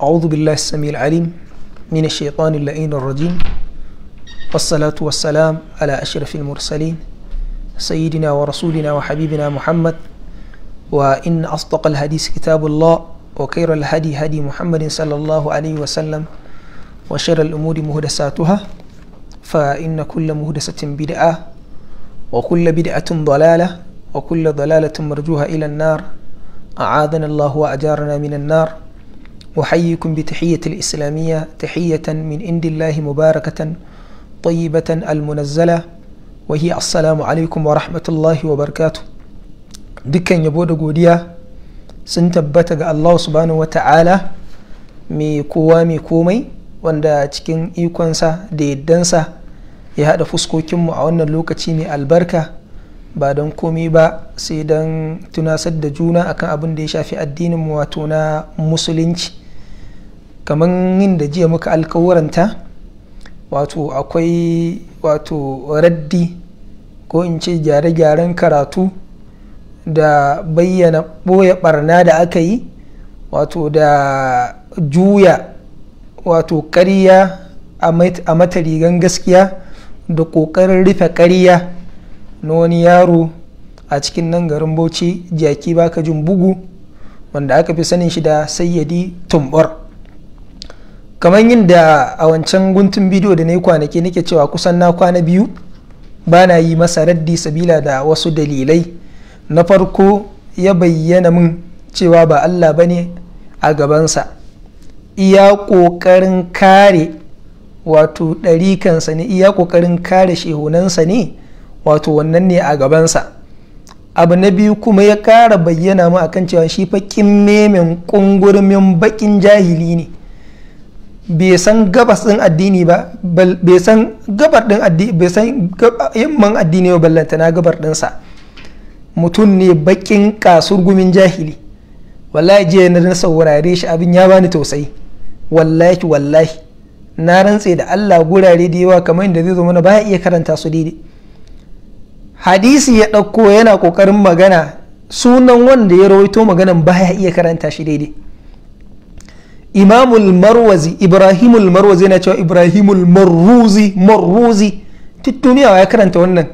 أعوذ بالله السميع العليم من الشيطان اللئيم الرجيم والصلاة والسلام على أشرف المرسلين سيدنا ورسولنا وحبيبنا محمد وإن أصدق الحديث كتاب الله وكير الهدي هدي محمد صلى الله عليه وسلم وشر الأمور مهدساتها فإن كل مهدسة بدعة وكل بدعة ضلالة وكل ضلالة مرجوها إلى النار أعاذنا الله وأجارنا من النار أحييكم بتحية الإسلامية تحية من عند الله مباركة طيبة المنزلة وهي السلام wa ورحمة wa وبركاته dukkan yabo da godiya sun tabbata ga Allah subhanahu wa ta'ala mai kowa mai komai wanda cikin ikonsa da yaddansa ya haɗa fuskokinmu a wannan lokaci mai albarka ba don komai ba sai don tunasar da juna akan abinda ya shafi addininmu wato na musulunci kamar yin da jiya muka alkawuranta wato akwai wato raddi ko in ce gyare-gyaren karatu da bayyana ɓoye barna da aka yi wato da juya wato ƙarya a mata rigan gaskiya da ƙoƙarin rufe ƙarya na wani yaro a cikin nan garin bauchi jaki baka jin bugu wanda aka fi sanin shi da sayyadi tumbar. kamar yin da a wancan guntun bidiyo da na yi kwanaki nake cewa kusan na kwana biyu ba na yi masa raddi sabila da wasu dalilai na farko ya bayyana min cewa ba allah ba ne a gabansa iya ƙoƙarin kare wato ɗarikansa ne iya ƙoƙarin kare shehunansa ne wato wannan ne a gabansa abu na biyu kuma ya kara bayyana mu akan cewa shi fa memen ƙungurmin baƙin jahili ne bai gabas din addini ba bai san gabar din addini bai yamman addini ba ballanta na gabar dinsa mutum ne bakin kasur gumin jahili wallahi jiya na na saurare shi abin ya bani tausayi wallahi wallahi na rantse da Allah gurare da yawa kamar yadda zai zo mana baya iya karanta su daidai hadisi ya dauko yana kokarin magana sunan wanda ya rawaito maganan baya iya karanta shi daidai imamul marwazi ibrahimul marwazi yana cewa ibrahimul marruzi marruzi tuttuniyawa ya karanta wannan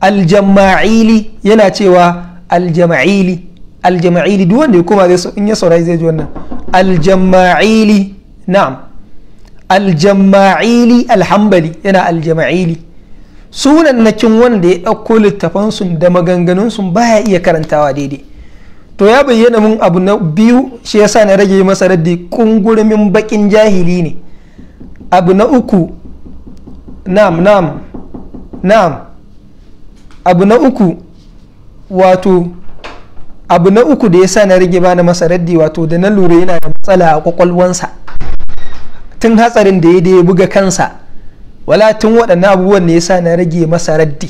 aljama'ili yana cewa aljama'ili aljama'ili duk wanda ya koma zai in ya saurari zai ji wannan aljama'ili na'am aljama'ili alhambali yana aljama'ili sunan nakin wanda ya ɗauko littafansu da maganganunsu baya iya karantawa daidai to ya bayyana mun abu na biyu shi yasa na rage masa raddi kungurumin bakin jahili ne abu na uku nam nam nam abu na uku wato abu na uku da yasa na rage bana masa raddi wato da na lura yana da matsala a kwakwalwansa tun hatsarin da ya da ya buga kansa wala tun waɗannan abubuwan ne yasa na rage masa raddi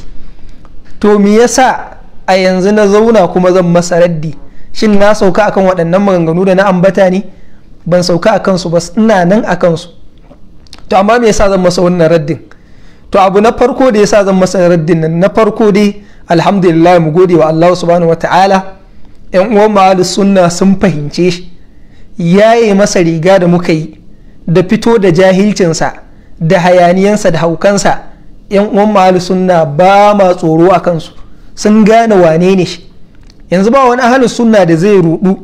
to me yasa a yanzu na zauna kuma zan masa raddi shin na sauka akan waɗannan maganganu da na ambata ne ban sauka a kansu ba ina nan a kansu to amma me yasa zan masa wannan raddin to abu na farko da yasa zan masa raddin nan na farko dai alhamdulillah mu gode wa Allah subhanahu wataala yan uwan ma'alus sunna sun fahimce shi yaye masa riga da muka yi da fito da jahilcinsa da hayaniyansa da haukansa yan uwan ma'alus sunna ba ma tsoro a kansu sun gane wane ne shi yanzu ba wani ahalin sunna da zai rudu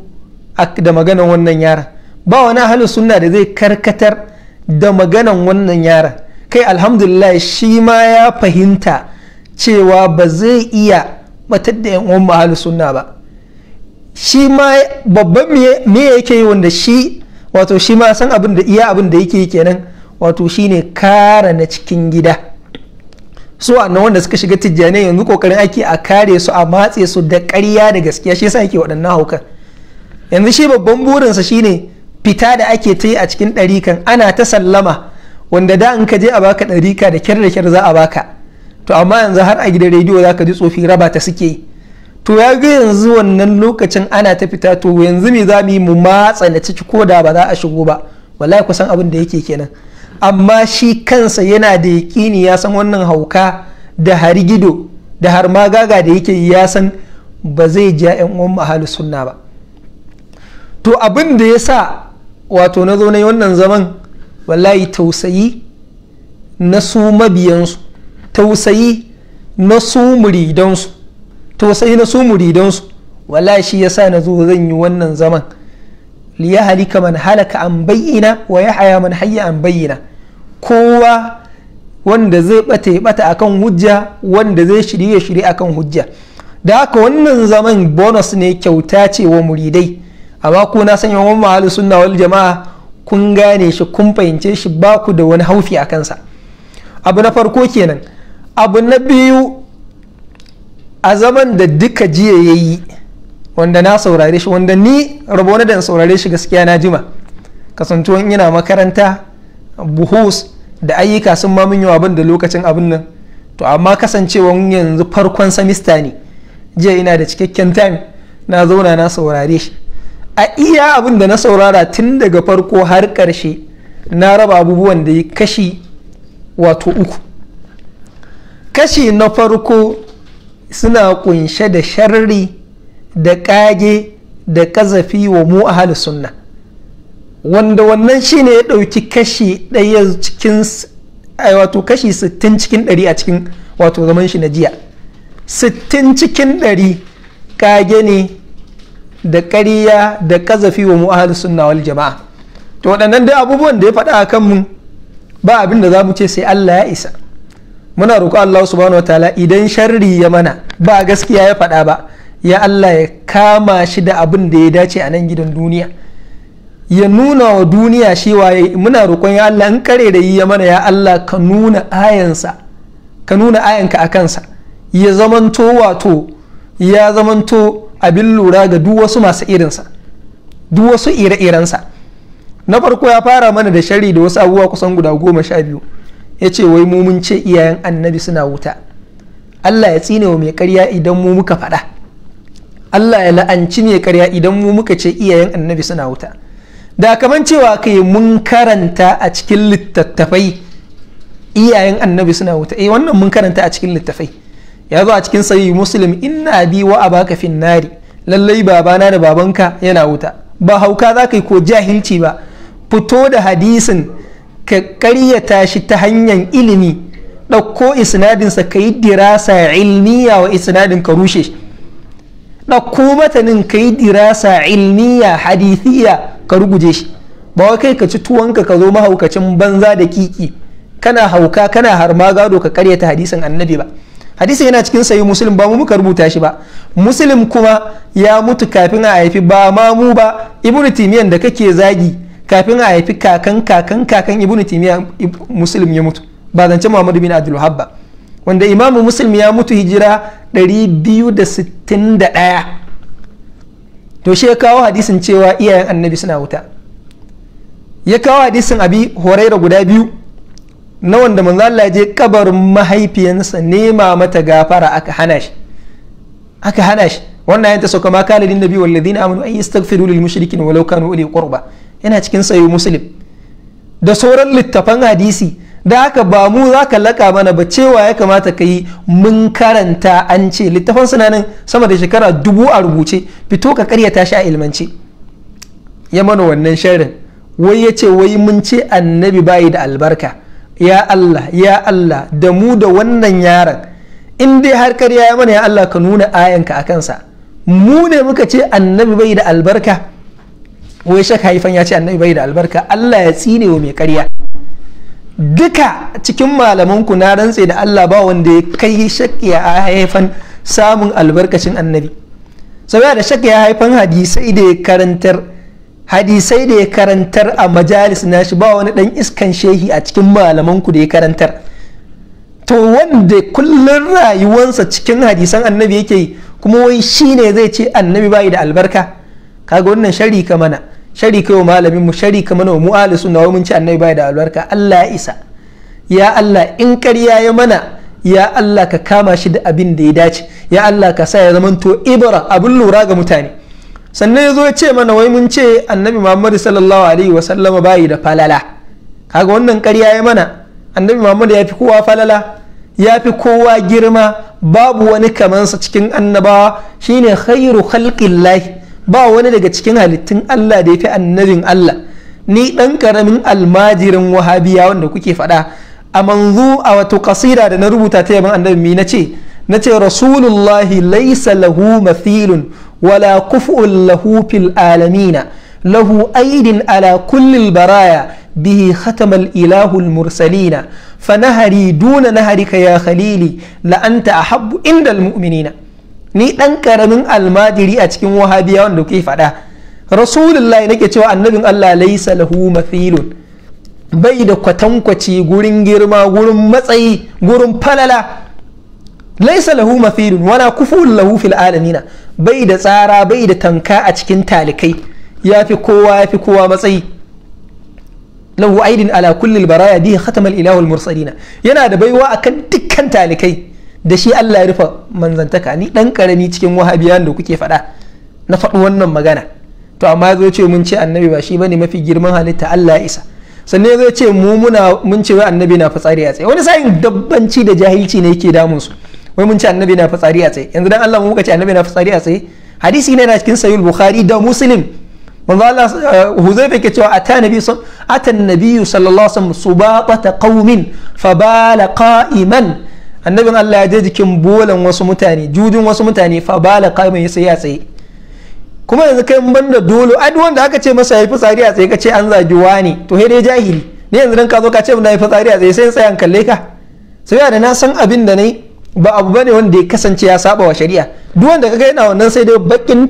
da maganan wannan yara ba wani ahalin sunna da zai karkatar da maganan wannan yara kai alhamdulillah shi ma ya fahimta cewa ba zai iya batar da 'yan uwan ba shi ma babban me yake yi wanda shi wato shi ma san abin da iya abin da yake kenan wato shine kara na cikin gida su wannan wanda suka shiga tijjani yanzu kokarin ake a kare su a matse su da ƙarya da gaskiya shi yasa yake waɗannan haukan yanzu shi babban burinsa shine fita da ake ta yi a cikin ɗarikan ana ta sallama wanda da in ka je a baka ɗarika da kyar da kyar za a baka to amma yanzu har a gidan rediyo za ka ji tsofi raba ta suke yi to ya ga yanzu wannan lokacin ana ta fita to yanzu me za mu yi mu matsa na ciki ko da ba za a shigo ba wallahi kusan abin da yake kenan amma shi kansa yana da yaƙini ya san wannan hauka da harigido da har magaga da yake ya san ba zai ja 'yan uwan mahalu sunna ba to abin da ya sa wato na zo na wannan zaman wallahi tausayi na su mabiyansu tausayi na su muridansu tausayi na su muridansu wallahi shi ya sa na zo zan yi wannan zaman liya halika man halaka an bayyana wa ya haya man hayya an bayyana kowa wanda zai bata ya bata akan hujja wanda zai shirye ya shirye akan hujja da haka wannan zaman bonus ne kyauta ce wa muridai amma ku na san yawan mahalin sunna wal jama'a kun gane shi kun fahimce shi ba ku da wani haufi a kansa abu na farko kenan abu na biyu a zaman da duka jiya ya yi wanda na saurare shi wanda ni rabo na da saurare shi gaskiya na jima kasantuwan ina makaranta buhus da ayyuka sun ma min abin da lokacin abin nan to amma kasancewan yanzu farkon samista ne jiya ina da cikakken time na zauna na saurare shi a iya abin da na saurara tun daga farko har ƙarshe na raba abubuwan da ya kashi wato uku kashi na farko suna kunshe da sharri da kage da kazafi wa mu a sunna wanda wannan shine ya ɗauki kashi ɗaya cikin wato kashi 60 cikin 100 a cikin wato zaman shi na jiya 60 cikin 100 kage ne da ƙarya da kazafi wa mu'ahal sunna wal jama'a to waɗannan dai abubuwan da ya faɗa a kanmu ba abin da za mu ce sai Allah ya isa muna roƙo Allah subhanahu wataala idan sharri ya mana ba gaskiya ya faɗa ba ya Allah ya kama shi da abin da ya dace a nan gidan duniya ya nuna wa duniya cewa muna roƙon ya Allah in kare da yi ya mana ya Allah ka nuna ayansa ka nuna ayanka a kansa ya zamanto wato ya zamanto abin lura ga duk wasu masu irinsa duk wasu ire-irensa na farko ya fara mana da shari da wasu abubuwa kusan guda goma sha biyu ya ce wai mu mun ce iyayen annabi suna wuta Allah ya tsine wa mai karya idan mu muka faɗa Allah ya la'anci mai karya idan mu muka ce iyayen annabi suna wuta da kamar cewa kai mun karanta a cikin littattafai iyayen annabi suna wuta eh wannan mun karanta a cikin littattafai ya zo a cikin sayi muslim inna bi wa abaka fin nari lallai babana da babanka yana wuta ba hauka za ka yi ko jahilci ba fito da hadisin ka karyata shi ta hanyar ilimi ɗauko isnadinsa ka yi dirasa ilmiya wa isnadin ka rushe shi ɗauko matanin ka yi dirasa ilmiya hadithiya ka ruguje shi ba wai kai ka ci tuwonka ka zo mahaukacin banza da kiki kana hauka kana harma gado ka karyata hadisin annabi ba hadisin yana cikin sayi muslim ba mu muka rubuta shi ba muslim kuma ya mutu kafin a haifi ba ma mu ba ibnu timiyan da kake zagi kafin a haifi kakan kakan kakan ibnu timiyan muslim ya mutu ba zance muhammadu bin abdul wanda imamu muslim ya mutu hijira 261 to shi ya kawo hadisin cewa iyayen annabi suna wuta ya kawo hadisin abi horaira guda biyu na wanda Allah ya je kabarin mahaifiyansa nema mata gafara aka hana shi aka hana shi wannan yanta sauka ma biyu lin nabi wal ladina amanu ay yastaghfiru lil mushrikin walau kanu uli qurba yana cikin sayo muslim da sauran littafan hadisi da haka ba mu za ka laƙa mana ba cewa ya kamata ka yi mun karanta an ce littafan sunanin sama da shekara dubu a rubuce fito ka karyata shi a ilmanci. ya mana wannan sharrin wai ya ce wai mun ce annabi bayi da albarka ya Allah ya Allah da mu da wannan yaran in dai har karya ya mana ya Allah ka nuna ayanka a kansa mu ne muka ce annabi bai da albarka wai shaka haifan ya ce annabi bai da albarka Allah ya tsine wa mai karya duka cikin malamanku na rantse da Allah ba wanda ya kai shakki a haifan samun albarkacin annabi saboda da shakki ya haifan hadisai da ya karantar hadisai da ya karantar a majalis na shi ba wani dan iskan shehi a cikin malamanku da ya karantar to wanda kullun rayuwansa cikin hadisan annabi yake kuma wai shine zai ce annabi bai da albarka kaga wannan sharri ka mana shari kai wa malamin mu shari ka mana mu ahli sunna mun ci annabi bai da albarka Allah ya isa ya Allah in ƙarya ya mana ya Allah ka kama shi da abin da ya dace ya Allah ka sa ya zamanto ibra abin lura ga mutane sannan ya zo ya ce mana wai mun ce annabi muhammad sallallahu alaihi wa sallama bai da falala kaga wannan ƙarya ya mana annabi muhammad ya fi kowa falala ya fi kowa girma babu wani kamansa cikin annabawa shine khairu khalqillah ba wani daga cikin halittun Allah da ya fi annabin Allah ni ɗan karamin almajirin wahabiya wanda kuke faɗa a manzu a wato kasira da na rubuta ta yaban annabi mi nace ce rasulullahi laisa lahu mathilun wala kuf'un lahu fil alamina lahu aidin ala kullil baraya به ختم الإله المرسلين فنهري دون ya يا خليلي لأنت ahabbu indal muminina ni dan karamin almajiri a cikin wahabiya wanda kuke faɗa rasulullahi nake cewa annabin Allah laisa lahu mathilun bai da kwatankwace gurin girma gurin matsayi gurin falala laisa lahu mathilun wana kufun lahu fil alamina bai da tsara bai da tanka a cikin talikai fi kowa fi kowa matsayi lahu aidin ala kullil baraya bihi khatamal ilahul mursalina yana da baiwa akan dukkan talikai da shi Allah ya rufe manzantaka ni dan karami cikin wahabiyan da kuke faɗa na faɗi wannan magana to amma zo ce mun ce annabi ba shi bane mafi girman halitta Allah ya isa sannan zai ce mu muna mun ce wai annabi na fitsari a tsaye wani sa'in dabbanci da jahilci ne yake damun su wai mun ce annabi na fitsari a tsaye yanzu dan Allah mu muka ce annabi na fitsari a tsaye hadisi ne na cikin sahih bukhari da muslim manzo Allah eh, huzaifa ke cewa ata nabi atan nabi sallallahu alaihi wasallam subaqata qaumin fabala qa'iman annabin Allah ya je jikin bolan wasu mutane jujin wasu mutane fa bala qaiman ya sai tsaye kuma yanzu kai ban da dolo ai duk wanda aka ce masa yayi fitsari a tsaye ka ce an zagi ne. to he dai jahili ne yanzu dan ka zo ka ce mun yayi fitsari a tsaye sai in tsaya kalle ka sai da na san abin da nayi ba abu bane wanda ya kasance ya saba wa shari'a duk wanda kaga yana wannan sai dai bakin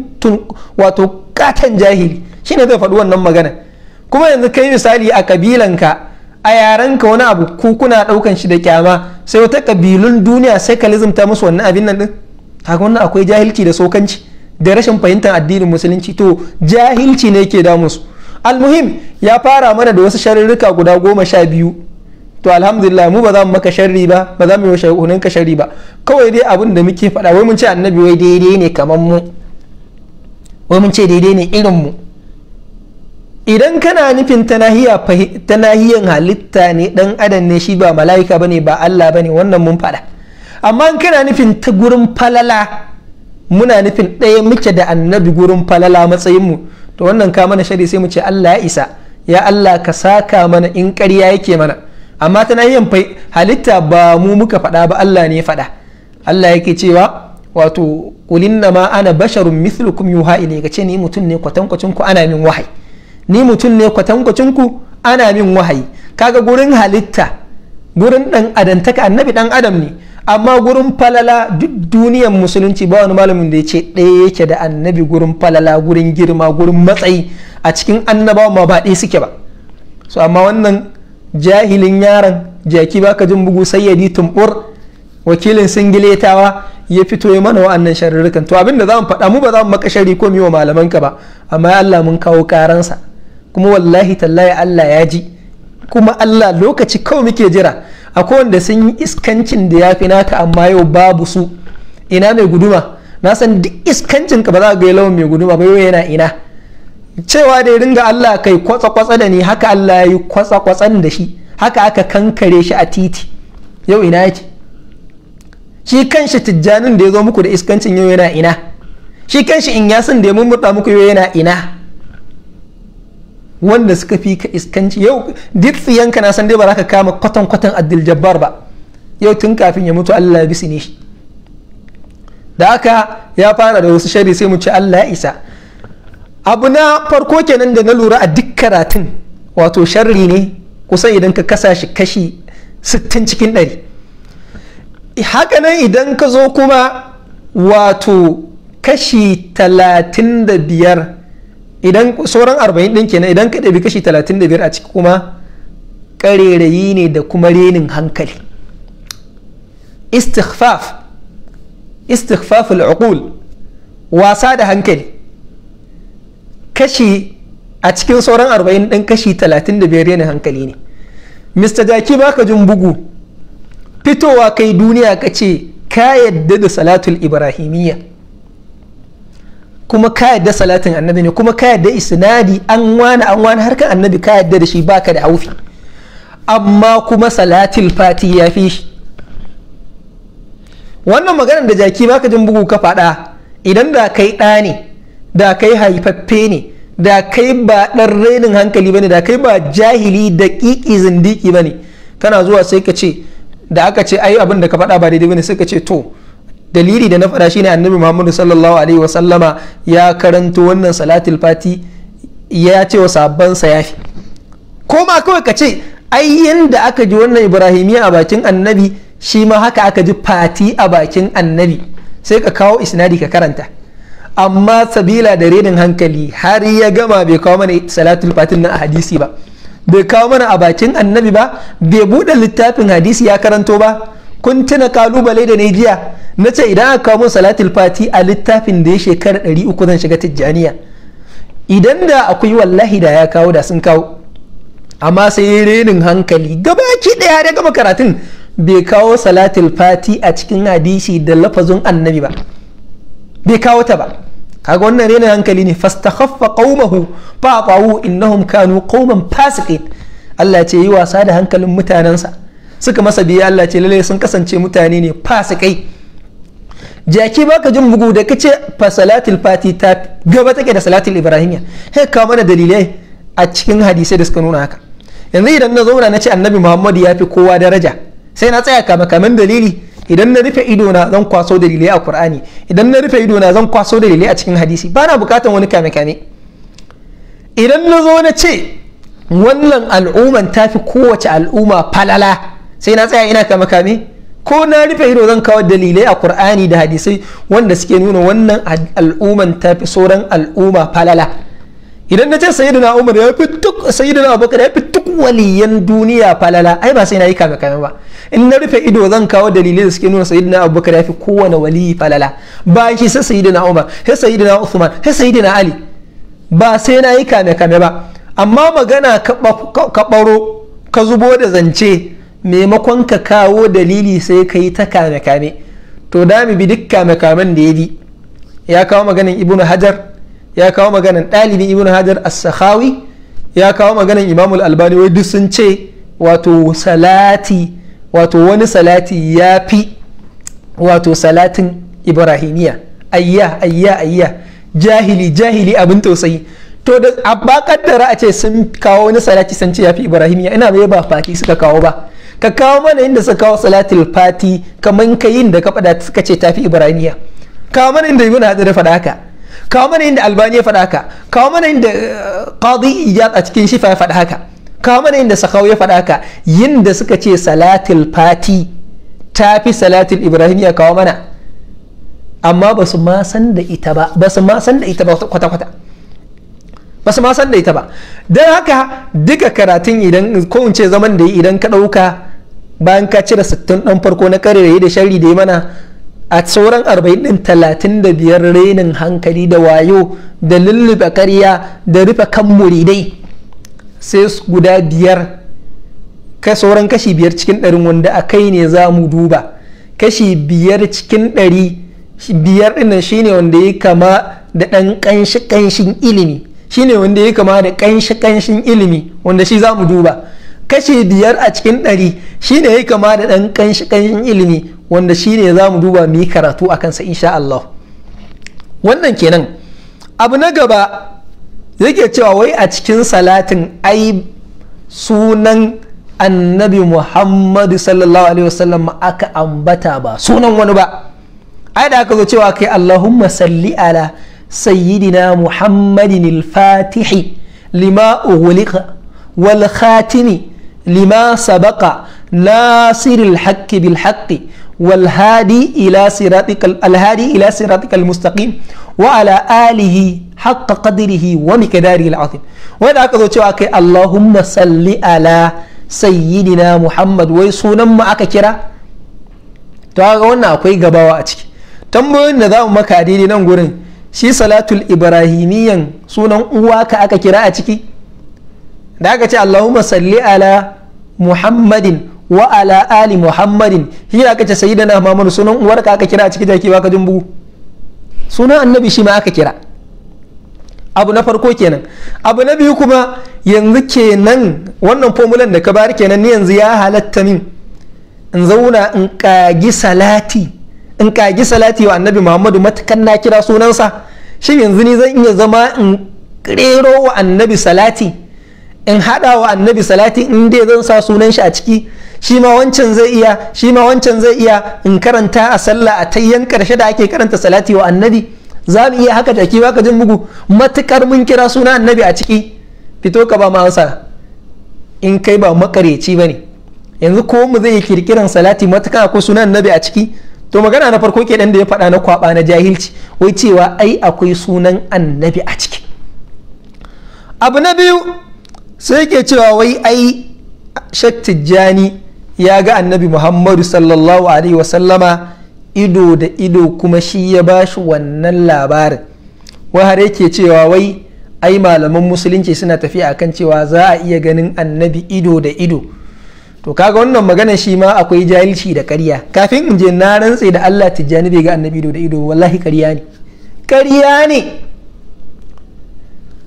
wato katan jahili shine zai faɗi wannan magana kuma yanzu kai misali a kabilanka a yarenka wani abu ko kuna daukan shi da kyama sai wata kabilun duniya sai ka lizumta musu wannan abin nan din haka wannan akwai jahilci da sokanci da rashin fahimtar addinin musulunci to jahilci ne ke damun su almuhim ya fara mana da wasu sharurruka guda goma sha biyu to alhamdulillah mu ba za mu maka sharri ba ba za mu yi wa ka sharri ba kawai dai abin da muke faɗa wai mun ce annabi wai daidai ne kamar mu wai mun ce daidai ne irin mu idan kana nufin ta nahiyan halitta ne dan adam ne shi ba mala'ika ne ba Allah ne wannan mun faɗa amma kana nufin ta gurin falala muna nufin ɗaya muke da annabi gurin falala matsayinmu to wannan ka mana shari sai mu ce Allah ya isa ya Allah ka saka mana in ƙarya yake mana amma ta halitta ba mu muka faɗa ba Allah ne ya Allah yake cewa wato kulinna ma ana basharun mithlukum yuha ilayka ce ni mutum ne kwatankwacin ku ana min wahayi ni mutum ne kwatankwacinku ku ana min wahayi kaga gurin halitta gurin dan adantaka annabi dan adam ne amma gurin falala duk duniyar musulunci ba wani malamin da ya ce ɗaya yake da annabi gurin falala gurin girma gurin matsayi a cikin annabawa ma ba ɗaya suke ba so amma wannan jahilin yaron jaki ba ka jin bugu sai ya tumbur wakilin singiletawa ya fito ya mana wa'annan sharurrukan to abinda za mu faɗa mu ba za mu maka shari ko malaman ka ba amma ya Allah mun kawo karansa kuma wallahi tallahi Allah ya ji kuma Allah lokaci kawai muke jira akwai wanda sun yi iskancin da ya fi naka amma yau babu su ina mai guduma na san duk iskancin ka ba za ga lawan mai guduma ba yau yana ina cewa da ya ringa Allah kai kwatsa kwatsa da ni haka Allah ya yi kwatsa kwatsan da shi haka aka kankare shi a titi yau ina yake shi kanshi tijjanin da ya zo muku da iskancin yau yana ina shi kanshi in yasin da ya mummurta muku yau yana ina wanda suka fi ka iskanci yau duk ka na san dai ba za ka kama kwatan kwatan abdul jabbar ba yau tun kafin ya mutu allah bisi ne da haka ya fara da wasu shari sai mu ci allah ya isa abu na farko kenan da na lura a duk karatun wato sharri ne kusan idan ka kasa shi kashi 60 cikin haka nan idan ka zo kuma wato kashi talatin da biyar. idan sauran 40 din kenan idan ka ɗabi kashi 35 a ciki kuma ƙarerayi ne da kuma renin hankali istighfaf istighfaf al'uqul wasa da hankali kashi a cikin sauran 40 din kashi 35 renin hankali ne mr jaki baka jin bugu fitowa kai duniya ka ce ka yadda da salatul ibrahimiyya kuma ka yadda salatin annabi ne kuma ka yadda isnadi an wani an wani harkan annabi ka yadda da shi baka da haufi amma kuma salatil fati ya fi shi wannan maganar da jaki baka jin bugu ka faɗa idan da kai ɗa ne da kai haifaffe ne da kai ba ɗan renin hankali bane da kai ba jahili da ƙiƙi zindiki bane kana zuwa sai ka ce da aka ce ai abin da ka faɗa ba daidai bane sai ka ce to dalili da na fara shi ne annabi muhammadu sallallahu alaihi wasallama ya karanto wannan salatul fati ya ce wa sabban sayafi ko ma kawai ka ce ai yanda aka ji wannan ibrahimiya a bakin annabi shi ma haka aka ji fati a bakin annabi sai ka kawo isnadi ka karanta amma sabila da redin hankali har ya gama bai kawo mana salatul fatin na a hadisi ba bai kawo mana a bakin annabi ba bai buɗe littafin hadisi ya karanto ba kun tuna kalubale da ne jiya na ce idan aka kawo salatul fati a littafin da ya shekara ɗari uku zan shiga tijjaniya idan da akwai wallahi da ya kawo da sun kawo amma sai renin hankali gabaki ɗaya da gama karatun bai kawo salatul fati a cikin hadisi da lafazin annabi ba bai kawo ta ba kaga wannan renin hankali ne fastakhaffa qaumahu fa qawu innahum kanu qauman fasiqin Allah ce yi wasa da hankalin mutanensa suka masa biya Allah ce lalle sun kasance mutane ne fasikai jaki baka jin bugu da kace fa salatul fati ta gaba take da salatul ibrahimiya he ka mana dalilai a cikin hadisi da suka nuna haka yanzu idan na zauna na ce annabi muhammad ya fi kowa daraja sai na tsaya kama kaman dalili idan na rufe ido na zan kwaso dalilai a qur'ani idan na rufe ido na zan kwaso dalilai a cikin hadisi bana bukatan wani kame kame idan na zo na ce wannan al'umman ta fi kowace al'umma falala sai na tsaya ina kama kame ko na rufe ido zan kawo dalilai a qur'ani da hadisai wanda suke nuna wannan al'umman ta fi sauran al'umma falala idan na ce sayyidina umar ya fi duk sayyidina abubakar ya fi duk waliyan duniya falala ai ba sai na yi kama kame ba in na rufe ido zan kawo dalilai da suke nuna sayyidina abubakar ya fi kowane waliyi falala ba shi sai sayyidina umar sai sayyidina usman sai sayyidina ali ba sai na yi kame kame ba amma magana ka baro ka zubo da zance maimakon ka kawo dalili sai ka yi ta kame-kame to da mu bi duk kame-kamen da ya bi ya kawo maganin ibnu hajar ya kawo maganin ɗalibin ibnu hajar as-sakhawi ya kawo maganin imamul albani wai duk sun ce wato salati wato wani salati ya fi wato salatin ibrahimiya ayya ayya ayya jahili jahili abin tausayi to da abba kaddara a ce sun kawo wani salati sun ce ya fi ibrahimiya ina bai ba faki suka kawo ba ka kawo mana inda suka kawo salatul fati kamar ka yin da ka faɗa suka ce tafi ibraniya kawo mana inda ibn hajar ya ka, haka kawo mana inda albani ya faɗa ka kawo mana inda eh, qadi iyad a cikin shifa ya faɗa haka kawo mana inda sakau ya faɗa ka, yin da suka ce salatul fati tafi salatul ibrahimiya kawo mana amma ba su ma san da ita ba ba su ma san da ita ba kwata kwata ba su ma san da ita ba don haka duka karatun idan ko zaman da idan ka ɗauka bayan ka cire sittin ɗan farko na ƙarairayi da shari da yi mana a sauran arba'in ɗin talatin da biyar renin hankali da wayo da lullube karya da rufe kan muridai sai guda biyar ka sauran kashi biyar cikin ɗarin wanda a kai ne za mu duba kashi biyar cikin ɗari biyar shi shine wanda ya kama da ɗan ƙanshi ƙanshin ilimi shine wanda ya kama da ƙanshi ƙanshin ilimi wanda shi za mu duba kashi biyar a cikin ɗari ne ya kama da ɗan ƙanshin ilimi wanda shine za mu duba mu yi karatu a kansa insha Allah wannan kenan abu na gaba yake cewa wai a cikin salatin ai sunan annabi muhammadu sallallahu alaihi wasallam aka ambata ba sunan wani ba ai da aka zo cewa kai allahumma salli ala sayyidina muhammadin al lima ughliqa wal khatimi لما سبق ناصر الحق بالحق والهادي إلى صراطك الهادي إلى صراطك المستقيم وعلى آله حق قدره ومقداره العظيم وإذا أكدو تواك اللهم صل على سيدنا محمد ويسونا ما أكترا تواك وانا أكوي قباوة أتك إن ذا مكاديني ننقرن شي صلاة الإبراهيمية سونا أكترا أتك da aka ce muhammadin wa ala ali muhammadin shi aka ce sayyidina muhammadu sunan uwar ka aka kira a cikin jaki baka jin sunan annabi shi ma aka kira abu na farko kenan abu na biyu kuma yanzu kenan wannan fomulan da ka bari kenan ni yanzu ya halatta min in zauna in kagi salati in kagi salati wa annabi muhammadu matakan na kira sunansa shi yanzu ni zan iya zama in rero wa annabi salati in haɗa wa annabi salati in dai zan sa sunan shi a ciki shi ma wancan zai iya shi ma wancan zai iya in karanta a sallah a tayyan karshe da ake karanta salati wa annabi za mu iya haka jaki ka jin bugu matukar mun kira suna annabi a ciki fito ka ba masa in kai ba makareci bane yanzu ko mu zai kirkiran salati matukar akwai suna annabi a ciki to magana na farko ke da ya faɗa na kwaba na jahilci wai cewa ai akwai sunan annabi a ciki abu na biyu sai ke cewa wai ai shek tijjani ya ga annabi muhammadu sallallahu alaihi wasallama ido da ido kuma shi ya ba shi wannan labarin wahar yake cewa wai ai malaman musulunci suna tafiya akan cewa za a iya ganin annabi ido da ido to kaga wannan magana shi ma akwai jahilci da karya kafin in je na rantse da allah tijjani bai ga annabi ido da ido wallahi karya karya ne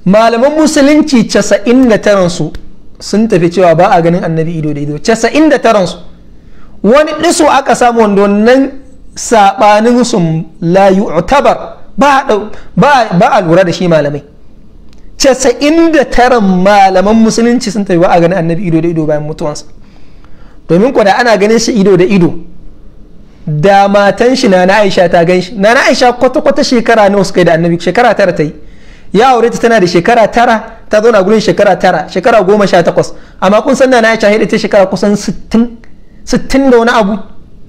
malaman musulunci casa'in da taransu sun tafi cewa ba a ganin annabi ido da ido casa'in da taransu wani ɗiso aka samu wanda wannan saɓanin sun la yu'tabar ba a lura da shi malamai casa'in da taran malaman musulunci sun tafi ba a ganin annabi ido da ido bayan mutuwansa domin kuwa da ana ganin shi ido da ido da matan shi na na aisha ta gan shi na na aisha kwata-kwata shekara ne suka yi da annabi shekara tara ta yi ya aure ta tana da shekara tara ta zauna gurin shekara tara shekara goma sha takwas amma kun san na ya shahida ta shekara kusan sittin sittin da wani abu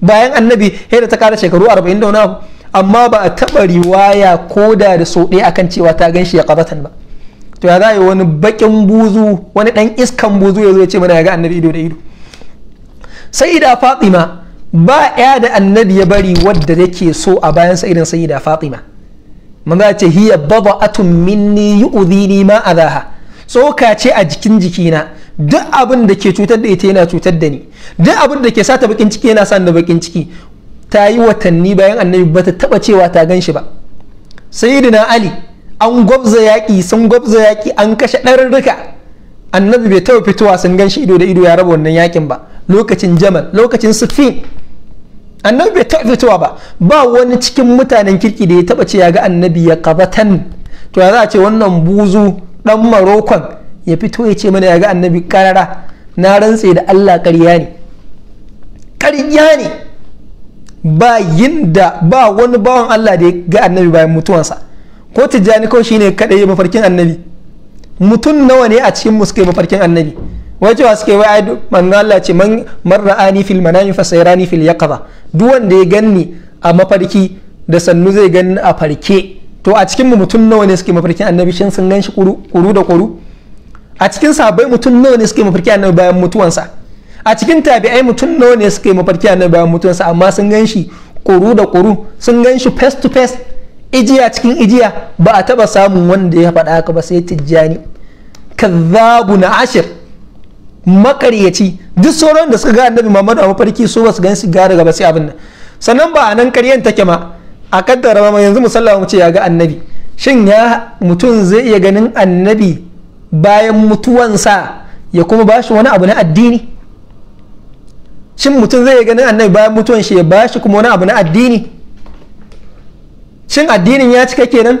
bayan annabi hira ta kara shekaru arba'in da wani abu amma ba a taɓa riwaya ko da da sau ɗaya akan cewa ta gan shi ya ƙazatan ba to ya za a yi wani baƙin buzu wani ɗan iskan buzu ya zo ya ce mana ya ga annabi ido da ido sai da fatima ba ya da annabi ya bari wadda yake so a bayan sa irin da fatima manzo ce hiya bada'atun minni uzini ma a adaha tsoka ce a jikin jikina duk abin da ke cutar da ita yana cutar da ni duk abin da ke sa ta bakin ciki yana sa da bakin ciki ta yi watanni bayan annabi bata taba cewa ta gan shi ba sayyidina ali an gwabza yaƙi sun gwabza yaƙi an kashe ɗarurruka annabi bai taba fitowa sun gan shi ido da ido ya raba wannan yakin ba lokacin jamal lokacin sufin annabi bai taɓa fitowa ba ba wani cikin mutanen kirki da ya taɓa ce ya ga annabi ya kabatan to ya za a ce wannan buzu dan marokon ya fito ya ce mana ya ga annabi karara na rantse da allah karya ne ƙarya ne ba yin da ba wani bawan allah da ya ga annabi bayan mutuwansa ko tijjani kawai shine kaɗai mafarkin annabi mutum nawa ne a cikin mu musu mafarkin annabi wai cewa suke wai manzo Allah ce man man ra'ani fil manami fasairani fil yaqaba duk wanda ya ganni a mafarki da sannu zai ganni a farke to a cikin mu mutum nawa ne suke mafarkin annabi shin sun ganshi kuru da kuru a cikin sahabbai mutum nawa ne suke mafarki annabi bayan mutuwansa a cikin tabi'ai mutum nawa ne suke mafarki annabi bayan mutuwansa amma sun ganshi kuru da kuru sun ganshi face to face ijiya cikin ijiya ba a taba samun wanda ya faɗa haka ba sai tijjani kazzabu na ashir makaryaci duk sauran da suka ga annabi muhammadu a mafarki su basu gan su gara gaba sai abin nan sannan ba a nan karyan take ma a kaddara ma yanzu musallama mu ce ya ga annabi shin ya mutum zai iya ganin annabi bayan mutuwansa ya kuma ba shi wani abu na addini shin mutum zai iya ganin annabi bayan mutuwan shi ya ba shi kuma wani abu na addini shin addinin ya cika kenan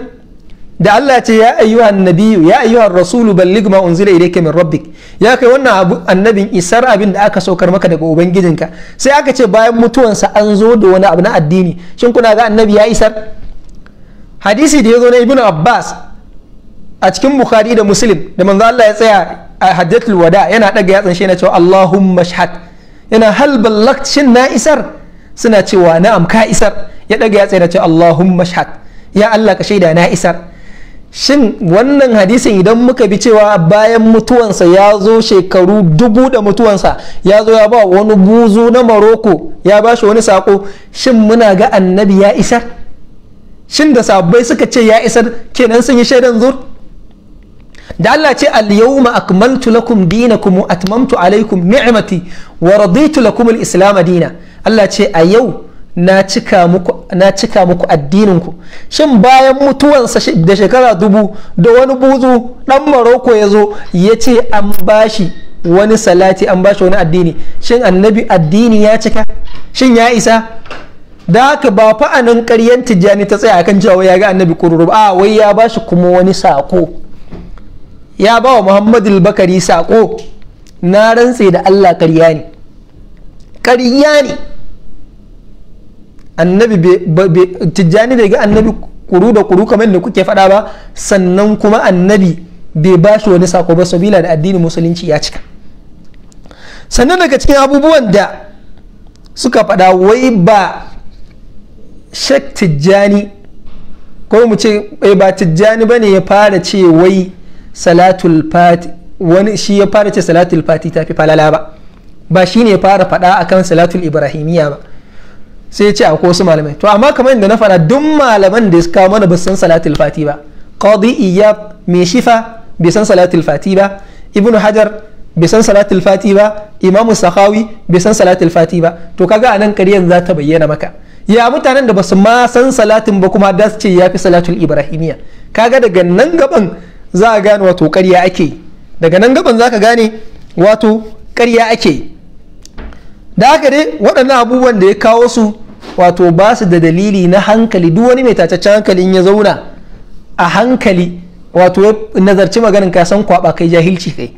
da Allah ce ya ayyuha annabiyu ya ayyuha rasulu balligh ma unzila ilayka min rabbik ya kai wannan annabin isar abin da aka saukar maka daga ubangijinka sai aka ce bayan mutuwansa an zo da wani abu na addini shin kuna ga annabi ya isar hadisi da ya zo na ibnu abbas a cikin bukhari da muslim da manzo Allah ya tsaya a hajjatul wada yana daga yatsan shi na cewa allahumma shahad yana hal ballagt shin na isar suna cewa na'am ka isar ya daga yatsa yana cewa allahumma shahad ya Allah ka shaida na isar shin wannan hadisin idan muka bi cewa bayan mutuwansa ya zo shekaru dubu da mutuwansa ya zo ya ba wani buzu na maroko ya ba shi wani sako shin muna ga annabi ya isar shin da sabbai suka ce ya isar kenan sun yi shaidan zur da Allah ce al-yawma akmaltu lakum dinakum wa atmamtu alaykum ni'mati wa raditu lakum al-islam dina Allah ce a yau na cika muku addininku shin bayan mutuwansa da shekara dubu da wani buzu dan maroko ya zo ya ce an bashi wani salati an bashi wani addini shin annabi addini ya cika shin ya isa da haka ba fa'anin karyar tijjani ta tsaya kan cewa ya ga annabi kururu a wai ya bashi kuma wani sako ya ba wa muhammadu bakari sako na rantse da allah ƙarya ne ne annabi tijjani bai ga annabi kuru da kuru kamar da kuke faɗa ba sannan kuma annabi bai ba shi wani sako ba sabila da addinin musulunci ya cika sannan daga cikin abubuwan da suka faɗa wai ba shek tijjani ko mu ce eh, ba tijjani ba ne ya fara ce wai salatul fati wani shi ya fara ce salatul fati ta fi falala ba ba shi ne ya fara faɗa akan salatul ibrahimiyya ba sai ce akwai wasu malamai to amma kamar yadda na fara duk malaman da ya suka mana ba san salatul fati ba qadi iyab mai shifa bai san salatul fati ba ibnu hajar bai san salatul fati ba imamu sahawi bai san salatul fati ba to kaga anan karyan za ta bayyana maka ya mutanen da basu ma san salatin ba kuma da su ce yafi salatul ibrahimiya kaga daga nan gaban za a gane wato karya ake daga nan gaban za ka gane wato karya ake da haka dai waɗannan abubuwan da ya kawo su wato ba su da dalili na hankali duk wani mai tacaccen hankali in ya zauna a hankali wato nazarci maganin ka san kwaba kai jahilci kai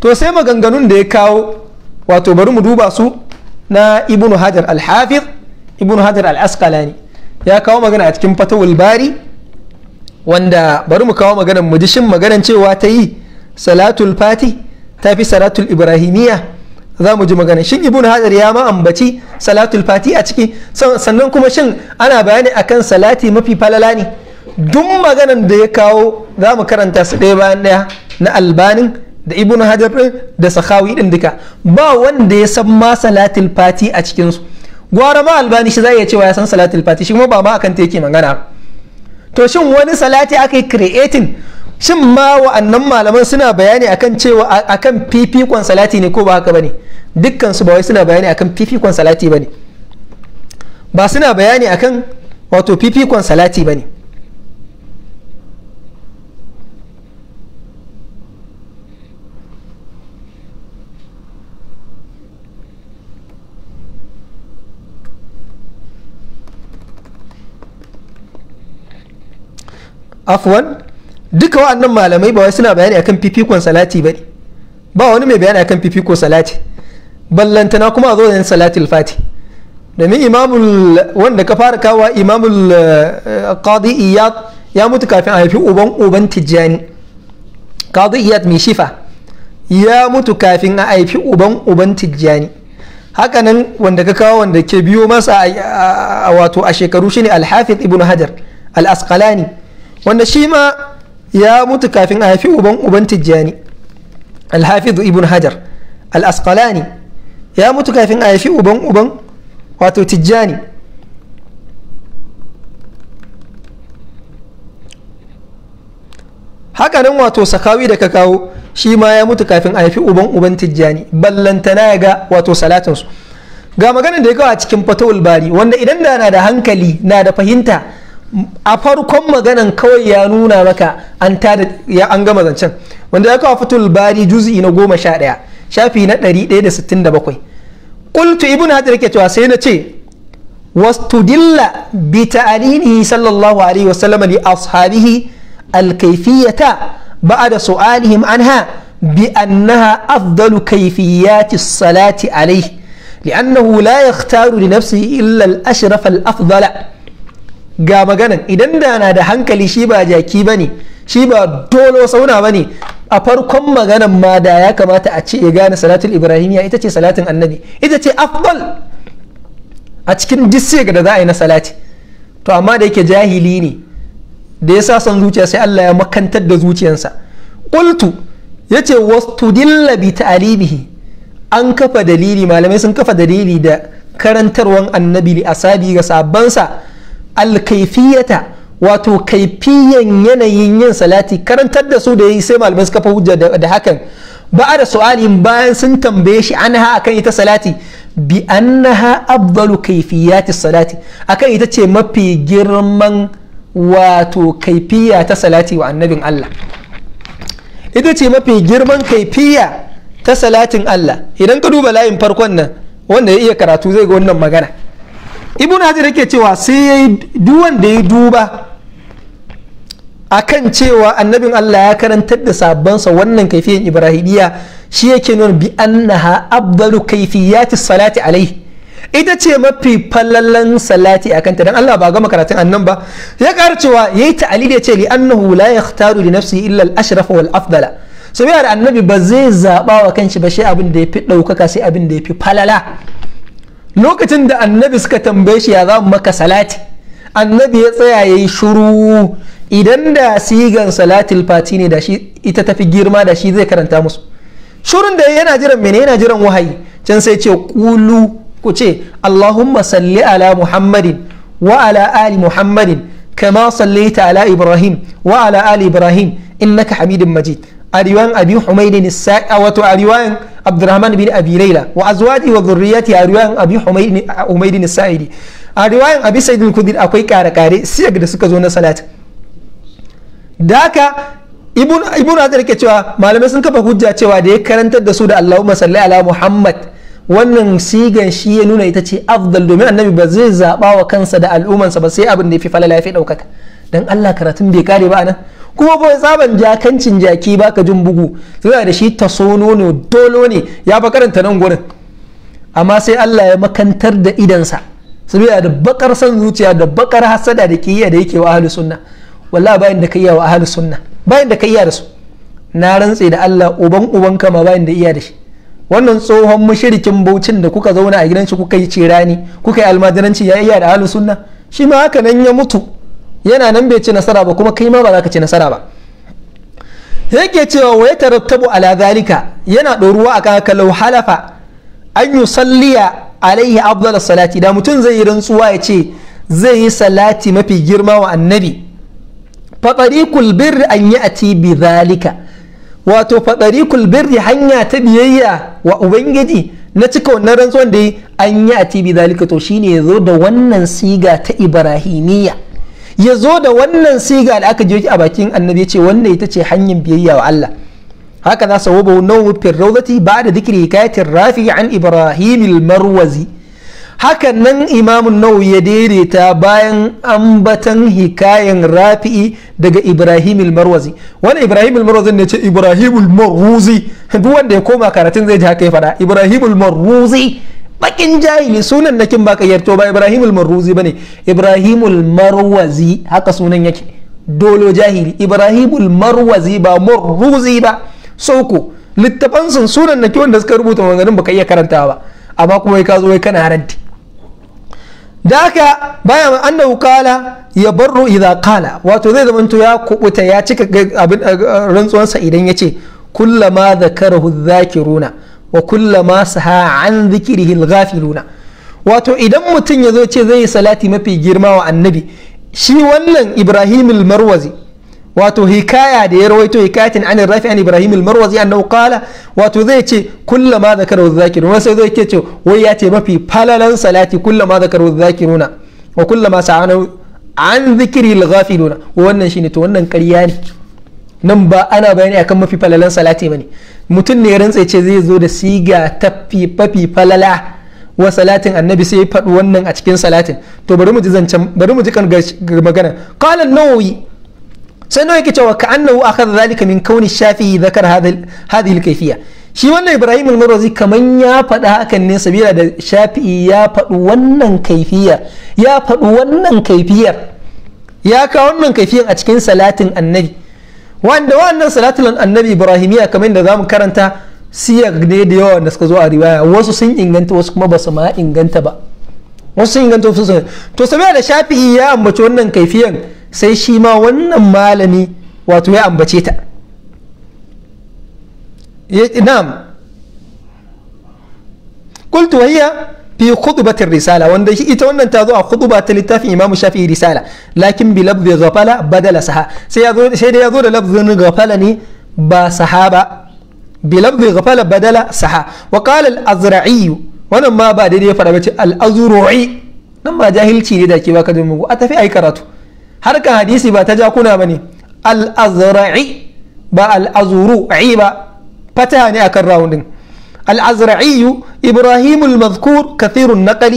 to sai maganganun da ya kawo wato bari mu duba su na ibnu hajar al-hafiz ibnu hajar al-asqalani ya kawo magana a cikin fatawul bari wanda bari mu kawo maganar mu ji shin maganan cewa ta yi salatul fati ta fi salatul ibrahimiyya za mu ji magana shin ibnu hajar ya ma ambaci salatul fati a ciki sannan kuma shin ana bayani akan salati mafi falala ne duk maganan da ya kawo za mu karanta su ɗaya bayan ɗaya na albanin da ibnu hajar da sahawi ɗin duka ba wanda ya san ma salatul fati a cikinsu gwara ma albani shi zai iya cewa ya san salatul fati shi kuma ba ma akan ta yake magana to shin wani salati aka yi creating shin ma wa'annan malaman suna bayani akan cewa akan fifikon salati ne ko ba haka bane dukkan su ba wai suna bayani akan fifikon salati bane ba suna bayani akan wato fifikon salati bane afwan duka wa'annan malamai ba wai suna bayani akan fifikon salati ba ne ba wani mai bayani akan fifiko salati ballantana kuma a zo da salatul fati domin imamul wanda ka fara kawo imamul eh, qadi iyad ya mutu kafin a haifi uban uban tijjani qadi iyad mai shifa ya mutu kafin a haifi uban uban tijjani hakanan wanda ka kawo wanda ke biyo masa a wato a shekaru shine alhafiz ibnu hajar al-asqalani wanda shi ma ya mutu kafin a haifi uban uban tijjani alhafizu ibn hajar al-asqalani ya mutu kafin a haifi uban uban wato tijjani hakanan wato sakawi da ka kawo shi ma ya mutu kafin a haifi uban uban tijjani ballantana ya ga wato salatinsu ga maganin da ya kawo a cikin fatawul bari wanda idan da na da hankali na da fahimta a farkon maganan kawai ya nuna maka an tada ya an gama zancen wanda ya kawo fatul bari juz'i na goma sha ɗaya shafi na ɗari ɗaya da sittin da bakwai ƙultu ibnu hajar ke cewa sai na ce wastudilla bi ta'alinihi sallallahu alaihi wa sallam li ashabihi al-kayfiyata ba'da su'alihim anha bi annaha afdalu kayfiyati salati alaihi li'annahu la yakhtaru li nafsihi illa al-ashraf ga maganan idan da na da hankali shi ba jaki ba ne shi ba dolo sauna ba ne a farkon maganan ma da ya kamata a ce ya gane salatul ibrahimiya ita ce salatin annabi ita ce afdal a cikin duk da za a yi na salati to amma da yake jahili ne da ya sa son zuciya sai Allah ya makantar da zuciyarsa qultu yace dillabi ta ta'limihi an kafa dalili malamai sun kafa dalili da karantarwan annabi a asabi ga sabansa alkaifiyata wato kaifiyan yanayin yin salati karantar da su da yi sai malamai suka fa hujja da hakan ba da su'alin bayan sun tambaye shi anha akan ita salati bi annaha afdalu kaifiyati salati akan ita ce mafi girman wato kaifiya ta salati wa annabin Allah ita ce mafi girman kaifiya ta salatin Allah idan ka duba layin farkon nan wanda ya iya karatu zai ga wannan magana ibn hajar yake cewa sai ya yi duwan da ya duba akan cewa annabin Allah ya karantar da sabansa wannan kaifiyan ibrahimiya shi yake nuna bi annaha afdalu kaifiyati salati alai ita ce mafi falalan salati akan ta dan Allah ba gama karatun annan ba ya ƙara cewa yayi ta'ali da ce li annahu la yakhtaru li nafsihi illa al-ashraf wal afdala saboda annabi ba zai zaba wa kanshi ba shi abin da yafi daukaka sai abin da yafi falala lokacin da annabi suka tambaye shi ya za mu maka salati annabi ya tsaya ya yi shuru idan da sigan salatil fati ne da shi ita tafi girma da shi zai karanta musu shurun da yana jiran mene yana jiran wahayi can sai ce kulu ku ce allahumma salli ala muhammadin wa ala ali muhammadin kama sallaita ala ibrahim wa ala ali ibrahim innaka hamidin majid a riwayan abi humaydin sa'a ah, wato a riwayan abdurrahman bin abi laila wa azwaji wa dhurriyyati a riwayan abi humaydin ah, humaydin a riwayan abi akwai kare-kare da suka zo na salat da ibn ibn azar ke cewa malamai sun kafa hujja cewa da ya karantar da su da Allahumma salli ala Muhammad wannan sigan shi ya nuna ita ce afdal domin annabi ba zai zaɓa wa kansa da al'ummansa ba sai abin da ya fi falala ya fi ɗaukaka dan Allah karatun bai kare ba nan kuma ba saban jakancin jaki baka jin bugu suna da shi ta sono ne dolo ne ya fa karanta nan gurin amma sai Allah ya makantar da idansa saboda da bakar san zuciya da bakar hasada da kiyaye da yake wa ahli sunna wallahi bayan da kayya wa ahli sunna bayan da kayya da su na rantse da Allah uban uban kama bayan da iya da shi wannan tsohon mushirikin baucin da kuka zauna a gidan shi kuka yi cirani kuka yi almajiranci ya iya da ahli sunna shi ma haka nan ya mutu yana nan bai ci nasara ba kuma kai ma ba za ka ci nasara ba yake cewa wa ya tarattabu ala zalika yana ɗoruwa a kan haka halafa an yi salliya alaihi abdul salati da mutum zai yi rantsuwa ya ce zai yi salati mafi girma wa annabi Faɗari birri an yi a bi zalika wato faɗari birri hanya ta biyayya wa ubangiji na cika wannan rantsuwan da yi an yi a bi zalika to shine ya zo da wannan siga ta ibrahimiyya ya zo da wannan siga da aka je a bakin annabi ya ce wannan ita ce hanyar biyayya wa Allah haka za sawabu nawu fi da ba'da dhikri hikayatin rafi an ibrahim marwazi haka nan imamun nau ya daidaita bayan ambatan hikayen rafi'i daga ibrahim marwazi wani ibrahim marwazi ne ce ibrahim marwazi duk wanda ya koma karatun zai ji haka ya faɗa ibrahim marwuzi marwazi bakin jahili sunan kin baka yarto ba ibrahimul marruzi bane ibrahimul marwazi haka sunan yake dolo jahili ibrahimul marwazi ba marruzi ba sauko littafan sun sunan naki wanda suka rubuta maganganun baka iya karantawa ba amma kuma ka zo kana haranti da haka bayan annahu kala ya barro idza kala wato zai zamanto ya kubuta ya cika abin rantsuwansa idan ya ce kullama zakarahu zakiruna wa kulla ma saha an zikirihi al-ghafiluna wato idan mutum ya zo ce zai yi salati mafi girma wa annabi shi wannan ibrahim al-marwazi wato hikaya da ya rawaito hikayatin an rafi an ibrahim al-marwazi annahu qala wato zai ce kulla ma zakaru zakiruna sai zai ce wai ya ce mafi falalan salati kulla ma zakaru zakiruna wa kulla ma sa'anu an zikiri al-ghafiluna wannan shine to wannan ƙarya ne nan ba ana bayani akan mafi falalan salati bane mutum ne rantsa ce zai zo da siga ta fifafi falala wa salatin annabi sai ya faɗi wannan a cikin salatin to bari mu ji zancen bari mu ji kan magana qala nawawi sai nawawi kace wa ka'annahu akhadha zalika min kauni shafi'i dhakar hadhihi al shi wannan ibrahim al-marwazi kaman ya faɗa hakan ne sabila da shafi'i ya faɗi wannan kaifiyar ya faɗi wannan kaifiyar ya kawo wannan kaifiyar a cikin salatin annabi wanda wannan salatul annabi ibrahimiya kamar da zamu karanta siyar ne da yawa da suka zo a riwaya wasu sun inganta wasu kuma ba su ma inganta ba wasu sun inganta wasu sun to saboda da shafi'i ya ambaci wannan kaifiyan sai shi ma wannan malami wato ya ambace ta na'am qultu wa hiya fi khutbatir risala wanda ita wannan ta zo a khutba ta littafin imamu shafi'i risala lakin bi labdhi ghafala badala saha sai ya zo da ya zo da labdhin ghafala ne ba sahaba bi labdhi ghafala badala saha wa al-azra'i wannan ba daidai ya fada bace al nan ba jahilci ne da ke baka da mugu a tafi karatu harkan hadisi ba ta jakuna bane al ba ba fataha ne akan rawun الأزرعي إبراهيم المذكور كثير النقل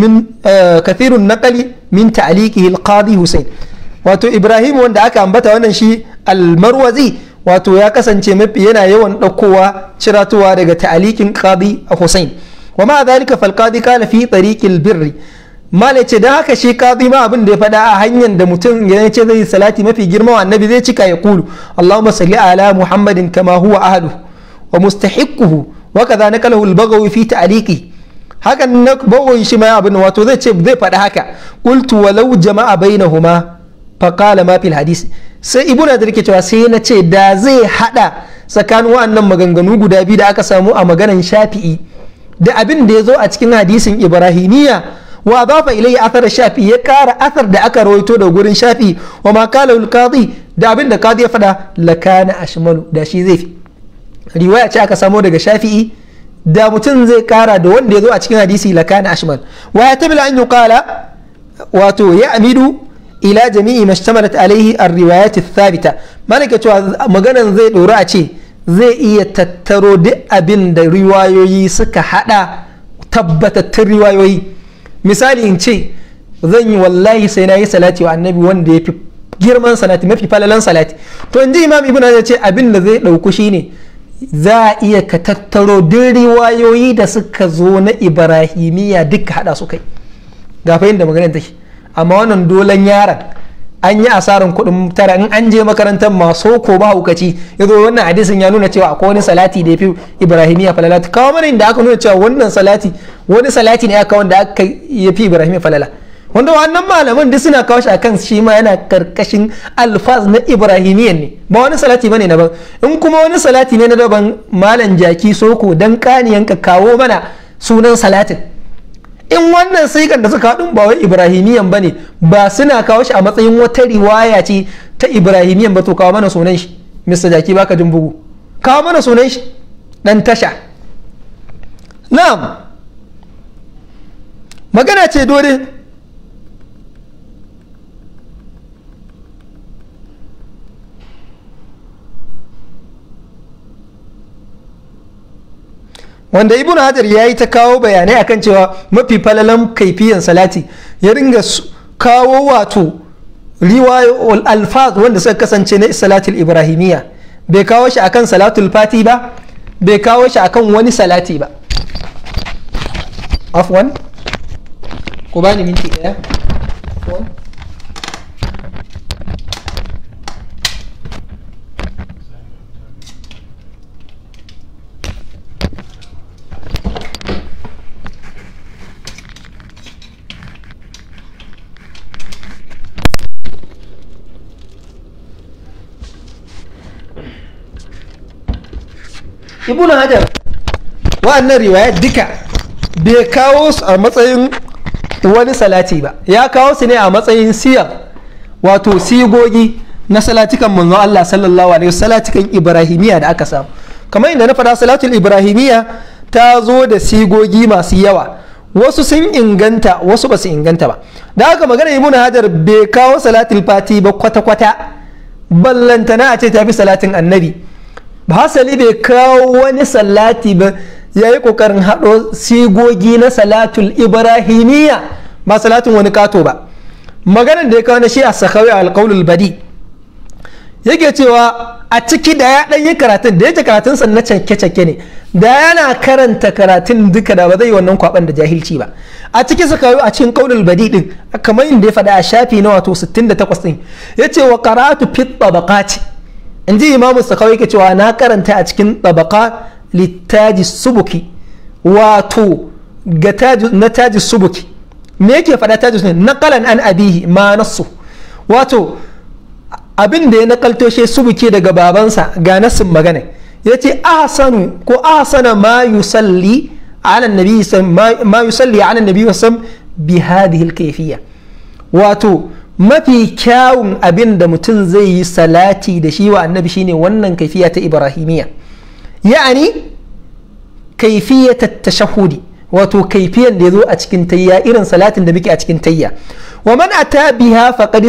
من آه كثير النقل من تعليقه القاضي حسين wato ibrahim wanda aka ambata wannan shi almarwazi wato ya kasance mafi yana yawan ɗaukowa ciratuwa daga ta'alikin qadi hussein wa ma zalika fal qadi kana fi tariqil birri mala ce dan haka shi qadi ma abin da ya faɗa a hanyar da mutum ya ce zai salati mafi girma wa annabi zai cika ya kulu allahumma salli ala muhammadin kama huwa ahlu wa mustahiquhu وكذا نقله البغوي في تعليقه haka na bawon shi ma abin wato zai ce zai faɗi haka qultu walau jama'a bainahuma fa qala ma fil hadisi sai ibnu hajar ke cewa sai na ce da zai hada tsakanin wa'annan maganganu guda biyu da aka samu a maganan shafi'i da abin da ya zo a cikin hadisin ibrahimiya wa dafa ilayya athar shafi ya kara athar da aka rawaito da gurin shafi wa ma qala al qadi da abin da qadi ya faɗa lakana ashmalu da shi zai fi riwaya ce aka samo daga shafi'i da mutum zai kara da wanda ya zo a cikin hadisi lakana ashmal wa ya tabila an yuqala wato ya amidu ila jami'i mashtamalat alaihi ar-riwayat ath-thabita malaka cewa maganan zai dora a ce zai iya tattaro duk abin da riwayoyi suka hada tabbatattun riwayoyi misali in ce zan yi wallahi sai na yi salati wa annabi wanda ya fi girman salati mafi falalan salati to in ji imam ibn ya ce abin da zai dauku shine za a iya ka tattaro duk riwayoyi da suka zo na ibrahimiyya duka hada su kai ga fahimta maganin take amma wannan dolan yaron an yi asarin kuɗin tara in an je makarantar maso ko ba hukaci ya zo wannan hadisin ya nuna cewa akwai wani salati da ya fi ibrahimiyya falala kawo mana inda aka nuna cewa wannan salati wani salati ne aka wanda aka yi fi ibrahimiyya falala wanda wannan malaman duk suna kawo shi akan shi ma yana karkashin alfaz na ibrahimiyan ne ba wani salati bane ban. in kuma wani salati ne na daban malam jaki soko dan kaniyan ka kawo mana sunan salatin in wannan sigar da suka haɗu ba wai ibrahimiyan bane ba suna kawo shi a matsayin wata riwaya ce ta ibrahimiyan ba to kawo mana sunan shi mr jaki baka jin bugu kawo mana sunan shi dan tasha na'am magana ce dole wanda ibnu hajar ya yi ta kawo bayanai akan cewa mafi falalan kaifiyan salati ya ringa kawo wato riwayo alfaz wanda suka kasance na salatul ibrahimiyya bai kawo shi akan salatul fati ba bai kawo shi akan wani salati ba afwan ku bani minti daya Ibuna hajar wa'annan riwaya duka bai kawo su a matsayin wani salati ba ya kawo su ne a matsayin siyar wato sigogi na salatikan manzo Allah sallallahu alaihi salatikan ibrahimiya da aka samu kamar inda na faɗa salatul ibrahimiya ta zo da sigogi masu yawa wasu sun inganta wasu ba su inganta ba da aka magana ibn hajar bai kawo salatul fati ba kwata-kwata ballantana a ce ta fi salatin annabi Ba hasali bai kawo wani salati ba ya yi ƙoƙarin haɗo sigogi na salatul ibrahimiya ba salatin wani kato ba maganar da ya kawo na shi a sakawi alƙaulul badi yake cewa a ciki da ya ɗan yi karatun da yake karatun san na canke-canke ne da yana karanta karatun duka da ba zai yi wannan kwaban da jahilci ba a ciki suka a cikin kaulul badi din kamar yadda ya faɗa a shafi na wato 68 din yace wa karatu fit tabaqati in ji imamu sakawai yake cewa na karanta a cikin tabaka littaji subuki wato ga na taji subuki me yake faɗa taji subuki naqalan an abihi ma nasu wato abin da ya nakalto shi subuki daga babansa ga nasin magana ce ahsanu ko ahsana ma yusalli على النبي ما يصلي على النبي وسلم بهذه الكيفية mafi kyawun abin da mutum zai yi salati da shi wa annabi shine wannan kaifiya ta ibrahimiya ya'ani kaifiyat tashahudi wato kaifiyan da ya zo a cikin tayya irin salatin da muke a cikin tayya wa man ata biha faqad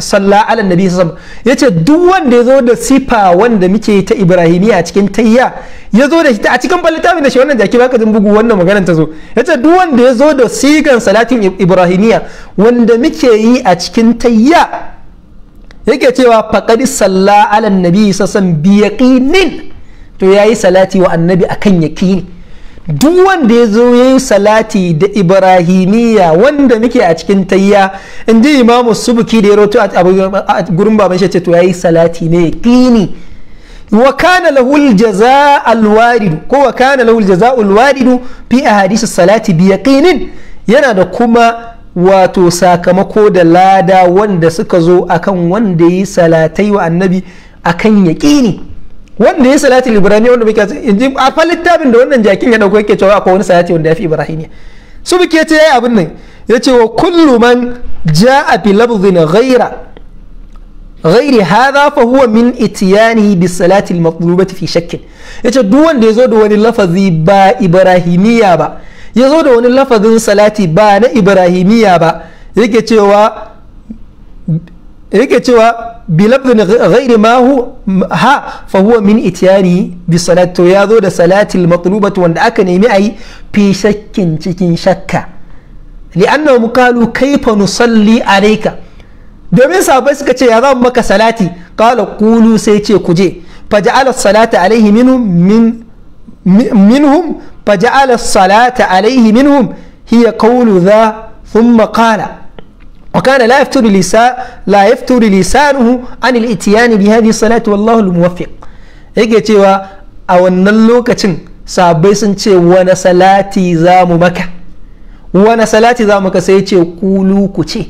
salla ala nabi sallallahu yace duk wanda yazo da sifa wanda muke ta ibrahimiya a cikin tayya yazo da shi a cikin littafin da shi wannan jaki baka jin bugu wannan maganar ta zo yace duk wanda yazo da sigan salatin ibrahimiya wanda muke yi a cikin tayya yake cewa faqad salla ala nabi sallallahu alaihi wasallam bi yaqinin to yayi salati wa annabi akan yaqini duk wanda ya zo ya yi salati da ibrahimiyya wanda muke a cikin tayya in ji imamu subuki da ya roto a gurin baban shi to ya yi salati ne kini wa kana lahul jaza alwaridu ko wa kana lahul jaza alwaridu fi ahadisi salati bi yaqinin yana da kuma wato sakamako da lada wanda suka zo akan wanda ya yi salatai wa annabi akan yaqini wanda ya salati ibrahim wanda muke in ji a littafin da wannan jakin ya dauko yake cewa akwai wani salati wanda ya fi ibrahim su muke ce yayi abin nan ya ce wa kullu man ja'a bi labdhin ghaira ghairi hadha fa huwa min itiyanihi bi salati al fi shakkin yace duk wanda yazo da wani lafazi ba ibrahimiya ba ya zo da wani lafazin salati ba na ibrahimiya ba yake cewa yake cewa bilabdin ghairi ma hu ha fa huwa min itiyani bi salat ya zo da salatin matlubatu wanda aka nemi ayi fi shakkin cikin shakka li'annahum qalu kaifa nusalli alayka domin sahabbai suka ce ya zama maka salati qala qulu sai ce ku je salata alaihi minhum min minhum salata alaihi minhum hiya qawlu dha thumma qala وكان لا يفتر لسان لا يفتر لسانه عن الاتيان بهذه الصلاة والله الموفق yake cewa a wannan lokacin sabai sun ce wani salati za mu maka wani salati za mu ka sai ce kulu ku ce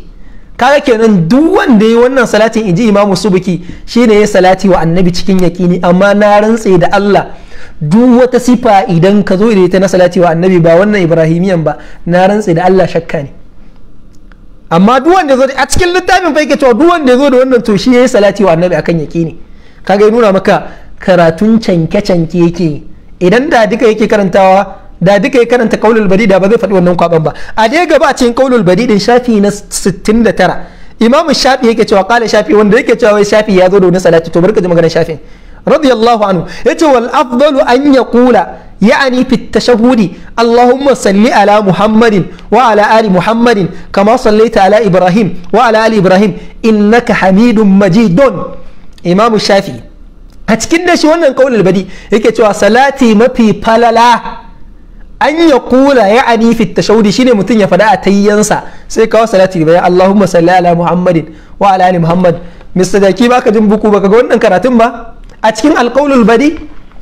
kaga kenan duk wanda ya wannan salatin inji imamu subuki shine ya salati wa annabi cikin yakini amma na rantse da Allah duk wata sifa idan ka zo da ita na salati wa annabi ba wannan ibrahimiyan ba na rantse da Allah shakka ne amma duk wanda zo a cikin littafin fa yake cewa duk wanda zo da wannan to shi yayi salati wa annabi akan yaqini kaga ya nuna maka karatun canke canke yake idan da duka yake karantawa da duka ya karanta qaulul badi da ba zai faɗi wannan kwaban ba a dai gaba cikin qaulul badi din shafi na 69 imamu shafi yake cewa kala shafi wanda yake cewa wai shafi ya zo da salati to barka ji maganar shafin radiyallahu anhu yace wal afdalu an yaqula يعني في التشهد اللهم صل على محمد وعلى آل محمد كما صليت على إبراهيم وعلى آل إبراهيم إنك حميد مجيد إمام الشافعي أتكلم شو أنا نقول البدي يكتوا صلاتي ما في بلالا أن يقول يعني في التشهد شنو متين يفدا تينسا سيكوا صلاتي بيا اللهم صل على محمد وعلى آل محمد مستدعي كيف أكدم بكو بكو أنكرتم با a cikin alkaulul bari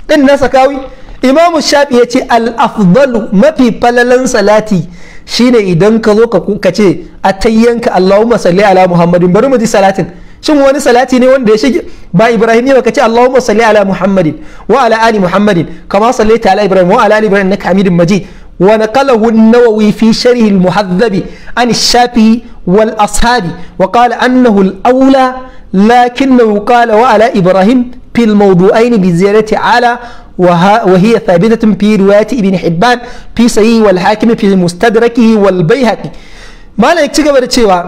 din na sakawi imamu shafi ya ce al-afdalu mafi falalan salati shine idan ka zo ka ce a tayyanka Allahumma salli ala Muhammadin bari mu ji salatin shin wani salati ne wanda ya shige ba Ibrahim ne ka ce Allahumma salli ala Muhammadin wa ala ali Muhammadin kama ta ala Ibrahim wa ala ali Ibrahim na Hamidum Majid wa naqalahu an-Nawawi fi sharhi al-Muhadhabi an shafi wal ashabi wa qala annahu Ibrahim في الموضوعين بزيادة على وهي ثابتة في رواية ابن حبان في صحيح والحاكم في مستدركه والبيهقي ما لا يكتب رتشيوا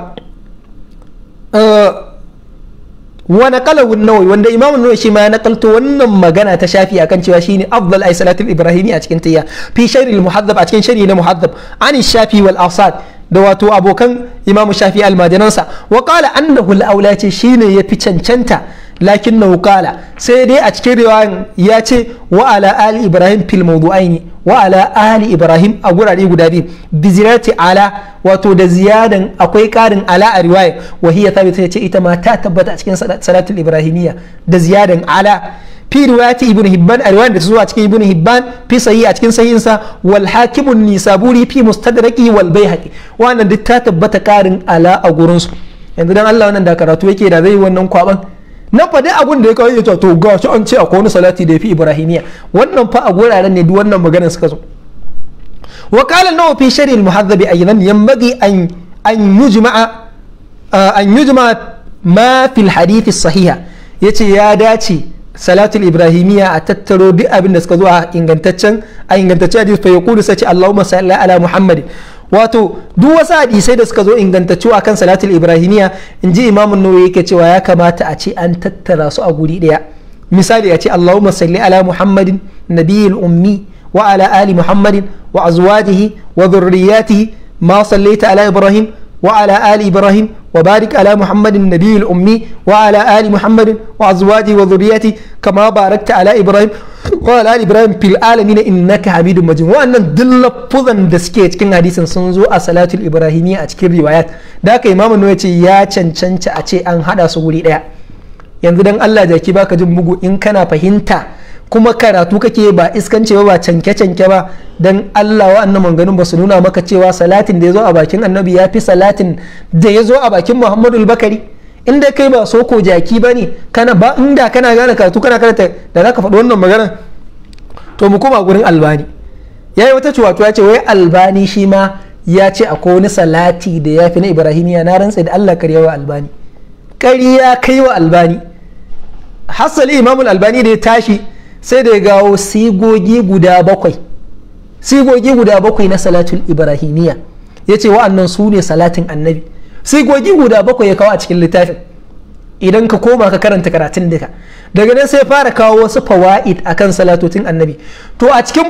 ونقله النووي وان امام النووي شما نقلت وان مغانا تشافي اكن cewa shine afdal ay salatul ibrahimi a cikin tiyya fi sharri al muhaddab a cikin sharri na muhaddab an shafi wal asad da wato abokan imamu shafi almajiransa wa qala annahu al-aula ce shine yafi cancanta lakin na hukala sai dai a cikin riwayan ya ce wa ala ali ibrahim fil mawdu'aini wa ala ali ibrahim a gurare guda biyu bi ala wato da ziyadan akwai karin ala a riwaya wa hiya yace ce ita ma ta tabbata a cikin salatul ibrahimiyya da ziyadan ala fi riwayati ibn hibban a riwayar da ta zo a cikin ibn hibban fi sahi a cikin sahihin sa wal hakimun nisaburi fi mustadraki wal baihaqi wannan duk ta tabbata karin ala a gurin su yanzu dan Allah wannan da karatu yake da zai wannan kwaban na faɗi a da ya kawo ya to ga shi an ce akwai wani da ya fi ibrahimiya wannan fa a guraren ne duk wannan maganar suka zo وقال انه في شر المهذب ايضا ينبغي ان ان يجمع ان يجمع ما في الحديث الصحيح يتي يا salatul ibrahimiyya a tattaro duk abin da suka zo a ingantaccen a ingantaccen hadisi ya yaqulu sai Allahumma salli ala Muhammad wato duk wasu hadisai da suka zo ingantaccu akan salatul ibrahimiya inji Imam an-Nawawi yake cewa ya kamata a ce an tattara su a guri daya misali a ce Allahumma salli ala Muhammadin nabiyil ummi wa ala ali Muhammadin wa azwajihi wa dhurriyyatihi ma sallaita ala Ibrahim wa ala ali Ibrahim وبارك على محمد النبي الأمي وعلى آل محمد وأزواجه وذريته كما باركت على إبراهيم وعلى آل إبراهيم في العالمين إنك حميد مجيد وأن دل فضن دسكي cikin hadisin sun zo a salatul ibrahimiyya a cikin riwayat da haka imamu ne yace ya cancanci a ce an hada su wuri ɗaya. yanzu dan Allah jaki baka jin bugu in kana fahimta kuma karatu kake ba iskance ba ba canke canke ba dan Allah wa annan manganin ba su nuna maka cewa salatin da ya zo a bakin annabi ya fi salatin da ya zo a bakin Muhammadu bakari inda kai ba ko jaki ba ne kana ba inda kana gane karatu kana karanta da za ka faɗi wannan maganar to mu koma gurin albani ya yi wata cewa ya ce wai albani shi ma ya ce akwai wani salati da ya fi na ibrahimiya na rantsa da allah kariya wa albani kariya kai wa albani hassali imamul albani da ya tashi sai da ya gawo sigogi guda bakwai sigogi guda bakwai na salatul ibrahimiyya ya ce wa'annan su ne salatin annabi sigogi guda bakwai ya kawo a cikin littafin idan ka koma ka karanta karatun duka daga nan sai fara kawo wasu fawa'id akan salatotin annabi to a cikin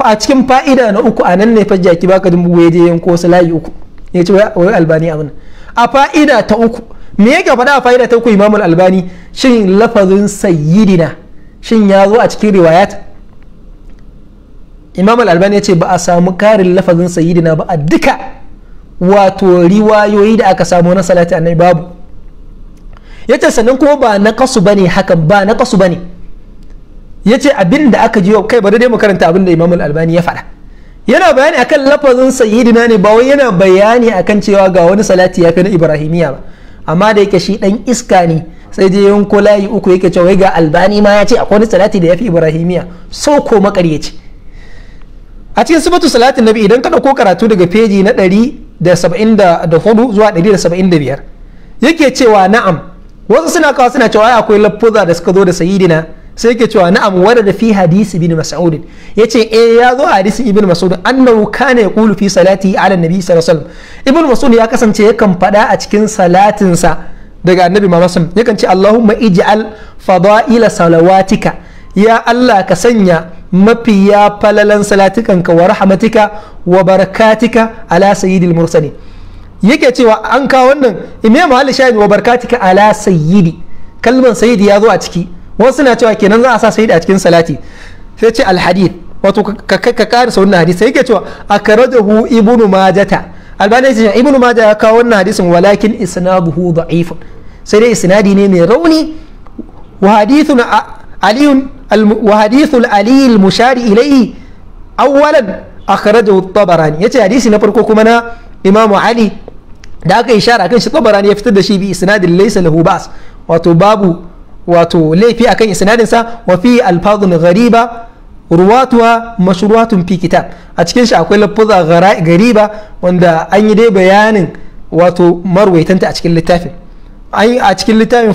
a cikin fa'ida na uku a nan ne fajja ki baka dumbu ya je yanko wasu layi uku ya ce wai albani abin a fa'ida ta uku me yake faɗa a fa'ida ta uku imamul albani shin lafazin sayyidina shin ya zo a cikin riwayat imam al ya ce ba a samu karin lafazin sayidina ba a duka wato riwayoyi da aka samu na salati annabi babu ya ce sannan kuma ba na kasu bane hakan ba na kasu bane ya ce abin da aka ji kai bari dai mu karanta abin da imam al'albani ya faɗa yana bayani akan lafazin sayidina ne ba wai yana bayani akan cewa ga wani salati ya fi na ibrahimiya ba amma da yake shi dan iska ne sai je yanko layi uku yake cewa ga albani ma ya ce akwai wani salati da ya fi ibrahimiya so ko makaryaci a cikin sifatu salatin nabi idan ka ɗauko karatu daga feji na ɗari da saba'in da hudu zuwa ɗari da saba'in da biyar yake cewa na'am wasu suna kawo suna cewa akwai lafuza da suka zo da sayidina sai yake cewa na'am wanda da fi hadisi ibn mas'ud yace e ya zo hadisi ibn mas'ud annahu kana yaqulu fi salati ala nabi sallallahu alaihi wasallam ibn mas'ud ya kasance yakan fada a cikin salatinsa daga annabi mamasan yakan ce allahumma ij'al fada'ila salawatika ya allah ka sanya mafiya falalan ka wa rahmatika wa barakatika ala sayyidil mursalin yake cewa an kawo wannan imam ali shahid wa barakatika ala sayyidi kalman sayyidi ya zo a ciki wasu na cewa kenan za a sa sayyidi a cikin salati sai ce alhadid wato ka karisa wannan hadisi yake cewa akarajahu ibnu majata albani ya ce ibnu majah ya kawo wannan hadisin walakin isnaduhu da'ifun sai dai isnadi ne mai rauni wa hadithun aliyun wa hadithul ali mushari ilayhi awwalan akhrajahu at yace hadisi na farko kuma na imamu ali da aka ishara kan shi tabarani ya fitar da shi bi isnadin laysa lahu bas wato babu wato laifi akan isnadin sa wa fi alfadun ghariba ruwatuwa mashruwatun fi kitab a cikin shi akwai lafuzar ghariba wanda an yi dai bayanin wato marwaitanta a cikin littafin ai a cikin littafin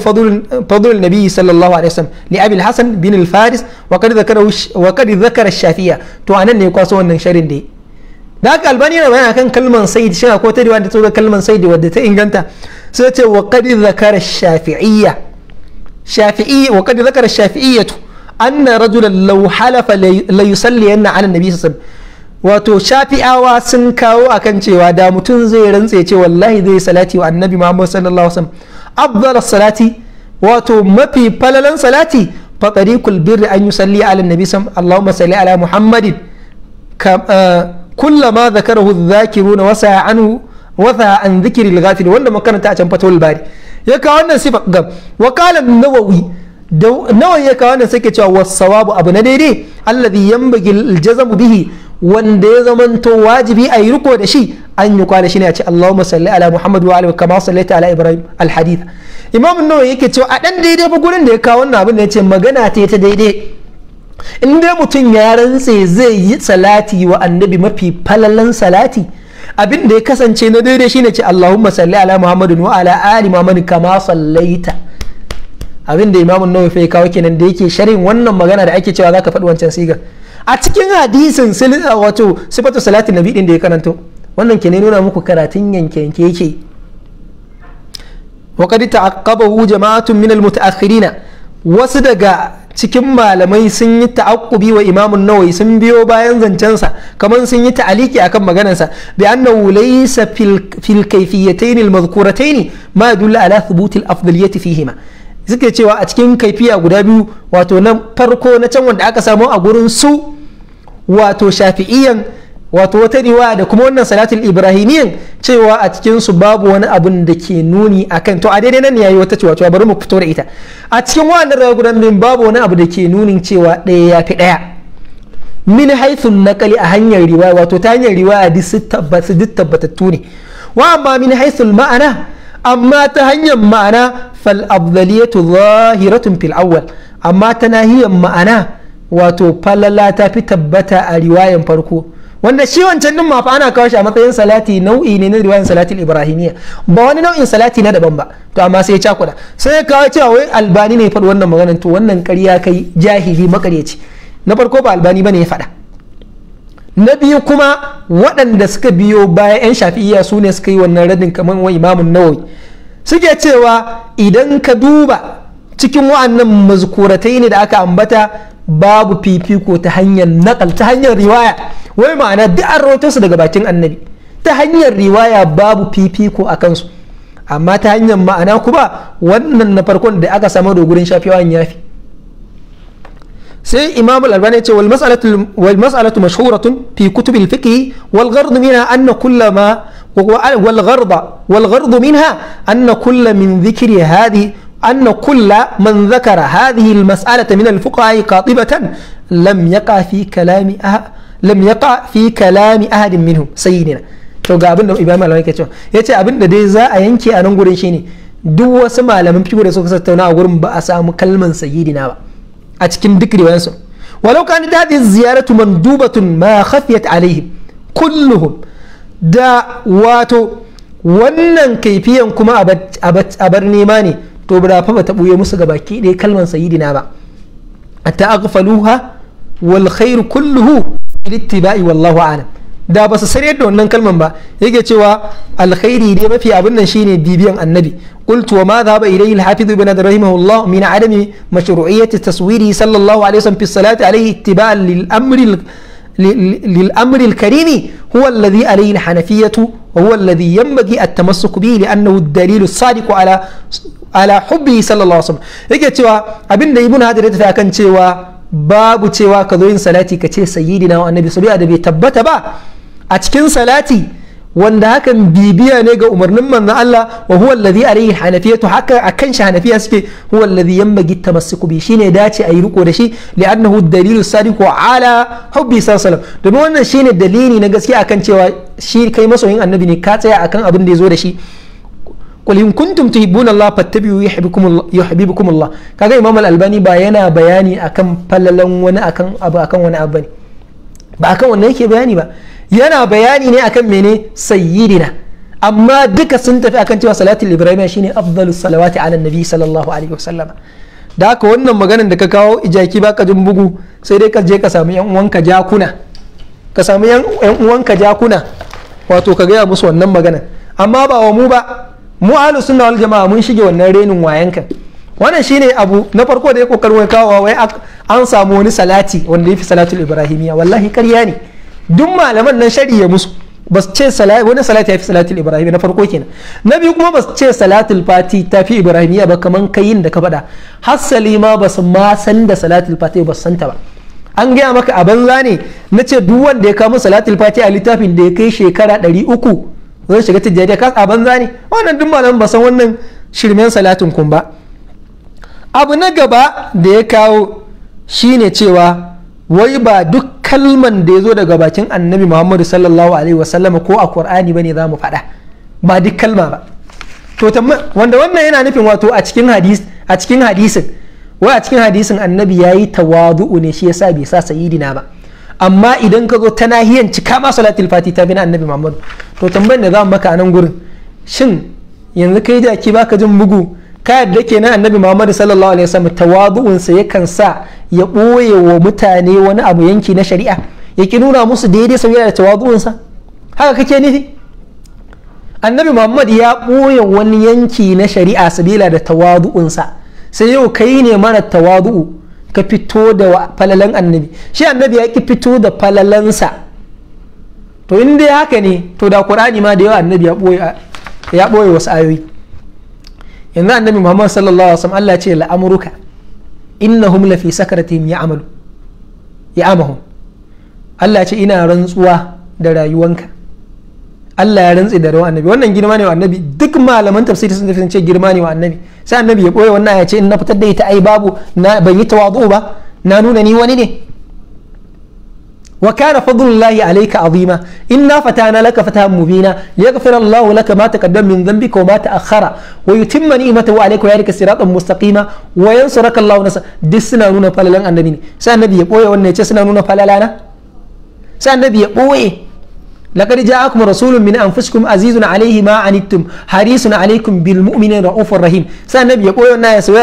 fadlul nabi sallallahu alaihi wasallam li abi hasan bin al-faris wa kad zakara wa kad zakara shafiya to anan ne kwaso wannan sharin dai da haka albani yana bayani akan kalman sayyid shi ko ta riwaya da ta kalman sayyid wadda ta inganta sai ce wa kad zakara shafi'iyya shafi'i wa kad zakara shafi'iyyatu anna rajulan law halafa la yusalliyanna ala nabi sallallahu alaihi wasallam wato shafi'awa sun kawo akan cewa da mutum zai rantse ce wallahi zai salati wa annabi muhammad sallallahu alaihi wasallam afdal salati wato mafi falalan salati fa birri an yusalli salli ala muhammadin kullama zakarahu dhakiruna wasa anhu wanda makaranta can fatawul bari ya ya kawo wannan sake cewa was abu na jazamu bihi wanda ya zamanto wajibi a yi riko da shi an yi kwana shine a ce Allahumma salli ala Muhammad wa alihi kama sallaita ala Ibrahim al Imam nawawi yake cewa a dan daidai ba gurin da ya kawo wannan abin da yace magana ta ta daidai in dai mutum ya rantse zai yi salati wa annabi mafi falalan salati abin da ya kasance na daidai shine ce Allahumma salli ala Muhammadin wa ala ali Muhammad kama sallaita abin da Imam nawawi fa ya kawo kenan da yake sharin wannan magana da ake cewa zaka faɗi wancan sigar a cikin hadisin wato sifatu salatin nabi din da ya karanto wannan ke ne nuna muku karatun yanke yanke yake wa qad ta'aqqabahu jama'atun min al-muta'akhirina wasu daga cikin malamai sun yi ta'aqqubi wa imamun nawawi sun biyo bayan zancensa kamar sun yi ta'aliki akan maganar sa bi annahu laysa fil kayfiyatayn al-madhkuratayn ma yadulla ala thubut al-afdaliyati fihima suke cewa a cikin kaifiya guda biyu wato na farko na can wanda aka samu a gurin su wato shafi'iyan wato wata riwaya da kuma wannan salatul ibrahimiyan cewa a cikin su babu wani abun da ke nuni akan to a daidai nan yayi wata cewa to bari mu fito da ita a cikin wannan riwaya gudan min babu wani abu da ke nunin cewa ɗaya ya fi ɗaya min haithun naqali a hanyar riwaya wato ta hanyar riwaya duk tabbatattu ne wa amma min haithul ma'ana amma ta hanyar ma'ana fal afdaliyatu zahiratun fil awwal amma ta nahiyar ma'ana wato falala ta fi tabbata a riwayan farko wanda shi wancan din mafa ana kawo shi a matsayin salati nau'i ne na riwayan salatin ibrahimiyya ba wani nau'in salati na daban ba to amma sai ya cakuda sai ya kawo cewa wai albani ne ya faɗi wannan maganar to wannan ƙarya kai jahili makaryaci na farko ba albani bane ya faɗa na biyu kuma waɗanda suka biyo baya 'yan shafi'iyya su ne suka yi wannan radin kamar wa imamun nawawi suke cewa idan ka duba cikin wa'annan mazkuratai ne da aka ambata babu fifiko ta hanyar nakal ta hanyar riwaya wai ma'ana duk an rawaito su daga bakin annabi ta hanyar riwaya babu fifiko a kansu amma ta hanyar ma'ana kuma wannan na farkon da aka samu da gurin shafiyawan yafi sai imam al-albani ya ce wal mas'alatu mashhuratun fi kutubil fiqh wal ghard minha anna kullama والغرض والغرض منها أن كل من ذكر هذه أن كل من ذكر هذه المسألة من الفقهاء قاطبة لم يقع في كلام أه لم يقع في كلام أحد منهم سيدنا to ga abin da Ibrahim Alwai ke cewa yace abin da dai za a yanke a nan gurin shine duk wasu malaman fiqh da suka tattauna a gurin ba a samu kalman sayyidina ba a cikin duk riwayansu walau kan da hadhihi ziyaratu mandubatun ma khafiyat alaihim kulluhum da wato wannan kaifiyan kuma a bar nema ne to ba fa ba ta ɓuye musu baki ɗaya kalman sayidina ba a ta'agfaluha wal khairu kulluhu bil ittiba'i wallahu a'lam da ba su sarye da wannan kalman ba yake cewa alkhairi dai mafi abin nan shine bibiyan annabi qultu wa ma dhaba ilayhi al da ibn adar rahimahullah min adami mashru'iyyati taswiri sallallahu alaihi wasallam fi salati alaihi ittiba'an lil amri للأمر الكريم هو الذي عليه الحنفية وهو الذي ينبغي التمسك به لأنه الدليل الصادق على على حبه صلى الله عليه وسلم يجي تيوا أبن ابن هذا الرد فأكن تيوا باب تيوا كذوين صلاتي كتير سيدنا والنبي صلى الله عليه وسلم تبت أتكن صلاتي wanda hakan bibiya ne ga umarnin manzon Allah wa huwa alladhi alayhi hanafiyatu haka akan shi hanafiya suke huwa alladhi yanbaghi tamassuku bi shine dace ayi riko da shi li'annahu dalilu sadiqu ala hubbi sallallahu domin wannan shine dalili na gaskiya akan cewa shi kai masoyin annabi ne ka tsaya akan abin da yazo da shi qul in kuntum tuhibbuna Allah fattabi'u yuhibbukum Allah kaga imam al-albani ba yana bayani akan falalan wani akan abu akan wani abu bane ba akan wannan yake bayani ba yana bayani ne akan mene sayyidina amma duka sun tafi akan cewa salatul ibrahim shine afdalus salawati ala nabi sallallahu alaihi wasallam da haka wannan maganan da ka kawo ijaki baka jin bugu sai dai ka je ka samu yan uwanka jakuna ka samu yan uwanka jakuna wato ka gaya musu wannan maganan amma ba wa mu ba mu ahlus sunna wal jama'a mun shige wannan renin wayankan wannan shine abu na farko da ya kokarin kawo wai an samu wani salati wanda yafi salatul ibrahimiya wallahi karya ne duk malaman nan shari'a musu ba su ce wani salati ya fi salatul ibrahim na farko kenan na biyu kuma ba su ce salatul fati ta fi ya ba kaman kayin da ka faɗa hassali ma ba su ma san da salatul fati ba su santa ba an gaya maka a banza ne na ce duk wanda ya kama salatul fati a littafin da ya kai shekara ɗari uku zai shiga tijjaniya kas a banza ne wannan duk malaman ba san wannan shirmen salatin kun ba abu na gaba da ya kawo shine cewa wai ba duk kalman da ya zo daga bakin annabi muhammadu sallallahu alaihi wasallama ko a qur'ani bane za mu faɗa ba duk kalma ba to wanda wannan yana nufin wato a cikin hadis a cikin hadisin wai a cikin hadisin annabi yayi tawadu'u ne shi yasa bai sa sayidina ba amma idan ka zo ta nahiyan cika ma salatul fati ta bi na annabi muhammadu to tambayar da za mu maka a nan gurin shin yanzu kai jaki baka jin bugu ka yadda nan annabi Muhammad sallallahu alaihi wasallam tawadu'un sa yakan sa ya boye wa mutane wani abu yanki na shari'a ya ki nuna musu daidai saboda da tawadu'un sa haka kake nufi annabi Muhammad ya boye wani yanki na shari'a sabila da tawadu'un sai yau kai ne mara tawadu'u ka fito da falalan annabi shi annabi ya ki fito da falalansa to in dai haka ne to da qur'ani ma da yawa annabi ya boye wasu ayoyi yanzu annabi muhammad sallallahu alaihi wasallam Allah ce la'amruka innahum lafi sakaratihim ya'malu ya'amahum Allah ce ina rantsuwa da rayuwanka Allah ya rantsi da rawan annabi wannan girma ne wa annabi duk malaman tafsiri sun tafi ce girma ne wa annabi sai annabi ya boye wannan ya ce in na fitar da ita ai babu na ban yi tawadu ba na nuna ni wani ne wa kana fadlullahi alayka azima inna na laka fatahan mubina yaghfir Allahu laka ma taqaddama min dhanbika wa akara ta'akhkhara wa yutimma ni'matahu alayka wa yahdika siratan mustaqima wa yansuraka Allahu nasra duk suna nuna falalan annabi ne sai annabi ya boye wannan yace suna nuna falalana sai annabi ya boye laqad ja'akum rasulun min anfusikum azizun alayhi ma anittum harisun alaykum bil mu'minina raufur rahim sai annabi ya boye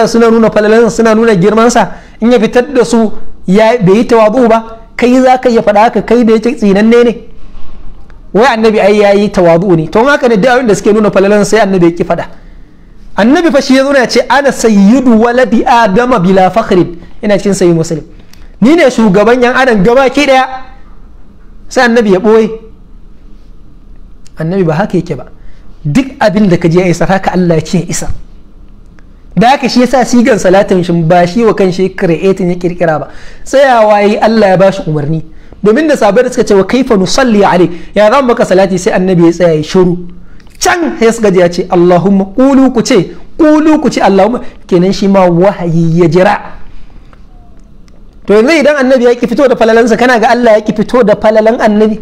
suna nuna falalan suna nuna girman sa in ya fitar da su ya yi tawadu ba kai za ka iya faɗa haka kai da yake tsinanne ne wai annabi ai yayi tawadu ne to haka ne da abin da suke nuna falalan sai annabi ya ki faɗa annabi fa shi ya zauna ya ce ana sayyidu waladi adama bila fakhrin ina cikin sayi muslim ni ne shugaban yan adam gaba ki daya sai annabi ya boye annabi ba haka yake ba duk abin da ka je ya isa haka Allah ya ce isa da haka shi yasa sigan salatin shi ba shi wa kan shi creating ya kirkira ba tsayawa yi Allah ya ba umarni domin da sabai da suka ce wa kaifa nusalli ale ya zan maka salati sai annabi ya tsaya ya shiru can ya suka ya ce Allahumma qulu ku ce qulu ku ce Allahumma kenan shi ma wahayi ya jira to yanzu idan annabi ya ki fito da sa kana ga Allah ya ki fito da falalan annabi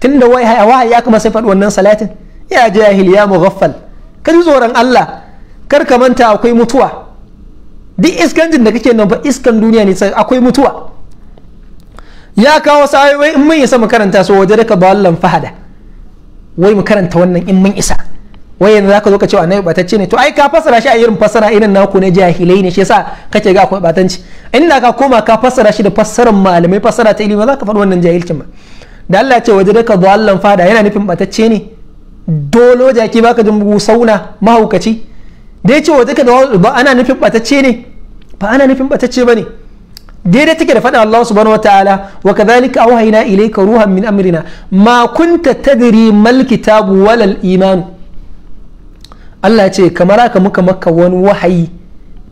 tunda wahayi ya kuma sai faɗi wannan salatin ya jahil ya mughaffal ka tsoron Allah kar ka manta akwai mutuwa duk jin da kake nan iskan duniya ne akwai mutuwa ya kawo wai in mun isa mu karanta su waje daga ballan fahada wai mu karanta wannan in mun isa wai yanzu zaka zo ka ce annabi batacce ne to ai ka fasara shi a irin fasara irin naku ne jahilai ne shi yasa kake ga akwai batanci inda ka koma ka fasara shi da fassarar malamai fasara ta ilimi za ka faɗi wannan jahilcin ba da Allah ya ce waje daga ballan fahada yana nufin batacce ne dolo jaki baka jin sauna mahaukaci da ya ce wa zaka da ba ana nufin batacce ne ba ana nufin batacce ba ne daidai take da faɗin Allah subhanahu wataala wa kadhalika awhayna ilayka ruhan min amrina ma kunta tadri mal kitabu walal iman Allah ya ce kamar haka muka maka wani wahayi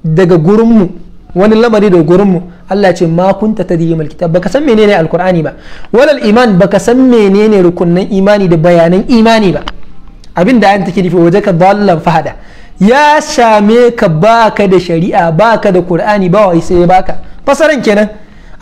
daga gurinmu wani lamari daga gurinmu Allah ya ce ma kunta tadri mal kitab baka san menene alqur'ani ba walal iman baka san menene rukunnan imani da bayanan imani ba abin da ayan take nufi wajaka dallan fahada ya same ka baka da shari'a baka da qur'ani ba wai sai baka fasaran kenan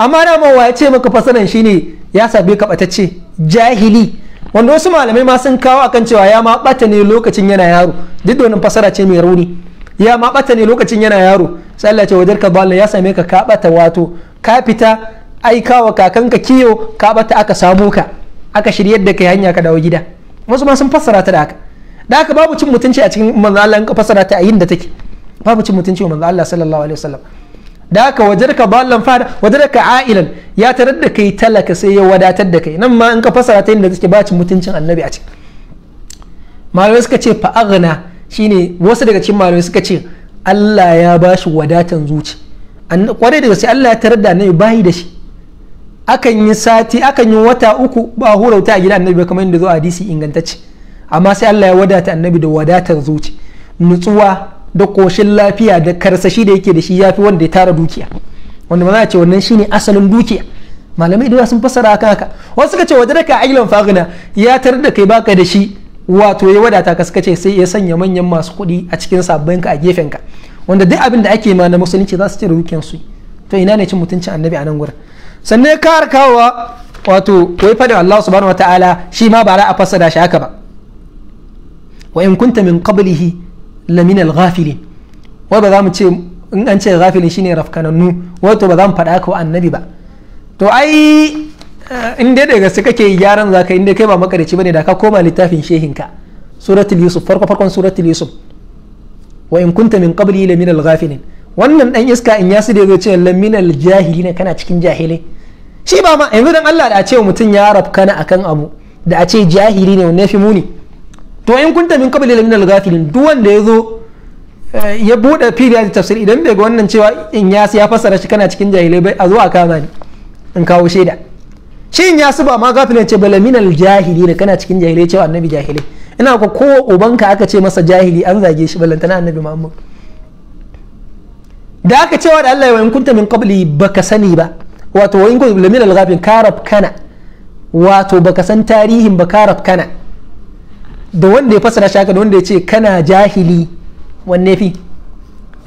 amma da ma waye ce maka fasaran shine ya sabe ka batacce jahili wanda wasu malamai ma sun kawo akan cewa ya ma bata ne lokacin yana yaro duk da wannan fasara ce mai rauni ya ma bata ne lokacin yana yaro sai Allah ya ce ka balla ya same ka ka bata wato ka fita aikawa kakanka kiyo ka bata aka samu ka aka shiryar da kai hanya ka dawo gida wasu ma sun fassara ta da haka da haka babu cin mutunci a cikin manzo Allah in ka fasara ta ayin da take babu cin mutunci wa manzo Allah sallallahu alaihi wasallam da haka wajarka ballan fada wajarka ailan ya tarar da kai talaka sai ya wadatar da kai nan ma in ka fasara ta da take ba cin mutuncin annabi a cikin malamai suka ce aghna shine wasu daga cikin malamai suka ce Allah ya ba shi wadatan zuci kwarai da gaske Allah ya tarar da annabi bayi da shi akan yi sati akan yi wata uku ba hurauta a gidan annabi kamar yadda zo a hadisi ingantacce amma sai Allah ya wadata annabi da wadatar zuci nutsuwa da koshin lafiya da karsashi da yake da shi yafi wanda ya tara dukiya wanda ma za a ce wannan shine asalin dukiya malamai da sun fassara haka haka wasu suka ce wadaraka ailan fagina ya tarar da kai baka da shi wato ya wadata ka suka ce sai ya sanya manyan masu kuɗi a cikin sabbin ka a gefen ka wanda duk abin da ake ma na musulunci za su cire dukiyar su to ina ne cin mutuncin annabi a nan gurin sannan ya kawar kawowa wato wai fadin Allah subhanahu wataala shi ma ba za a fassara shi haka ba wa in kunta min qablihi la min al ba za mu ce in an ce ghafilin shine rafkanannu wato ba za mu faɗa ka wa annabi ba to ai eh, in dai da gaske kake gyaran zaka in dai kai ba makarici bane da ka koma littafin shehinka suratul yusuf farko farkon yusuf min wannan dan iska in ya su da zai ce la kana cikin jahilai shi ba ma yanzu dan Allah da a ce mutum ya rafkana akan abu da a ce jahili ne wannan fi muni to in kunta min qabli min al duk wanda ya zo eh, ya bude fili da tafsir idan bai ga wannan cewa in ya ya fassara shi kana cikin jahilai bai a zo a kama ni in kawo shaida shi in ya ba ma gafilin ce bala min al kana cikin jahilai cewa annabi jahilai ina ko ko ubanka aka ce masa jahili an zage shi ballantana annabi Muhammad da aka cewa da Allah ya wayin kunta min qabli baka sani ba wato wayin kunta min al-ghafilin karab kana wato baka san tarihin ba karab kana da wanda ya fassara shaka da wanda ya ce kana jahili wanne fi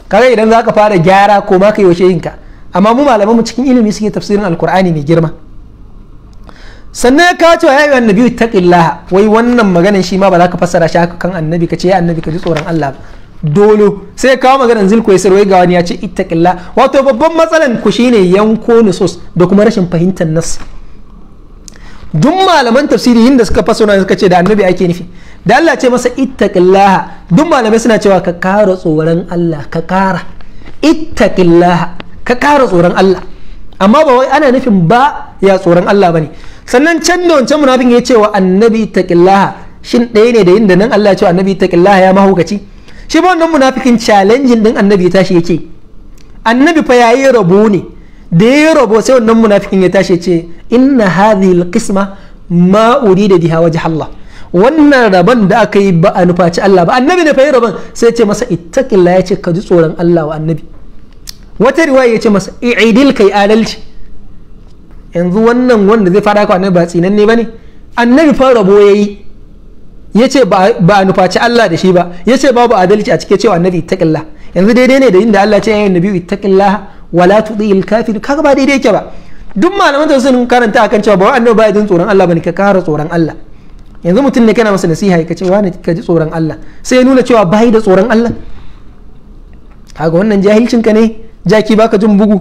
kaga idan za ka fara gyara ko ma ka yaushe yinka amma mu malaman mu cikin ilimi suke tafsirin alkur'ani mai girma sannan ya kawo cewa ya yi annabi taqillaha wai wannan maganan shi ma ba za ka fassara shaka kan annabi ka ce ya annabi ka ji tsoron Allah ba dolo sai kawo maganan zilko yasir wai ga wani ya ce ittaqillah wato babban matsalan ku shine yanko nusus da kuma rashin fahimtar nas duk malaman tafsiri inda suka fassara suka ce da annabi ake nufi da Allah ce masa ittaqillaha duk malamai suna cewa ka kara tsoron Allah ka kara ittaqillaha ka kara tsoron Allah amma ba wai ana nufin ba ya tsoron Allah bane sannan can da wancan munafin ya ce wa annabi ittaqillaha shin ɗaya ne da yin nan Allah ya ce annabi ittaqillaha ya mahaukaci shi ba wannan munafikin challenging din annabi ya tashi yake annabi fa yayi rabo ne da ya rabo sai wannan munafikin ya tashi ce inna hadhihi alqisma ma urida biha wajh Allah wannan rabon da aka yi ba a nufaci Allah ba annabi da fayi rabon sai ce masa ittaqilla ya ce ka ji tsoron Allah wa annabi wata riwaya ya ce masa i'idil kai adalci yanzu wannan wanda zai fara ka annabi ba tsinanne bane annabi fa rabo yayi ya ce ba a nufaci Allah da shi ba ya ce babu adalci a cike cewa annabi ittaqilla yanzu daidai ne da inda Allah ce ya yi nabi ittaqilla wala tudil kafir kaga ba daidai yake ba duk malaman sun karanta akan cewa ba annabi ba ya jin tsoron Allah bane ka kara tsoron Allah yanzu mutum ne kana masa nasiha ka ce wani ka ji tsoron Allah sai ya nuna cewa bai da tsoron Allah kaga wannan jahilcin ka ne jaki baka jin bugu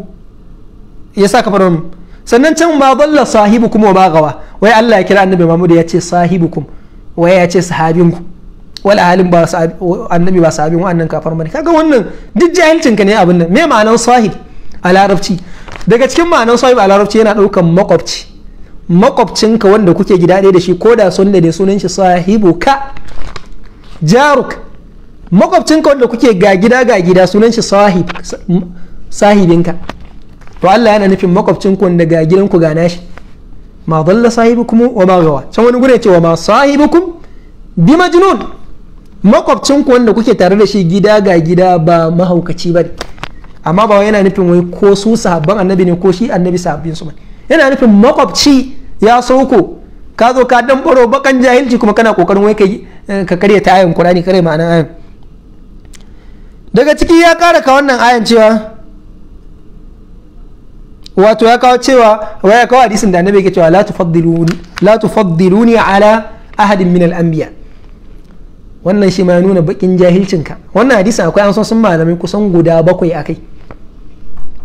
ya sa ka faɗa sannan can ba dalla sahibukum wa bagawa wai Allah ya kira annabi Muhammad ya ce sahibukum wai ya ce sahabinku wal halin ba annabi ba sahabin wa'annan kafar mani kaga wannan duk jahilcin ka ne abin nan me ma'anar sahib a larabci daga cikin ma'anar sahib a larabci yana ɗaukan makwabci makwabcinka wanda kuke gida ɗaya da shi ko da sun da sunan shi sahibu ka jaruk makwabcinka wanda kuke ga gida ga gida sunan shi sahibinka to Allah yana nufin makwabcinku wanda ga gidanku ga nashi ma dalla sahibukum wa ma gawa can wani gure ce wa ma sahibukum bi majnun makwabcinku wanda kuke tare da shi gida ga gida ba mahaukaci bane amma ba yana nufin wai ko su sahabban annabi ne ko shi annabi sahabbin su bane yana nufin makwabci ya sauko ka zo ka dan baro bakan jahilci kuma kana kokarin wai kai ka eh, karya ta ayin qur'ani kare ma'anar ayin daga ciki ya kara ka wannan ayin cewa wato ya kawo cewa waya kawo hadisin da annabi yake cewa la tufaddiluni la tufaddiluni ala ahadin min al-anbiya wannan shi ma ya nuna bakin ka wannan hadisin akwai an so sun malamai kusan guda bakwai akai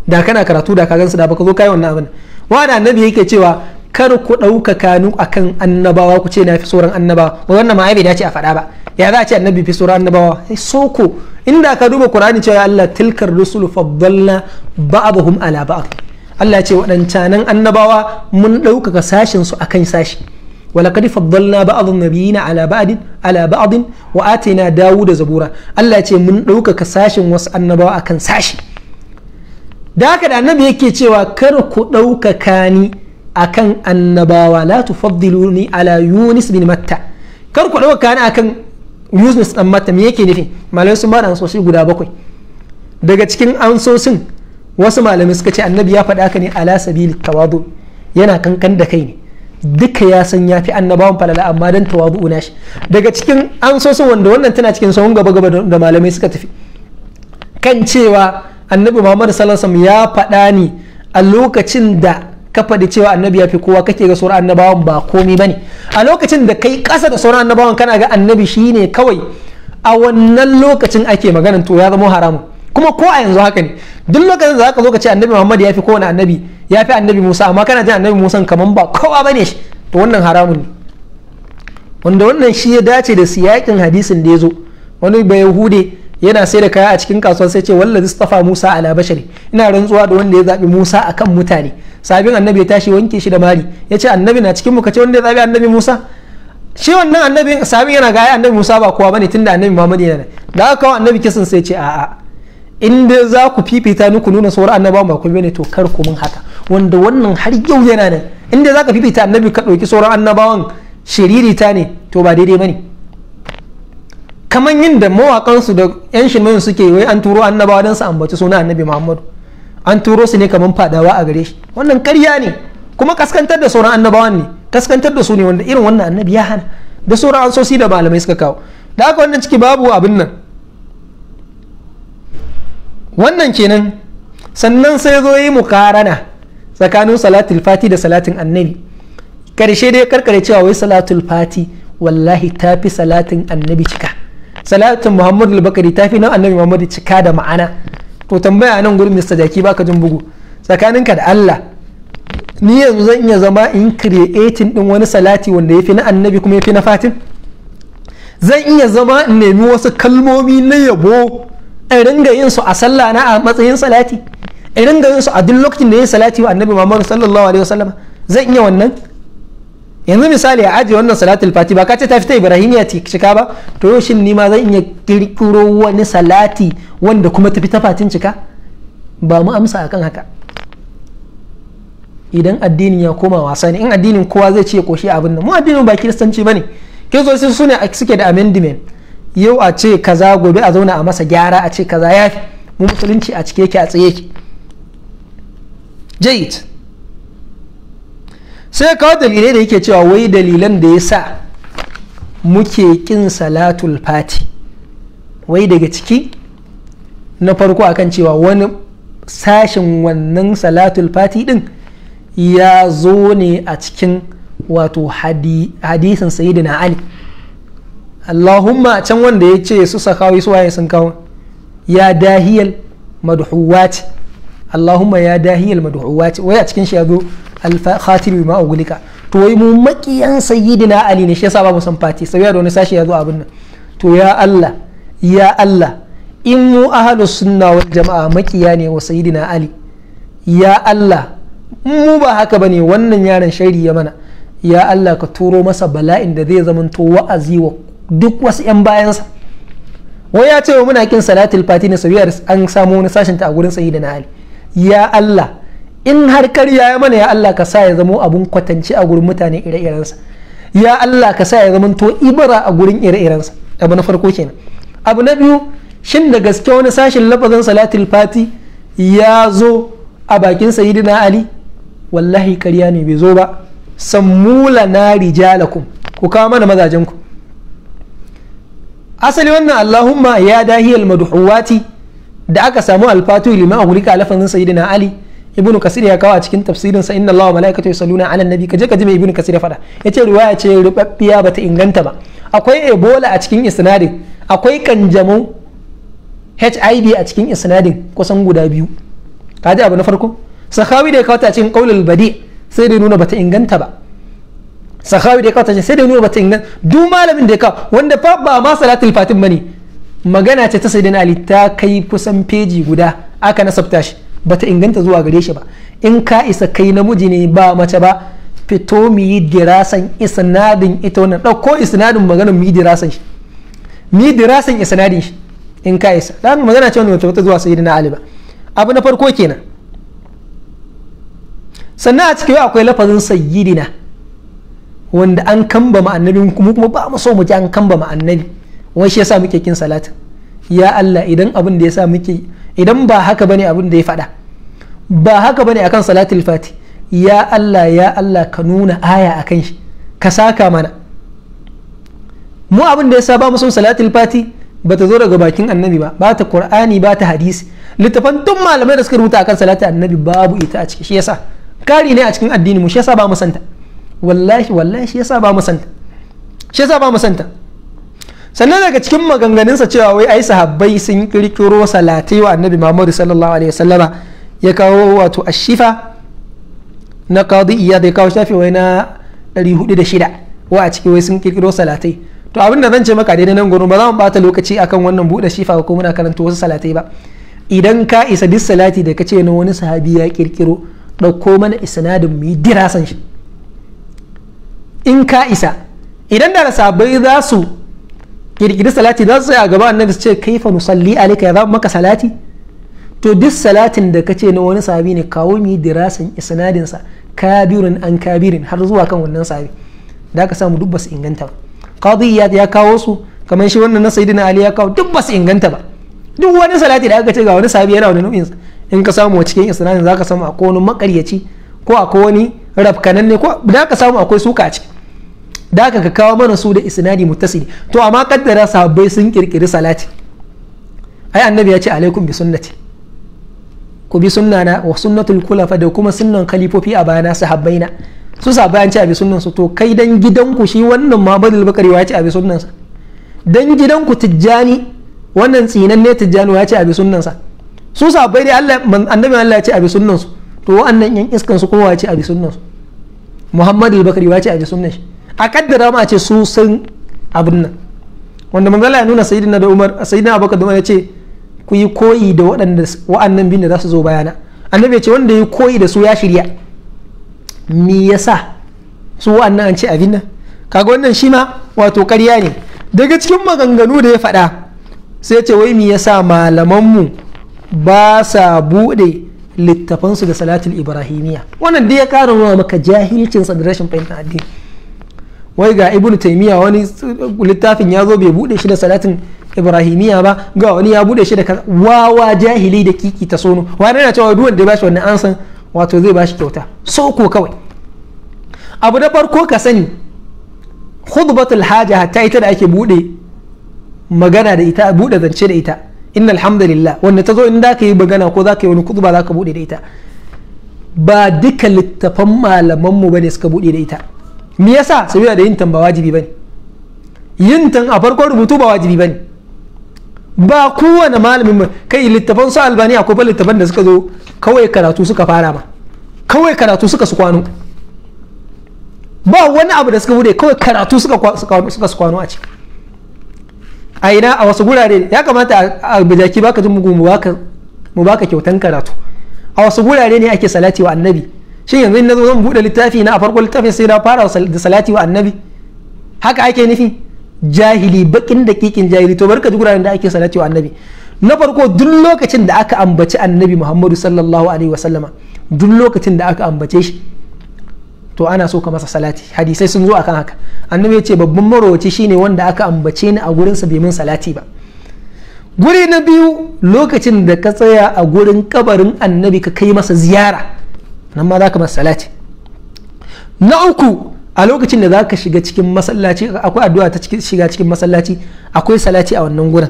da kana karatu da ka gansu da baka zo kai wannan abin wanda annabi yake cewa kar ku ɗauka kanu akan annabawa ku ce na fi tsoron annabawa wannan ma ai bai dace a faɗa ba ya za a ce annabi fi tsoron annabawa soko inda ka duba qur'ani cewa Allah tilkar rusulu faddalna ba'dhum ala ba'd Allah ya ce waɗancanan annabawa mun ɗaukaka sashin su akan sashi ولقد فضلنا بعض النبيين على بعض على بعض واتينا داوود زبورا الله يce mun ɗaukaka sashin wasu annabawa akan sashi da haka da annabi yake cewa kar ku ɗaukaka ni akan annabawa la tufaddiluni ala yunus bin matta kar ku ɗaukaka ni akan yunus bin matta me yake nufi malamai sun bada ansoshi guda bakwai daga cikin ansoshin wasu malamai suka ce annabi ya faɗa ka ne ala sabili tawadu yana kankan da kai ne duka ya san ya fi annabawan falala amma dan tawadu na shi daga cikin ansoshin wanda wannan tana cikin sahun gaba gaba da malamai suka tafi kan cewa annabi muhammad sallallahu ya faɗa ni a lokacin da ka faɗi cewa annabi ya fi kowa kake ga sauran annabawan ba komi bane a lokacin da kai ƙasa da sauran annabawan kana ga annabi shine kawai a wannan lokacin ake maganan to ya zama haramu kuma ko a yanzu haka ne duk lokacin da zaka zo ka ce annabi Muhammad ya fi kowane annabi ya fi annabi Musa amma kana jin annabi Musa kaman ba kowa bane shi to wannan haramun ne wanda wannan shi ya dace da siyakin hadisin da ya zo wani bai yahude yana sai da kaya a cikin kasuwa sai ce wallazi istafa Musa ala bashari ina rantsuwa da wanda ya zabi Musa akan mutane sabin annabi ya tashi wanke shi da mari ya ce annabi na cikin mu kace wanda ya zabi annabi Musa shi wannan annabi sabin yana gaya annabi Musa ba kowa bane tunda annabi Muhammad yana da aka kawo annabi kisan sai ce a'a in dai za ku fifita ni ku nuna sauran annabawan ba ku bane to kar ku mun haka wanda wannan har yau yana nan in dai za ka fifita annabi ka ɗauki sauran annabawan shiririta ne to ba daidai bane ne kamar yin da mawakansu da yan shirmen suke wai an turo annabawa don su ambaci suna annabi muhammadu an turo su ne kamar fadawa a gare shi wannan karya ne kuma kaskantar da sauran annabawan ne kaskantar da su ne wanda irin wannan annabi ya hana da sauran ansosi da malamai suka kawo da haka wannan ciki babu abin nan wannan kenan sannan sai zo yi mukarana tsakanin salatul fati da salatin annabi karshe dai karkare cewa wai salatul fati wallahi ta fi salatin annabi cika salatin muhammad al-bakari ta fi na annabi muhammad cika da ma'ana to tambaya nan gurin mr jaki baka jin bugu Tsakanin ka da allah ni yanzu zan iya zama in creating din wani salati wanda ya fi na annabi kuma ya fi na fatin zan iya zama in nemi wasu kalmomi na yabo in ringa yin su a sallah na a matsayin salati in ringa yin su a duk lokacin da yin salati wa annabi muhammad sallallahu alaihi wasallam zan iya wannan yanzu misali a ajiye wannan salatul fati ba ka ce ta fita ibrahimiya cika ba to shin ni nima zan iya kirkiro wani salati wanda kuma tafi ta fatin cika ba mu amsa akan haka idan addinin ya koma wasa ne in addinin kowa zai ce koshi abin nan mu addinin ba kiristanci bane kiristoci su ne suke da amendment yau a ce kaza gobe a zauna a masa gyara a ce kaza ya mu musulunci a cike yake a tsaye ki jayit sai kawo dalilai da yake cewa wai dalilan da ya sa muke kin salatul fati wai daga ciki na farko akan cewa wani sashen wannan salatul fati din ya zo ne a cikin wato hadisin sayidina ali allahumma can wanda ya ce su sakawi su waye sun kawo ya dahiyal madhuwat allahumma ya dahiyal madhuwat wai a cikin shi ya zo al ma uglika to wai mu makiyan sayyidina ali ne shi yasa babu san fati sauya da wani sashi ya zo abin nan to ya Allah ya Allah in mu ahlus sunna wal jama'a makiya ne wa sayyidina ali ya Allah mu ba haka bane wannan yaron shari ya mana ya Allah ka turo masa bala'in da zai zamanto wa'azi wa duk wasu 'yan bayansa wai ya ce wa muna kin salatul fati ne sabiyar an samu wani sashen ta a gurin sayyidina ali ya Allah in har karya ya mana ya Allah ka sa ya zamo abun kwatanci a gurin mutane ire-irensa ya Allah ka sa ya zama to ibara a gurin ire-irensa abu na farko kenan abu na biyu shin da gaske wani sashin lafazin salatul fati ya zo a bakin sayyidina ali wallahi karya ne bai zo ba sammula na rijalakum ku kawo mana ku. asali wannan allahumma ya dahiyal madhuwati da aka samu alfatu lima a gurika lafazin sayyidina ali ibnu kasir ya kawo a cikin tafsirinsa inna allaha malaikatu yusalluna ala nabi kaje kaje mai ibnu kasir ya faɗa yace riwaya ce rubabbiya bata inganta ba akwai ebola a cikin isnadin akwai kanjamau hiv a cikin isnadin kusan guda biyu kaji abu na farko sahawi da ya kawo ta cikin qaulul badi sai da nuna bata inganta ba sahawi da ya kawo ta cikin sai da nuna bata inganta duk malamin da ya kawo wanda fa ba ma salatul fatim bane magana ce ta sayyidina ali ta kai kusan peji guda aka nasabta shi bata inganta zuwa gare shi ba in ka isa kai namiji ne ba mace ba fito mu yi dirasan isnadin ita wannan ɗauko isnadin magana mu yi dirasan shi mu yi dirasan isnadin shi in ka isa da magana ce wani mace bata zuwa sayyidina ali ba abu na farko kenan sannan a cikin akwai lafazin sayyidina wanda an kamba annabi kuma kuma ba mu so mu ji an kamba annabi wani shi yasa muke kin salatin ya Allah idan abin da yasa muke idan ba haka bane abin da ya faɗa ba haka bane akan salatul fati ya Allah ya Allah ka nuna aya akan shi ka saka mana mu abin da ya sa ba mu son salatul fati ba ta zo daga bakin annabi ba ba ta qur'ani ba ta hadisi littafan duk malamai da suka rubuta akan salatul annabi babu ita a ciki shi yasa kari ne a cikin addini mu shi yasa ba mu santa wallahi wallahi shi yasa ba mu santa shi yasa ba mu santa sannan daga cikin maganganunsa cewa wai ai sahabbai sun kirkiro salatai wa annabi muhammadu sallallahu alaihi wasallama ya kawo wato ashifa na kawo qadi da ya kawo shafi wai na 406 wa a ciki wai sun kirkiro salatai to abin da zan ce maka daidai nan gurin ba za mu bata lokaci akan wannan bude shifa ko muna karanta wasu salatai ba idan ka isa duk salati da ka ce na wani sahabi ya kirkiro ɗauko mana isnadin mu yi dirasan shi in ka isa idan da sahabbai za su kirkiri salati za su tsaya gaba annabi su ce kaifa musalli alika ya za maka salati to duk salatin da ka ce na wani sabi ne kawo mi dirasin isnadin sa kabirin an kabirin har zuwa kan wannan sabi da ka samu duk ba su inganta ba qadi ya kawo su kamar shi wannan na sayyidina ali ya kawo duk ba su inganta ba duk wani salati da aka ce ga wani sabi yana wani nau'in in ka samu a cikin isnadin ka samu akwai wani makaryaci ko akwai wani rafkananne ko da ka samu akwai suka a ciki da ka kawo mana su da isnadi muttasili to amma kaddara sahabbai sun kirkiri salati ai annabi ya ce alaikum bi sunnati ku bi sunnana wa sunnatul kulafa da kuma sunnan khalifofi a bayana na su sahabbai an ce abi sunnan su to kai dan ku shi wannan Muhammadu Bakari ya ce abi sunnan sa dan ku tijjani wannan tsinanne tijjani ya ce abi sunnan sa su sahabbai Allah annabi Allah ya ce abi sunnan su to wa'annan yan iskan su kuma ya ce abi sunnan su Muhammadu Bakari ya ce abi sunnan shi a kaddara ma ce su sun abin nan wanda manzala ya nuna sayidina da umar sayidina abokan da ya ce ku yi koyi da waɗanda wa'annan bin da za su zo bayana annabi ya ce wanda ya koyi da su ya shirya me yasa su wa'annan an ce abin nan kaga wannan shi ma wato karya ne daga cikin maganganu da ya faɗa sai ce wai me yasa malamanmu ba sa buɗe littafansu da salatul ibrahimiyya wannan dai ya ƙara nuna maka jahilcinsa da rashin fahimtar addini wai ga ibnu taymiya wani littafin ya zo bai bude shi da salatin Ibrahimiyya ba ga wani ya bude shi da wawa jahili da kiki ta sono wani yana cewa duk wanda ya bashi wannan ansan wato zai bashi kyauta so ko kawai abu da farko ka sani khutbatul haja hatta ita da ake bude magana da ita bude zance da ita inna alhamdulillah wanda ta zo in da ka yi magana ko za ka yi wani khutba za ka bude da ita ba duka littafan malamanmu ba ne suka bude da ita me yasa saboda da yin tan ba wajibi bane yin tan a farkon rubutu ba wajibi bane ba kowane malamin kai littafan su albani akwai ba littafan da suka zo kawai karatu suka fara ma kawai karatu suka su kwano ba wani abu da suka bude kawai karatu suka su kwano a ciki a ina a wasu gurare ya kamata a bijaki baka jin mugu mu baka kyautan karatu a wasu gurare ne ake salati wa annabi Shin yanzu na zo zan buɗe littafi na a farko littafin sai na fara da salati wa annabi haka ake nufi jahili bakin da kikin jahili to barka duk guraren da ake salati wa annabi na farko duk lokacin da aka ambaci annabi muhammadu sallallahu alaihi sallama duk lokacin da aka ambace shi to ana so ka masa salati hadisai sun zo akan haka annabi ya ce babban marowaci shine wanda aka ambace ni a gurinsa bai min salati ba guri na biyu lokacin da ka tsaya a gurin kabarin annabi ka kai masa ziyara nan ma za ka masa salati na uku a lokacin da za ka shiga cikin masallaci akwai addu'a ta shiga cikin masallaci akwai salati a wannan gurin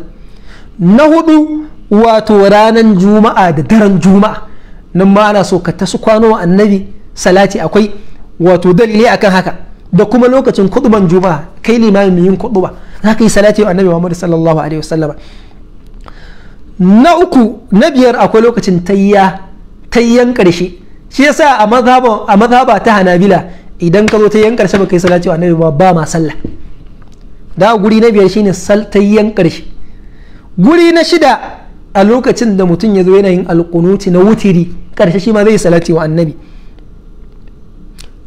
na hudu wato ranar juma'a da daren juma'a nan ma ana so ka ta su kwano wa annabi salati akwai wato dalili akan haka da kuma lokacin kuduban juma'a kai limamin yin kuduba za ka yi salati wa annabi muhammad sallallahu alaihi wasallam na uku na biyar akwai lokacin tayya tayyan karshe shi yasa a mazhaba a mazhaba ta hanabila idan ka zo ta yan karshe baka yi salati wa annabi ba ma sallah da guri na biyar shine yan karshe guri na shida a lokacin da mutum ya zo yana yin alkunuti na wutiri karshe shi ma zai salati wa annabi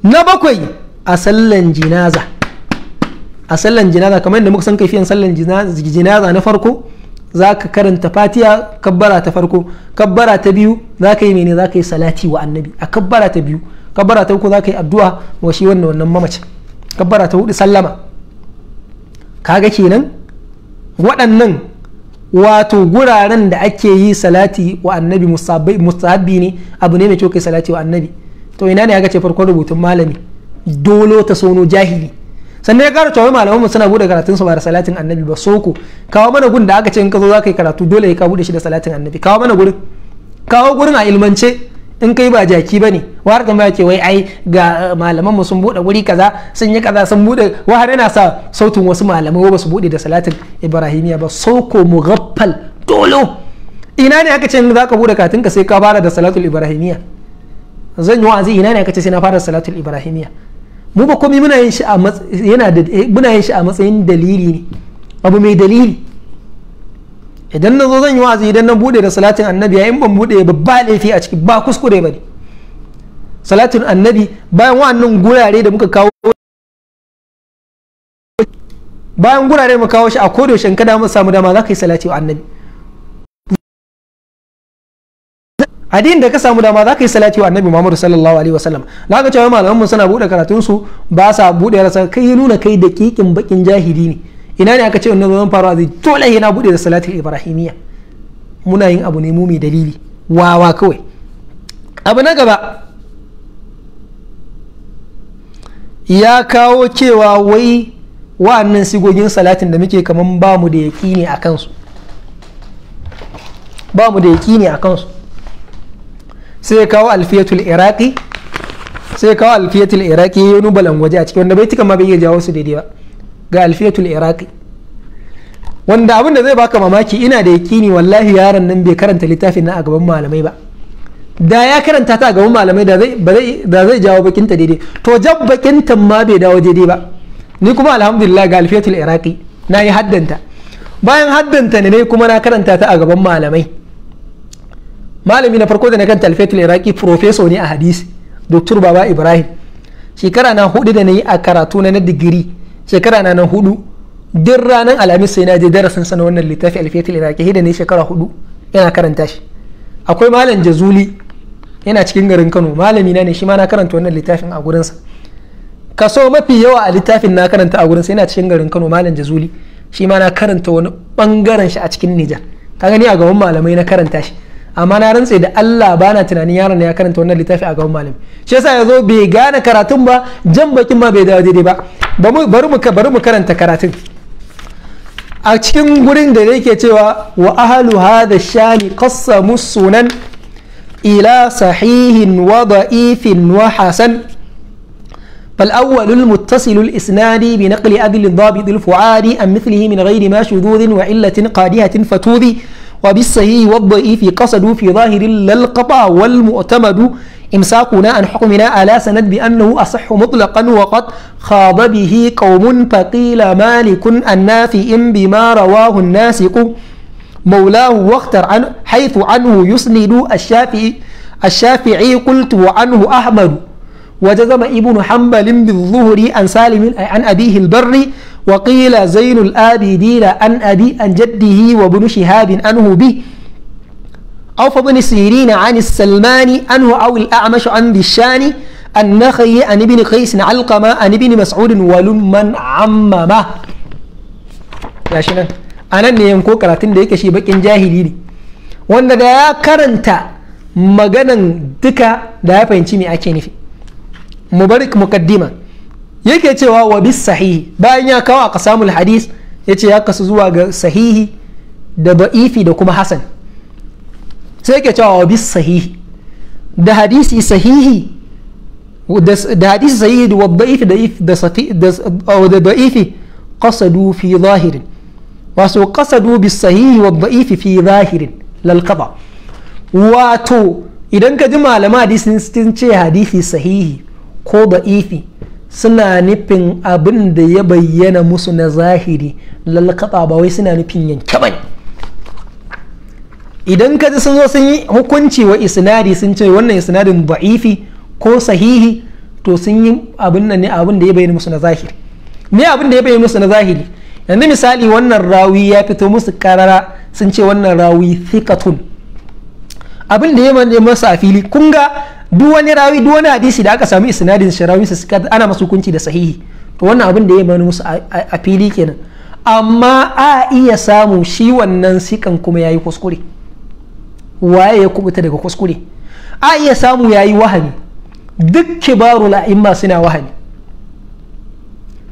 na bakwai a sallan jinaza a sallan jinaza kamar yadda muka san kaifiyan sallan jinaza na farko za ka karanta fatiya kabbara ta farko kabbara ta biyu za ka yi mene za ka yi salati wa annabi a kabbara ta biyu kabbara ta uku za ka yi addu'a wa shi wannan wannan mamacin kabbara ta hudu sallama kaga kenan waɗannan wato guraren da ake yi salati wa annabi musabbi ne abu ne mai kyau kai salati wa annabi to ina ne ya ce farkon rubutun malami dolo ta sono jahili sannan ya kara cewa malaman mu suna bude karatun su ba da salatin annabi ba soko kawo mana gun da aka ce in ka zo za ka yi karatu dole ka bude shi da salatin annabi kawo mana gurin kawo gurin a ilmance in kai ba jaki bane war kan ba ke wai ai ga malaman mu sun bude guri kaza sun yi kaza sun bude wahar yana sa sautin wasu malamai ba su bude da salatin ibrahimiya ba soko mughaffal dolo ina ne aka ce in za ka bude karatun ka sai ka fara da salatul ibrahimiya zan yi wa'azi ina ne aka ce sai na fara da salatul ibrahimiya mu ba komai eh, muna yin shi a matsayin dalili ne abu mai dalili idan na zo zan yi wa'azi idan na bude da salatin annabi yayin ban bude babba laifi a ciki ba kuskure bane salatin annabi bayan wa'annan gurare da muka kawo bayan gurare muka kawo shi a kodayaushe kada mu samu dama za ka yi salati wa annabi hadin da ka samu dama za ka yi salati wa annabi muhammadu sallallahu alaihi wasallam na ka cewa malaman suna buɗe karatun su ba sa buɗe rasa kai nuna kai da kikin bakin jahili ne ina ne aka ce wannan zaman faruwa zai dole yana buɗe da salati ibrahimiyya muna yin abu ne mu mai dalili wawa kawai abu na gaba ya kawo cewa wai wa'annan sigogin salatin da muke kaman ba mu da yaƙini a kansu ba mu da yaƙini a kansu sai ya kawo alfiyatul iraqi sai ya kawo alfiyatul iraqi ya a cikin wanda bai tukan ma bai iya jawo su daidai ba ga alfiyatul iraqi wanda abin da zai baka mamaki ina da yakini wallahi yaron nan bai karanta littafin na a gaban malamai ba da ya karanta ta a gaban malamai da zai jawo bakinta daidai to jab bakinta ma bai dawo daidai ba ni kuma alhamdulillah ga alfiyatul iraqi na yi haddanta bayan haddanta ne kuma na karanta ta a gaban malamai malami na farko da na kan talfetul iraki profeso ne a hadisi dr baba ibrahim shekara na hudu da na yi a karatu na digiri shekara na na hudu duk ranar alhamis sai na je darasin sana wannan littafi alfetul iraki hidda ne shekara hudu yana karanta shi akwai malam jazuli yana cikin garin kano malami na ne shi ma na karanta wannan littafin a gurinsa kaso mafi yawa a littafin na karanta a gurinsa yana cikin garin kano malam jazuli shi ma na karanta wani bangaren shi a cikin nijar ka gani a gaban malamai na karanta shi amma na rantse da Allah bana tunanin yaron ya karanta wannan littafi a gaban malami shi yasa yazo bai gane karatun ba jan bakin ma bai dawo daidai ba bari mu bari mu karanta karatun a cikin gurin da yake cewa wa ahlu hadha shani qassamu sunan ila sahihin wa da'ifin wa hasan فالأول المتصل الإسناد بنقل أبي الضابط الفعادي عن مثله من غير ما شذوذ وعلة قادهة فتوذي وبالصحيح والضعيف قصدوا في ظاهر القطع والمؤتمد إمساقنا عن حكمنا على سند بأنه أصح مطلقا وقد خاض به قوم فقيل مالك النافئ بما رواه الناسق مولاه واختر عن حيث عنه يسند الشافعي الشافعي قلت وعنه أحمد وجزم ابن حنبل بالظهر عن سالم عن أبيه البر وقيل زين الآبدين عن أبي عن جده وابن شهاب عنه به أو فابن سيرين عن السلمان عنه أو الأعمش عن بالشان النخي عن ابن قيس علقمة عن ابن مسعود ولمن عممه gashi nan a nan ne yanko karatun da yake shi bakin jahili ne wanda da ya karanta maganan duka da ya fahimci me ake nufi mubarak mukaddima yake cewa wa bis sahihi bayan ya kawo a samu hadis yace ya kasu zuwa ga sahihi da da'ifi da kuma hasan sai yake cewa wa bis sahihi da hadisi sahihi da hadisi sahihi da da'ifi da da da da'ifi qasadu fi zahirin wasu qasadu bis sahihi wa da'ifi fi zahirin lalkaba wato idan ka ji malama hadisi sun ce hadisi sahihi ko da'ifi suna nufin abin da ya bayyana musu na zahiri lalkaɓa ba wai suna nufin yanke ba idan ka ji sun zo sun yi hukunci wa isnadi sun ce wannan isnadin ba'ifi ko sahihi to sun yi abin nan ne abin da ya bayyana musu na zahiri me abin da ya bayyana musu na zahiri yanzu misali wannan rawi ya fito musu karara sun ce wannan rawi thikatun abin da ya bayyana masa a fili kunga. duk wani rawi duk wani hadisi da aka sami isnadin shi suka ana masu hukunci da sahihi to wannan abin da ya bani musu a fili kenan amma a iya samu shi wannan sikan kuma yayi kuskure waye ya kubuta daga kuskure a iya samu yayi wahami duk kibarul a'imma suna wahami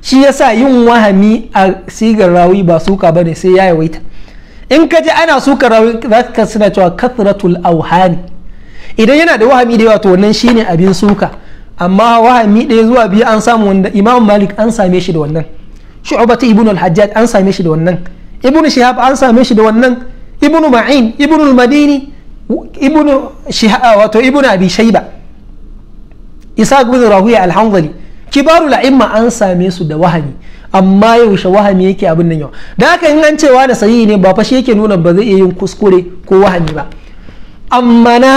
shi yasa yin wahami a sigar rawi ba suka bane sai ya yawaita in ka ji ana suka rawi za suna cewa kathratul auhani idan yana da wahami da yawa to wannan shine abin suka amma wahami ɗaya zuwa biyu an samu wanda imam malik an same shi da wannan shu'ubatu ibnu al-hajjaj an same shi da wannan ibnu shihab an same shi da wannan ibnu ma'in ibnu al-madini ibnu shihab ah, wato ibnu abi shayba isa ibn rahuya al-hanzali kibaru la'imma an same su da wahami amma yaushe wahami yake abin nan yau da haka in an cewa da sahihi ne ba fa shi yake nuna ba zai iya yin kuskure ko wahami ba amma na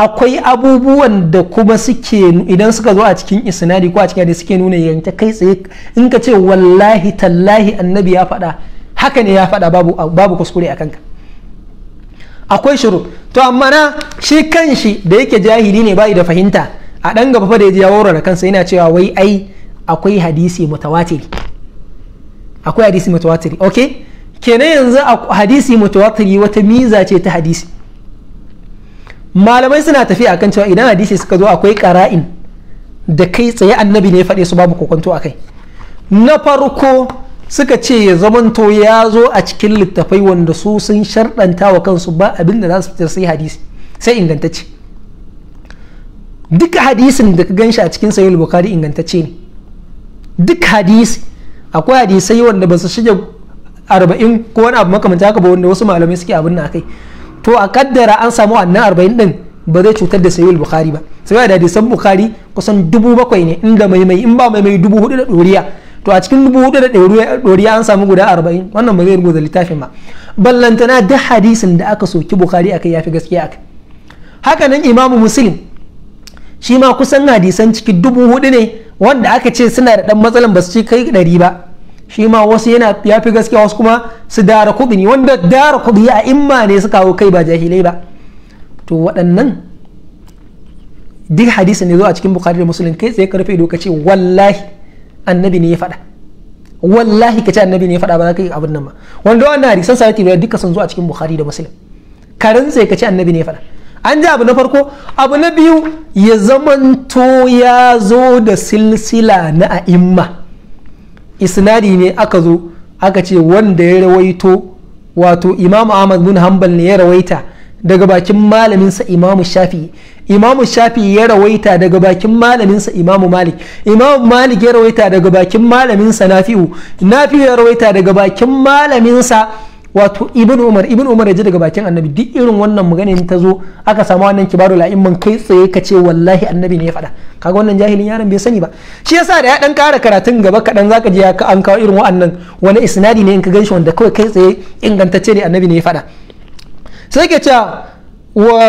akwai abubuwan da kuma suke idan suka zo a cikin isnadi ko a cikin da suke nuna yanke kai tsaye in ka ce wallahi tallahi annabi ya faɗa haka ne ya faɗa babu babu kuskure a kanka akwai shiru to amma na shi kanshi da yake jahili ne bai da fahimta a ɗan gaba fa da ya ji ya da kansa yana cewa wai ai akwai hadisi mutawatir akwai hadisi mutawatir okay kenan yanzu hadisi mutawatir wata miza ce ta hadisi malamai suna tafiya akan cewa idan hadisi suka zo akwai qara'in da kai tsaye annabi ne faɗe su babu kokonto akai na farko suka ce ya zamanto ya zo a cikin littafai wanda su sun sharɗanta wa kansu ba abin da za su fitar sai hadisi sai ingantacce duka hadisin da ka ganshi a cikin sahih bukhari ingantacce ne duk hadisi akwai hadisai wanda ba su shige arba'in ko wani abu makamanta haka ba wanda wasu malamai suke abin na kai to a kaddara an samu wannan arba'in din ba zai cutar da sayul bukhari ba sai da san bukhari kusan dubu bakwai ne inda mai mai in ba mai mai dubu hudu da doriya to a cikin dubu hudu da doriya an samu guda arba'in wannan ba zai rubuta littafin ma ballantana da hadisin da aka soki bukhari akai yafi gaskiya akai haka nan imamu muslim shi ma kusan hadisan cikin dubu hudu ne wanda aka ce suna da dan matsalan ba su ci kai ɗari ba shi ma wasu yana ya fi gaskiya wasu kuma su dara kuɗi ne wanda dara kuɗi a imma ne su kawo kai ba jahilai ba to waɗannan duk hadisi ne zo a cikin bukari da musulun kai tsaye karfe ido ka ce wallahi annabi ne ya faɗa wallahi ka ce annabi ne ya faɗa ba za ka yi abin nan ba wanda wannan hadisan sa yake duka sun zo a cikin bukari da musulun karin tsaye ka ce annabi ne ya faɗa an ji abu na farko abu na biyu ya zamanto ya zo da silsila na a'imma isnadi ne aka zo aka ce wanda ya rawaito wato imamu ahmad bin hanbal ne ya rawaita daga bakin malaminsa imamu shafi imamu shafi ya rawaita daga bakin malaminsa imamu malik imamu malik ya rawaita daga bakin malaminsa nafi'u nafi'u ya rawaita daga bakin malaminsa wato ibn umar ibn umar ya ji daga bakin annabi duk irin wannan magana ta zo aka samu wannan kibaru la'imman kai tsaye ka ce wallahi annabi ne ya faɗa kaga wannan jahilin yaron bai sani ba shi yasa da ya dan kara karatun gaba kaɗan zaka je ka an kawo irin wannan wani isnadi ne in ka ganshi wanda kai tsaye ingantacce ne annabi ne ya faɗa sai ke cewa wa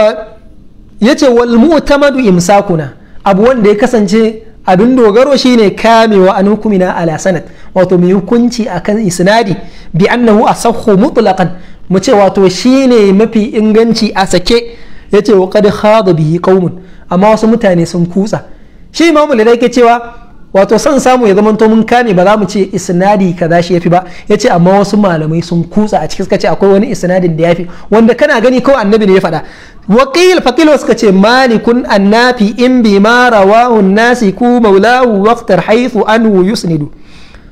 yace wal mu'tamadu imsakuna abu wanda ya kasance abin dogaro shine kamewa an hukumina ala sanad wato mai hukunci akan isnadi bi annahu asahhu mutlaqan mu ce wato shine mafi inganci a sake yace wa qad khada qaumun amma wasu mutane sun kutsa shi imamu da ke cewa wato son samu ya zamanto mun kame ba za mu ce isnadi kaza shi yafi ba yace amma wasu malamai sun kutsa a cikin suka ce akwai wani isnadin da yafi wanda kana gani kawai annabi ne ya faɗa wakil fakil suka ce malikun annafi in bi ma rawahu nasi ku maulahu waqtar haythu anhu yusnidu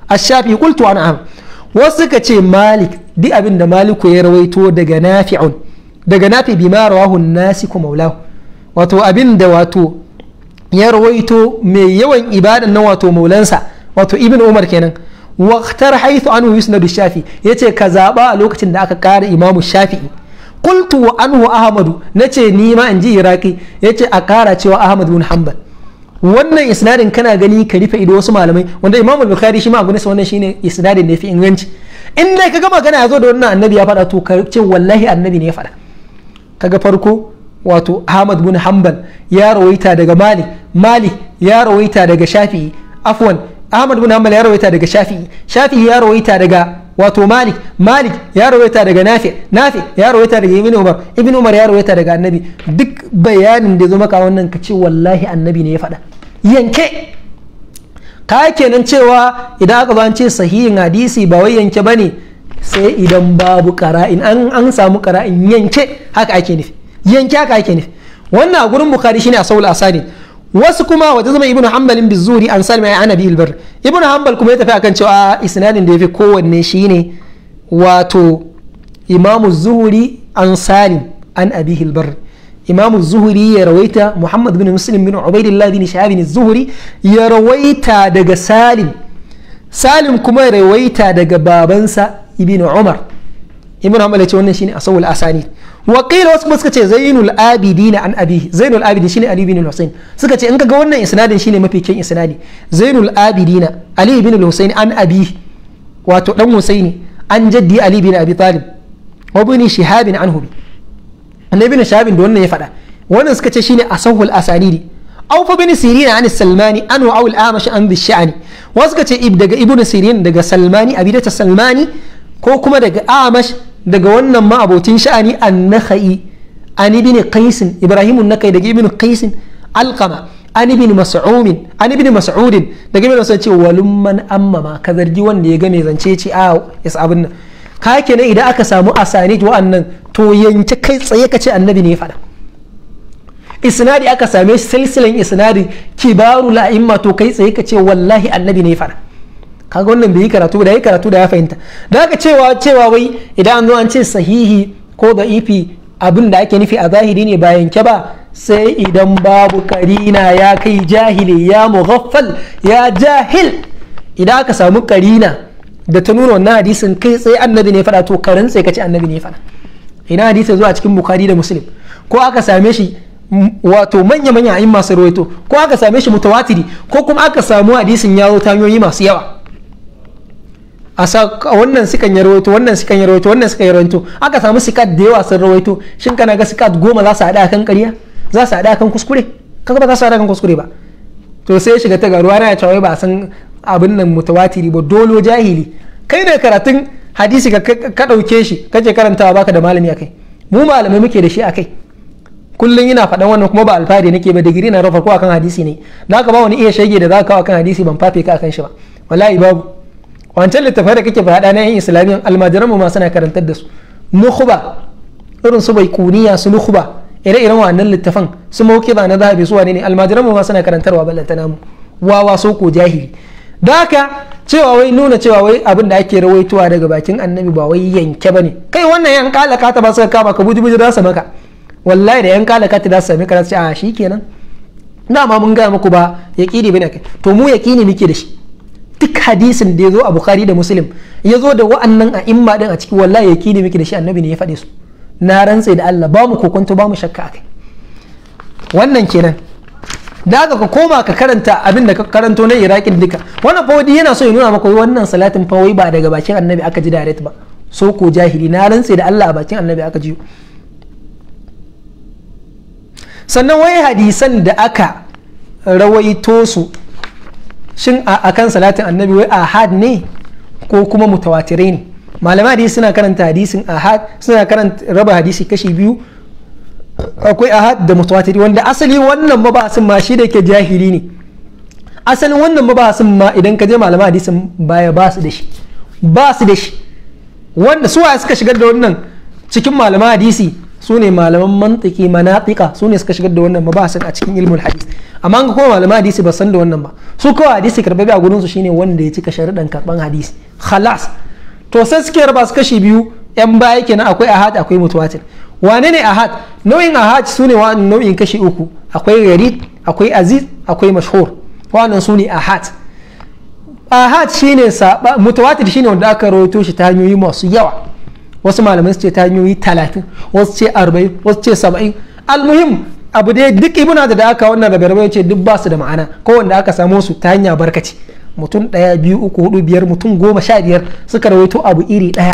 a shafi qultu an am wasu ka ce malik di abin da maliku ya rawaito daga nafi'un daga nafi bi ma rawahu nasi ku maulahu wato abin da wato ya rawaito mai yawan ibadan na wato maulansa wato ibn umar kenan waqtar haythu anhu yusnadu shafi yace ka zaba a lokacin da aka kara imamu shafi'i qultu wa anhu ahmadu nace ni ma in ji iraki yace a kara cewa ahmad bin hanbal wannan isnadin kana gani ka rufe ido wasu malamai wanda imamu bukhari shi ma gunsa wannan shine isnadin da yafi inganci in dai kaga magana yazo zo da wannan annabi ya faɗa to ka ce wallahi annabi ne ya faɗa kaga farko wato ahmad bin hanbal ya rawaita daga malik malik ya rawaita daga shafi'i afwan ahmad bin hanbal ya rawaita daga shafi'i shafi'i ya rawaita daga wato malik malik ya rawaita daga nafi nafi ya rawaita daga ibn umar ibn umar ya rawaita daga annabi duk bayanin da ya zo maka wannan ka ce wallahi annabi ne ya faɗa yanke ka kenan cewa idan aka zo ce sahihin hadisi ba wai yanke bane sai idan babu kara'in an samu kara'in yanke haka ake nufi yanki haka yake ne wannan a gurin bukhari shine asaul asani wasu kuma wata zama ibnu hanbalin bizuri an salma ya anabi ilbar ibnu hanbal kuma ya tafi akan cewa isnadin da yafi kowanne shine wato imamu zuhuri an salim an abi hilbar imamu zuhuri ya rawaita muhammad bin muslim bin ubaidillah bin shahabin zuhuri ya rawaita daga salim salim kuma ya rawaita daga babansa ibnu umar ibnu hanbal ya ce wannan shine asawul asani waƙila wasu kuma suka ce zainul abidin an abi zainul abidin shine ali bin husain suka ce in ka ga wannan isnadin shine mafi kyan isnadi zainul abidin ali bin husain an wato dan husaini an jaddi ali bin abi talib wa bin shihabin anhu annabi bin shihabin da wannan ya faɗa wannan suka ce shine asahul asanidi aw fa bin sirin an salmani an wa awul amash an bi sha'ani wasu ce daga ibnu sirin salmani ko kuma daga amash daga wannan ma ma'abocin sha'ani an-nakhai an ibn qaisin ibrahimun an-nakhai daga ibn qaisin alqama an ibn mas'ud an ibn mas'ud daga ibn mas'ud ce walumman amma ma ka zargi wanda ya ga mai zance ci a yas abin nan ka kenan idan aka samu asanid wa'annan to yanke kai tsaye ka ce annabi ne ya faɗa isnadi aka same shi silsilan isnadi kibaru la'imma to kai tsaye ka ce wallahi annabi ne ya faɗa kaga wannan bai yi karatu da yi karatu da ya fahimta da haka cewa cewa wai idan an zo an ce sahihi ko da ifi abin da ake nufi a zahiri ne bayan ke ba sai idan babu karina ya kai jahili ya mughaffal ya jahil idan aka samu karina da ta nuna wannan hadisin kai sai annabi ne faɗa to karin ka kace annabi ne faɗa ina hadisi zuwa cikin bukhari da muslim ko aka same shi wato manya manya a'imma masu rawaito ko aka same shi mutawatiri ko kuma aka samu hadisin yawo ta hanyoyi masu yawa a wannan sukan yi rawaito wannan sukan yi rawaito wannan sukan yi rawaito aka samu sikat da yawa sun rawaito shin kana ga sikat goma za su haɗa akan ƙarya za su haɗa akan kuskure kaga ba za su haɗa akan kuskure ba to sai ya shiga ta garuwa na cewa ba san abin nan mutawatiri ba dolo jahili kai ne karatun hadisi ka ɗauke shi kake karantawa baka da malami akai mu malamai muke da shi akai kullum ina faɗan wannan kuma ba alfahari nake ba digiri na rafa ko akan hadisi ne na ka ba wani iya shege da za ka akan hadisi ban fafe ka akan shi ba wallahi babu wancan littafai da kake faɗa na yan islamiyan almajiranmu ma suna karantar da su nukhba irin su bai baikuniya su nukhba ire-iren wannan littafan su ba na zahabi su wane ne almajiranmu ma suna karantarwa ballanta namu wawa so ko jahili da haka cewa wai nuna cewa wai abin da ake rawaitowa daga bakin annabi ba wai yanke bane kai wannan yan kala kata ba suka kama ka buji buji za su maka wallahi da yan kala kata za su sami ka za su ce a ah, shikenan dama mun gaya muku ba yaqini bane to mu yaqini muke da shi duk hadisin da ya zo a bukari da muslim ya zo da wa'annan a imma din a ciki wallahi yakini miki da shi annabi ne ya faɗe su na rantse da Allah ba mu kokonto ba mu shakka akai wannan kenan da ka koma ka karanta abin da ka karanto na iraqin duka wannan fawadi yana so ya nuna maka wannan salatin fawai ba daga bakin annabi aka ji direct ba so ko jahili na rantse da Allah a bakin annabi aka ji sannan wai hadisan da aka rawaito su shin a kan salatin annabi wai ahad ne ko kuma mutawatire ne malamai hadisi suna karanta hadisin ahad suna karanta raba hadisi kashi biyu akwai ahad da mutawatire wanda asali wannan mabasin ma shi da ke jahili ne asalin wannan mabasin ma idan ka je malamai hadisin baya ba su da shi ba su da shi wanda suwa suka shigar da wannan cikin malamai hadisi su ne malaman mantiki manatika su ne suka shigar da wannan su a cikin ilmul hadis amma ga kuma malaman hadisi ba san da wannan ba su kawai hadisi karbe a gurin su shine wanda ya cika sharuɗan karban hadisi khalas to sai suke raba su kashi biyu yan baya kenan akwai ahad akwai mutawatir wane ne ahad nau'in ahad su ne nau'in kashi uku akwai gharid akwai aziz akwai mashhur wannan su ne ahad ahad shine saba mutawatir shine wanda aka rawaito shi ta hanyoyi masu yawa wasu malamai su ce ta hanyoyi talatin wasu ce arba'in wasu ce saba'in almuhim abu dai duk ibuna da aka wannan rabe rabe ce duk basu da ma'ana ko wanda aka samo su ta hanya barkaci mutum ɗaya biyu uku hudu biyar mutum goma sha biyar suka rawaito abu iri ɗaya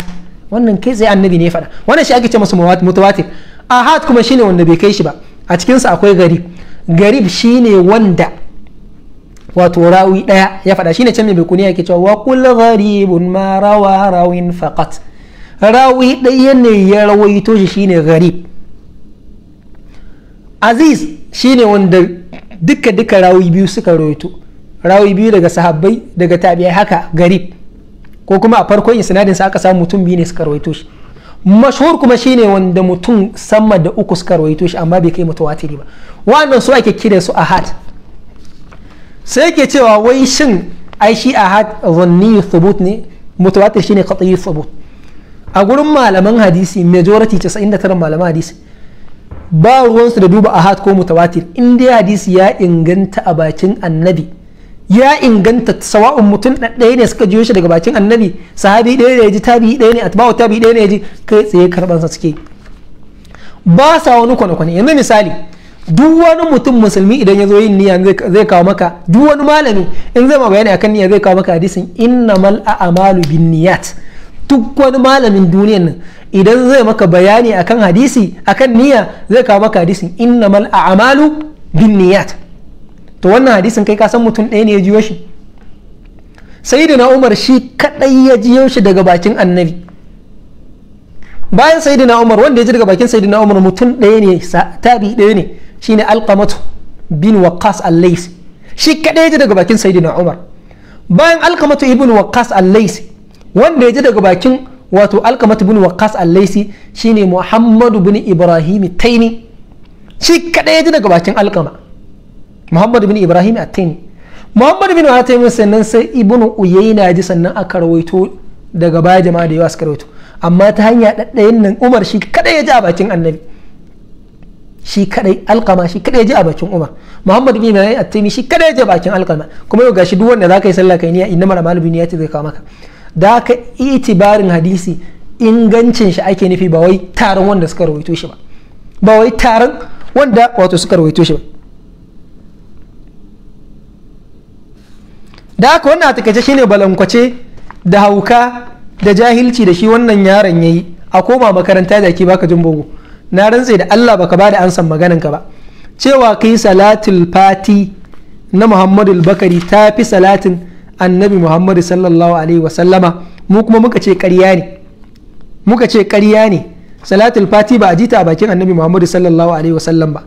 wannan kai sai annabi ne faɗa wannan shi ake ce masa mutawatir ahad kuma shine wanda bai kai shi ba a cikinsa akwai garib garib shine wanda wato rawi ɗaya ya faɗa shine can mai bai kuniya yake cewa wa kul gharibun ma rawa rawin faqat rawi ɗaya ne ya rawaito shi shine gharib aziz shine wanda duka duka rawi biyu suka rawaito rawi biyu daga sahabbai daga tabi'ai haka garib ko kuma a farkon isnadin sa aka samu mutum biyu ne suka rawaito shi mashhur kuma shine wanda mutum sama da uku suka rawaito shi amma bai kai mutawatiri ba wannan su ake kira su ahad sai ke cewa wai shin ai shi ahad zanni thubut ne mutawatir shine qat'i thubut a gurin malaman hadisi majority 99 malaman hadisi ba ruwansu da duba ahad ko mutawatir in dai hadisi ya inganta a bakin annabi ya inganta sawa'un mutum ɗaya ne suka jiyo shi daga bakin annabi sahabi ɗaya ne ya ji tabi ɗaya ne atba'u tabi ɗaya ne ya ji kai tsaye karban sa suke ba sa wani kwane-kwane yanzu misali duk wani mutum musulmi idan ya zo yin niyya zai kawo maka duk wani malami in zai ma bayani akan niyya zai kawo maka hadisin innamal a'malu binniyat duk wani malamin duniyan nan idan zai maka bayani akan hadisi akan niyya zai kawo maka hadisin innamal a'malu bin niyyat to wannan hadisin kai ka san mutum ɗaya ne ya jiyo shi sayyidina umar shi kadai ya jiyo shi daga bakin annabi bayan sayyidina umar wanda ya ji daga bakin sayyidina umar mutum ɗaya ne tabi ɗaya ne shine alqamatu bin waqas al shi kadai ya ji daga bakin sayyidina umar bayan alqamatu ibn waqas al wanda ya ji daga bakin wato alkamatu bin waqas al-laisi shine muhammadu bin ibrahim taini shi kada ya ji daga bakin alkama muhammadu bin ibrahim at-taini muhammadu bin al-taini sannan sai ibnu uyayna ji sannan aka rawaito daga baya jama'a da yawa suka rawaito amma ta hanya daddayin nan umar shi kada ya ji a bakin annabi shi kadai alkama shi kadai ya ji a bakin umar muhammadu bin ibrahim at-taini shi kada ya ji a bakin alkama kuma yau gashi duk wanda zaka yi sallah kai niyya inna mal ya ce zai kawo maka da haka itibarin hadisi ingancin shi ake nufi ba wai taron wanda suka rawaito shi ba ba wai taron wanda wato suka rawaito shi ba da haka wannan a shine balankwace da hauka da jahilci da shi wannan yaron yayi a koma makaranta da ke baka jin bugu na rantse da Allah baka bada ansan maganarka ka ba cewa kai salatul fati na Muhammadu bakari ta fi salatin annabi muhammadu sallallahu alaihi wasallama mu kuma muka ce karya ne muka ce ƙarya ne salatul fati ba a jita a bakin annabi muhammadu sallallahu alaihi wasallam ba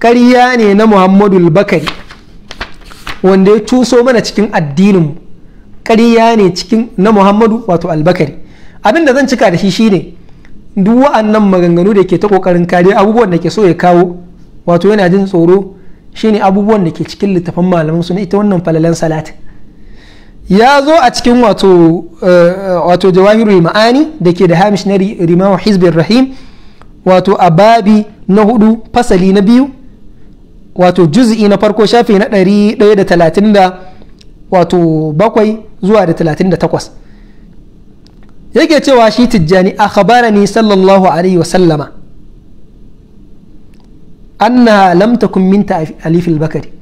ƙarya ne na muhammadu bakari wanda ya cuso mana cikin addininmu ƙarya ne cikin na muhammadu wato albakari abin da zan cika da shi shine duk wa'annan maganganu da ke ta kokarin kariya abubuwan da ke so ya kawo wato yana jin tsoro shine abubuwan da ke cikin littafin malaman su na ita wannan falalen salatin ya zo a cikin wato eh, wato jawahirul ma'ani da ke da hamish na rimawa hizbin rahim wato a babi na hudu fasali na biyu wato juz'i na farko shafi na ɗari ɗaya da talatin da wato bakwai zuwa da talatin da takwas yake cewa shi tijjani a khabarani sallallahu alaihi wasallama annaha lam takun min ta'alifil bakari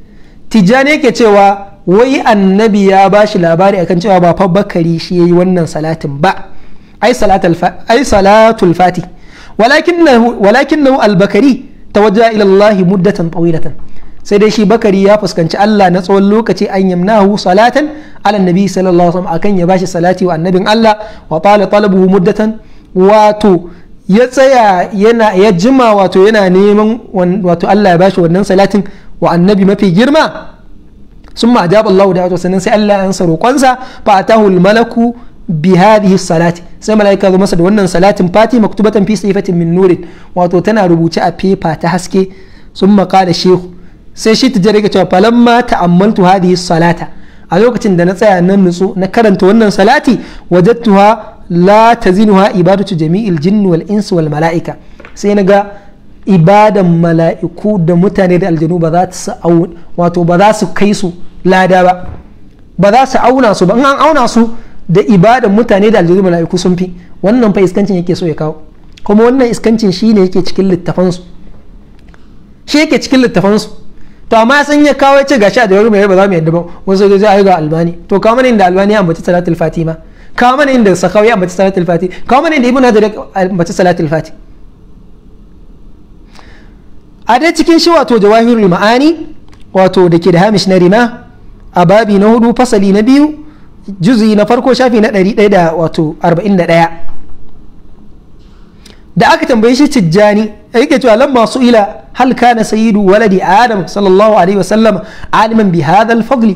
tijjani yake cewa wai annabi ya ba shi labari akan cewa ba fa bakari shi yayi wannan salatin ba ai salatul fati walakinahu albakari tawajja ila Allah muddatan tawilatan sai dai shi bakari ya fuskanci Allah na tsawon lokaci an yamnahu salatan ala nabi sallallahu alaihi wasallam akan ya ba shi salati wa annabin Allah wa tala talabuhu muddatan wato ya tsaya yana ya jima wato yana neman wato Allah ya ba shi wannan salatin wa annabi mafi girma sun ma ajaba Allah da wato sannan sai Allah ya ansa roƙonsa fa atahu malaku bi hadhihi salati sai malaika zo masa da wannan salatin fati maktubatan fi sayfatin min nurin wato tana rubuce a fefa ta haske sun maqala shehu sai shi ta jere cewa falamma ta'ammaltu hadhihi salata a lokacin da na tsaya nan nutsu na karanta wannan salati wajadtuha la tazinuha ibadatu jami'il jinni wal insi wal mala'ika sai na ga ibadan mala'iku da mutane da aljanu ba za su wato ba za su kai su lada ba ba za su auna su ba in an auna su da ibadan mutane da aljanu mala'iku sun fi wannan fa iskancin yake so ya kawo kuma wannan iskancin shi ne yake cikin littafansu shi yake cikin littafansu to amma san ya kawo ce gashi a dawar mai ba za mu yadda ba wasu da zai ga albani to kawo mana inda albani ya ambaci salatul fatima kawo mana inda sakawi ya ambaci salatul fatima kawo mana inda ibnu hajar ya ambaci salatul fatima a dai cikin shi wato jawahirul ma'ani wato da ke da hamish na rima a babi na hudu fasali na biyu juzi na farko shafi na ɗari ɗaya da wato arba'in da ɗaya da aka tambaye shi tijjani ya yake cewa lamma su ila hal kana sayyidu waladi adam sallallahu alaihi wasallam aliman bi hadal fadli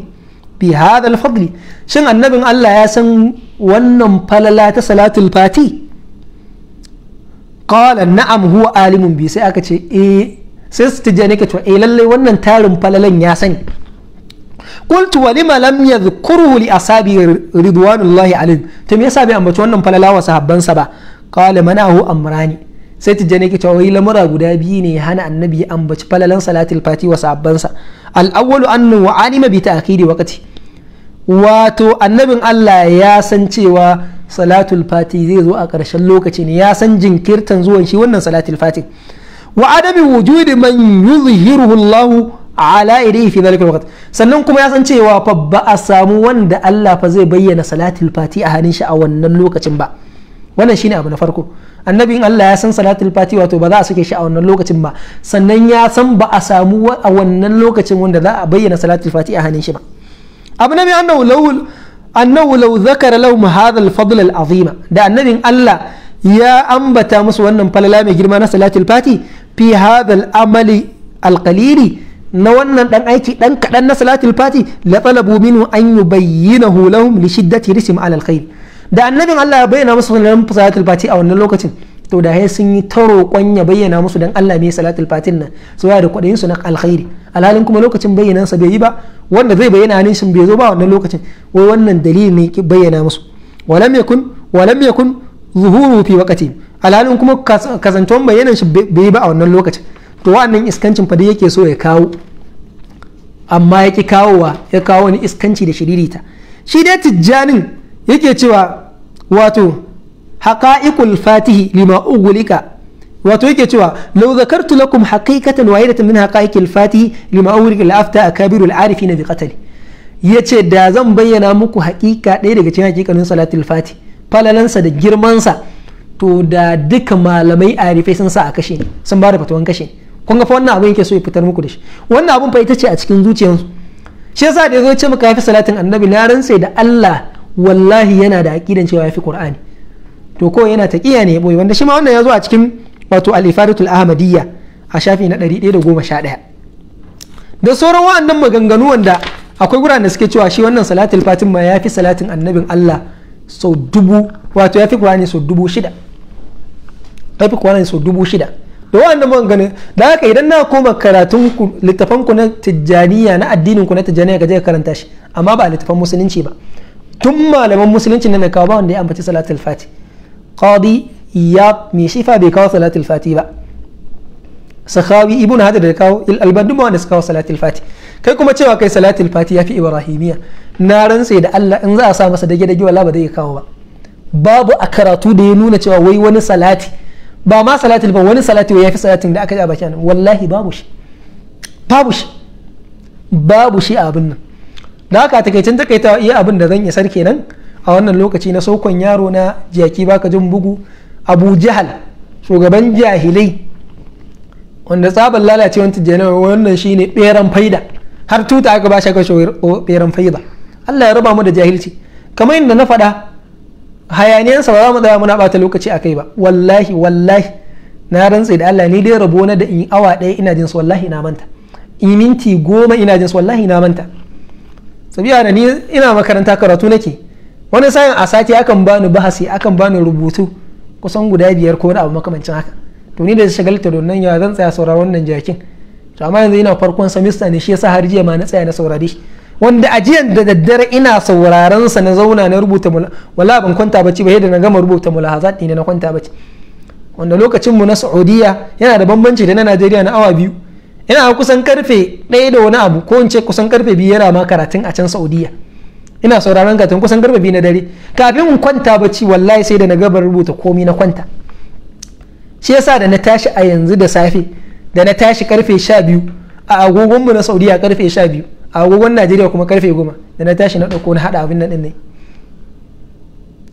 bi hadal fadli shin annabin Allah ya san wannan falala ta salatul fati qala na'am huwa alimun bi sai aka ce eh sai su tijjani eh lallai wannan tarin falalan ya sani qultu wa lima lam a li ashabi ridwanullahi alaihim to me yasa bai ambaci wannan falala wa sahabban sa ba qala manahu amrani sai tijjani ka cewa wai lamura guda biyu ne hana annabi ya ambaci falalan salatul fati wa sahabban sa al awwalu annu ta alima bi ta'khiri wato annabin Allah ya san cewa salatul fati zai zo a ƙarshen lokaci ne ya san jinkirtan zuwan shi wannan salatul fati wa adami wujudi man yuzhiruhu Allah ala ilayhi fi dhalika alwaqt sannan kuma ya san cewa fa ba a samu wanda Allah fa zai bayyana salatul fati a hannun shi wannan lokacin ba wannan shine abu na farko annabin Allah ya san salatul fati wato ba za a sake shi a wannan lokacin ba sannan ya san ba a samu a wannan lokacin wanda za a bayyana salatul fati a hannun shi ba abu na biyu annahu law annahu law zakara lahum hadha al-fadl al-azima da annabin Allah ya ambata musu wannan falala mai girma na salatul fati fi hadal amali alqalili na wannan dan aiki dan kadan na salatul fati la talabu minhu an yubayyinahu lahum li shiddati rism ala alkhair da annabin Allah ya bayyana musu sunan salatul fati a wannan lokacin to da sai sun yi ta roƙon ya bayyana musu dan Allah mai salatul fatin nan su da kwaɗayin su na alkhairi alhalin kuma lokacin bayyanansa sa bai yi ba wanda zai bayyana hannun bai zo ba wannan lokacin wai wannan dalili ne ki bayyana musu walam yakun walam yakun zuhuru fi alhalin kuma kazanton bayanan shi bai yi ba a wannan lokacin to wannan iskancin fa yake so ya kawo amma ya ki kawowa ya kawo wani iskanci da shiririta shi dai tijjanin yake cewa wato haqa'iqul fatihi lima ugulika wato yake cewa law zakartu lakum haqiqatan wahidatan min haqa'iqil fatihi lima ugulika la afta akabirul arifina bi qatli yace da zan bayyana muku haƙiƙa ɗaya daga cikin haƙiƙanin salatul fati falalansa da girmansa to da duka malamai arifai sun sa a kashe ni sun ba da fatuwan kashe ne kun ga fa wannan abin yake so ya fitar muku da shi wannan abin fa ita ce a cikin zuciyarsu shi yasa da yazo ce maka yafi salatin annabi na rantsa da Allah wallahi yana da aqidan cewa yafi qur'ani to ko yana taqiya ne boye wanda shi ma wannan yazo a cikin wato al-ifadatul ahmadiyya a shafi na 111 da goma sha sauran wa'annan maganganu wanda akwai guraren da suke cewa shi wannan salatul fatima yafi salatin annabin Allah sau dubu wato ya fi qur'ani sau dubu shida fi ne sau dubu shida da wa'annan mun gani da haka idan na koma karatun ku littafan ku na tijjaniya na addinin ku na tijjaniya ga je karanta shi amma ba littafan musulunci ba tun malaman musulunci na kawo ba wanda ya ambaci salatul fati qadi ya mai shifa bai kawo salatul fati ba sahawi ibnu hadar da kawo albandu ma wanda suka kawo salatul fati kai kuma cewa kai salatul fati ya fi ibrahimiya na rantse da Allah in za a sa masa dage dage wala ba zai kawo ba babu a karatu da ya nuna cewa wai wani salati ba ma salatul ba wani salati ya fi salatin da aka ji a bakin wallahi babu shi babu shi babu shi a abin nan da haka takaicin takaita iya abin da zan isar kenan a wannan lokaci na saukon yaro na jaki baka jin bugu abu jahal shugaban jahilai wanda tsabar lalacewan tijjani wannan shine beran faida har tuta aka ba shi aka beran oh, faida Allah ya raba mu da jahilci kamar yadda na faɗa hayaniyansa ba za mu tsaya muna bata lokaci a kai ba wallahi wallahi na rantse da Allah ni dai rabo na da in awa daya ina su wallahi na manta in minti goma ina su wallahi na manta sabiya da ni ina makaranta karatu nake wani sayan a sati akan bani bahasi akan bani rubutu kusan guda biyar ko wani abu makamancin haka to ni da shagalta da nan ya zan tsaya sauraron wannan jakin to amma yanzu ina farkon semester ne shi yasa har jiya ma na tsaya na saurari. wanda ajiyan da daddare ina sauraron sa na zauna na rubuta mula wala ban kwanta bacci ba yadda na gama rubuta mula hazard ne na kwanta bacci wanda lokacin mu na Saudiya yana da bambanci da na Najeriya na awa biyu ina kusan karfe ɗaya da wani abu ko in kusan karfe biyu yana ma karatun a can Saudiya ina sauraron karatun kusan karfe biyu na dare kafin in kwanta bacci wallahi sai da na gama rubuta komi na kwanta shi yasa da na tashi a yanzu da safe da na tashi karfe sha a agogonmu na Saudiya karfe sha biyu agogon najeriya kuma karfe goma da na tashi na ɗauko na haɗa abin nan ɗin ne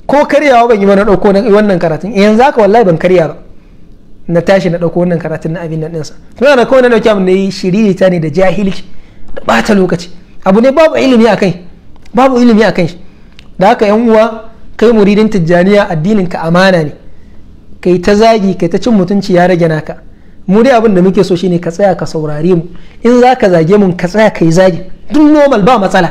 ko karyawa ban yi ba na ɗauko wannan karatun eh, yanzu haka wallahi ban karya ba na tashi na ɗauko wannan karatun na abin nan ɗinsa tuna na kawai na ɗauki abu da yi shiriri ta ne da jahilci da ɓata lokaci abu ne babu ilimi a kai babu ilimi a kai da haka yan uwa kai muridin tijjaniya addinin ka amana ne kai ta zagi kai ta cin mutunci ya rage naka mu dai abin da muke so shine ka tsaya ka saurare mu in za ka zage mun ka tsaya ka yi zagin duk normal ba matsala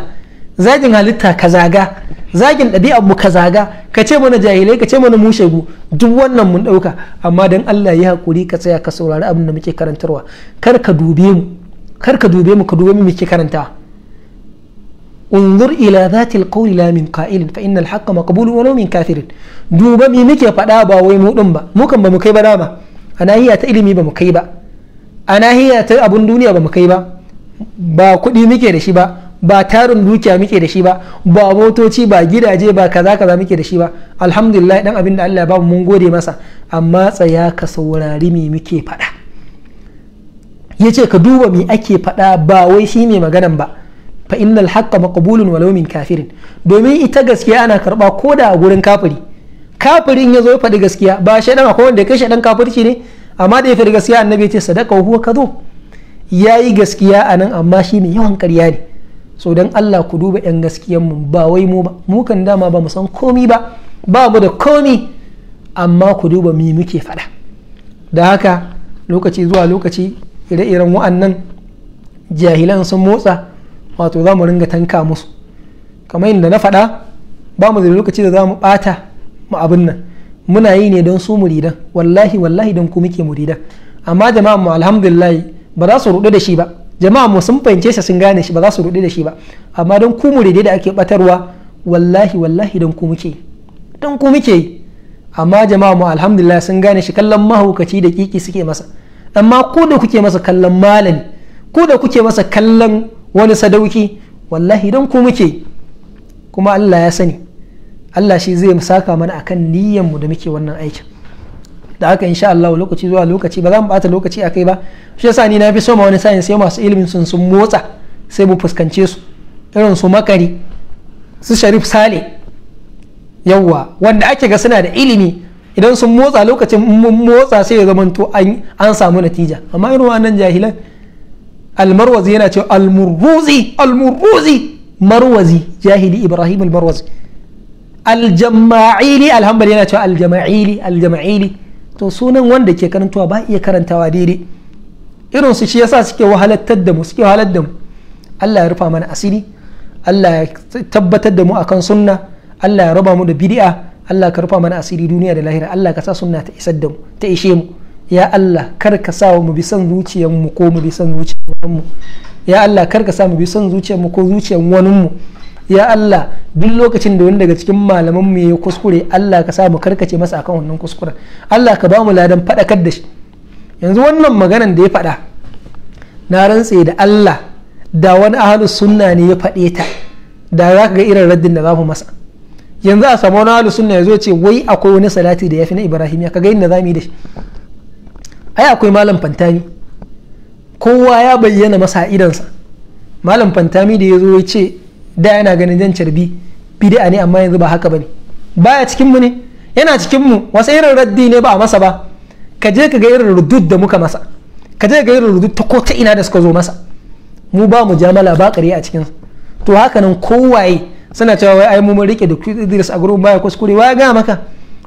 zagin halitta ka zaga zagin ɗabi'ar mu ka zaga ka ce mana jahilai ka ce mana mushe gu duk wannan mun ɗauka amma dan Allah ya hakuri ka tsaya ka saurari abin da muke karantarwa kar ka dube mu kar ka dube mu ka dube mu muke karantawa انظر الى ذات القول لا من قائل فان الحق مقبول ولو من كافر دوبا مي muke faɗa ba wai mu din ba mu kan ba mu kai ba dama a nahiya ta ilimi ba mu kai ba a nahiya ta abun duniya ba mu kai ba ba kuɗi muke da shi ba ba tarin dukiya muke da shi ba ba motoci ba gidaje ba kaza kaza muke da shi ba alhamdulillah dan abin da Allah ya bamu mun gode masa amma tsaya ka saurari me muke faɗa ya ce ka duba me ake faɗa ba wai shi mai maganan ba fa innal haqqa maqbulun walau min kafirin domin ita gaskiya ana karba ko da a gurin kafiri kafirin ya zo ya faɗi gaskiya ba shaidan akwai wanda ya kai shaidan kafirci ne amma da ya faɗi gaskiya annabi ya ce sadaka wa huwa kazo ya yi gaskiya a nan amma shi ne yawan karya ne so don Allah ku duba 'yan gaskiyan mu ba wai mu ba mu kan dama ba mu san komi ba ba mu da komi amma ku duba mi muke faɗa da haka lokaci zuwa lokaci ire-iren wa'annan jahilan sun motsa wato za mu ringa tanka musu kamar yadda na faɗa ba mu da lokaci da za mu ɓata mu abin nan muna yi ne don su muridan wallahi wallahi don ku muke muridan amma jama'a mu alhamdulillah ba za su rudu da shi ba jama'a mu sun fahimce shi sun gane shi ba za su rudu da shi ba amma don ku muridai da ake batarwa wallahi wallahi don ku muke don ku muke amma jama'a mu alhamdulillah sun gane shi kallon mahaukaci da kiki suke masa amma ku da kuke masa kallon malami ku da kuke masa kallon wani sadauki wallahi don ku muke kuma Allah ya sani Allah shi zai saka mana akan niyyar mu da muke wannan aikin da haka insha Allah lokaci zuwa lokaci ba za mu bata lokaci akai ba shi yasa ni na fi so ma wani sa'in sai masu ilimin sun sun motsa sai mu fuskance su irin su makari su sharif sale yawwa wanda ake ga suna da ilimi idan sun motsa lokacin mun motsa sai ya zamanto an samu natija amma irin wannan jahilan almarwazi yana cewa almurruzi almurruzi marwazi jahili ibrahim almarwazi aljama'ili alhambali yana cewa aljama'ili aljama'ili to sunan wanda ke karantawa ba iya karantawa daidai irin su shi yasa suke wahalattar da mu suke wahalar da mu Allah ya rufa mana asiri Allah ya tabbatar da mu akan sunna Allah ya raba mu da bid'a Allah ka rufa mana asiri duniya da lahira Allah ka sa sunna ta isar da mu ta ishe mu ya Allah kar ka sa mu bi son zuciyar mu ko mu bi son zuciyar mu ya Allah kar ka sa mu bi son zuciyar mu ko zuciyar wani mu ya Allah duk lokacin da wani daga cikin malaman mu ya kuskure Allah ka sa mu karkace masa akan wannan kuskuren Allah ka ba mu ladan faɗakar da shi yanzu wannan maganan da ya faɗa na rantse da Allah da wani ahlus sunna ne ya faɗe ta da za ka ga irin raddin da za mu masa yanzu a samu wani ahlus sunna ya zo ce wai akwai wani salati da ya fi na Ibrahim ya kaga inda za mu yi da shi ai akwai malam fantami kowa ya bayyana masa idansa malam fantami da ya zo ya ce da yana ganin jan carbi bid'a ne amma yanzu ba haka bane baya cikin mu ne yana cikin mu wasu irin raddi ne ba a masa ba ka je ka ga irin rudud da muka masa ka je ga irin rudud ta ko ta ina da suka zo masa mu ba mu jamala ba karya a cikin to haka nan kowaye suna cewa wai ai mu mun rike duk Idris a gurin baya kuskure wai ga maka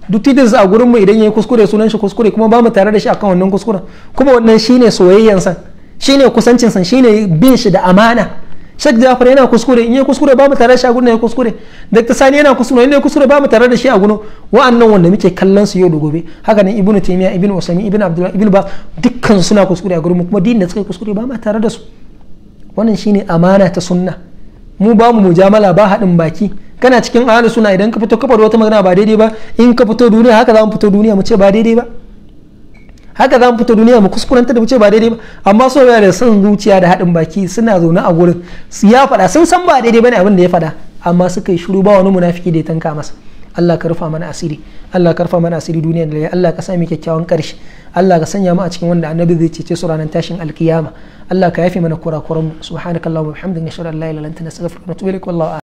duk Idris a gurin mu idan yayi kuskure sunan shi kuskure kuma ba mu tare da shi akan wannan kuskuren kuma wannan shine soyayyansa shine kusancinsa shine bin shi da amana shek jafar yana kuskure in ya kuskure ba mu tare da shi a gurin ya kuskure dr sani yana kuskure in ya kuskure ba mu tare da shi a gurin wa'annan wanda muke kallon su yau da gobe haka nan ibnu taymiya ibnu usaymin ibnu abdullah ibnu ba dukkan su suna kuskure a gurin mu kuma din da suka kuskure ba mu tare da su wannan shine amana ta sunna mu ba mu mujamala ba haɗin baki kana cikin ahlus sunna idan ka fito kafa wata magana ba daidai ba in ka fito duniya haka za mu fito duniya mu ce ba daidai ba haka za mu fita duniya mu kuskurenta da mu ce ba daidai ba amma so yana da son zuciya da haɗin baki suna zaune a gurin ya faɗa sun san ba daidai bane abin da ya faɗa amma suka yi shiru ba wani munafiki da ya tanka masa Allah ka rufa mana asiri Allah ka rufa mana asiri duniya da Allah ka sa kyakkyawan karshe Allah ka sanya mu a cikin wanda annabi zai cece su ranar tashin alkiyama Allah ka yafe mana kurakuran mu subhanakallahumma wa bihamdika ashhadu an la ilaha illa anta astaghfiruka wa atubu ilaik wallahu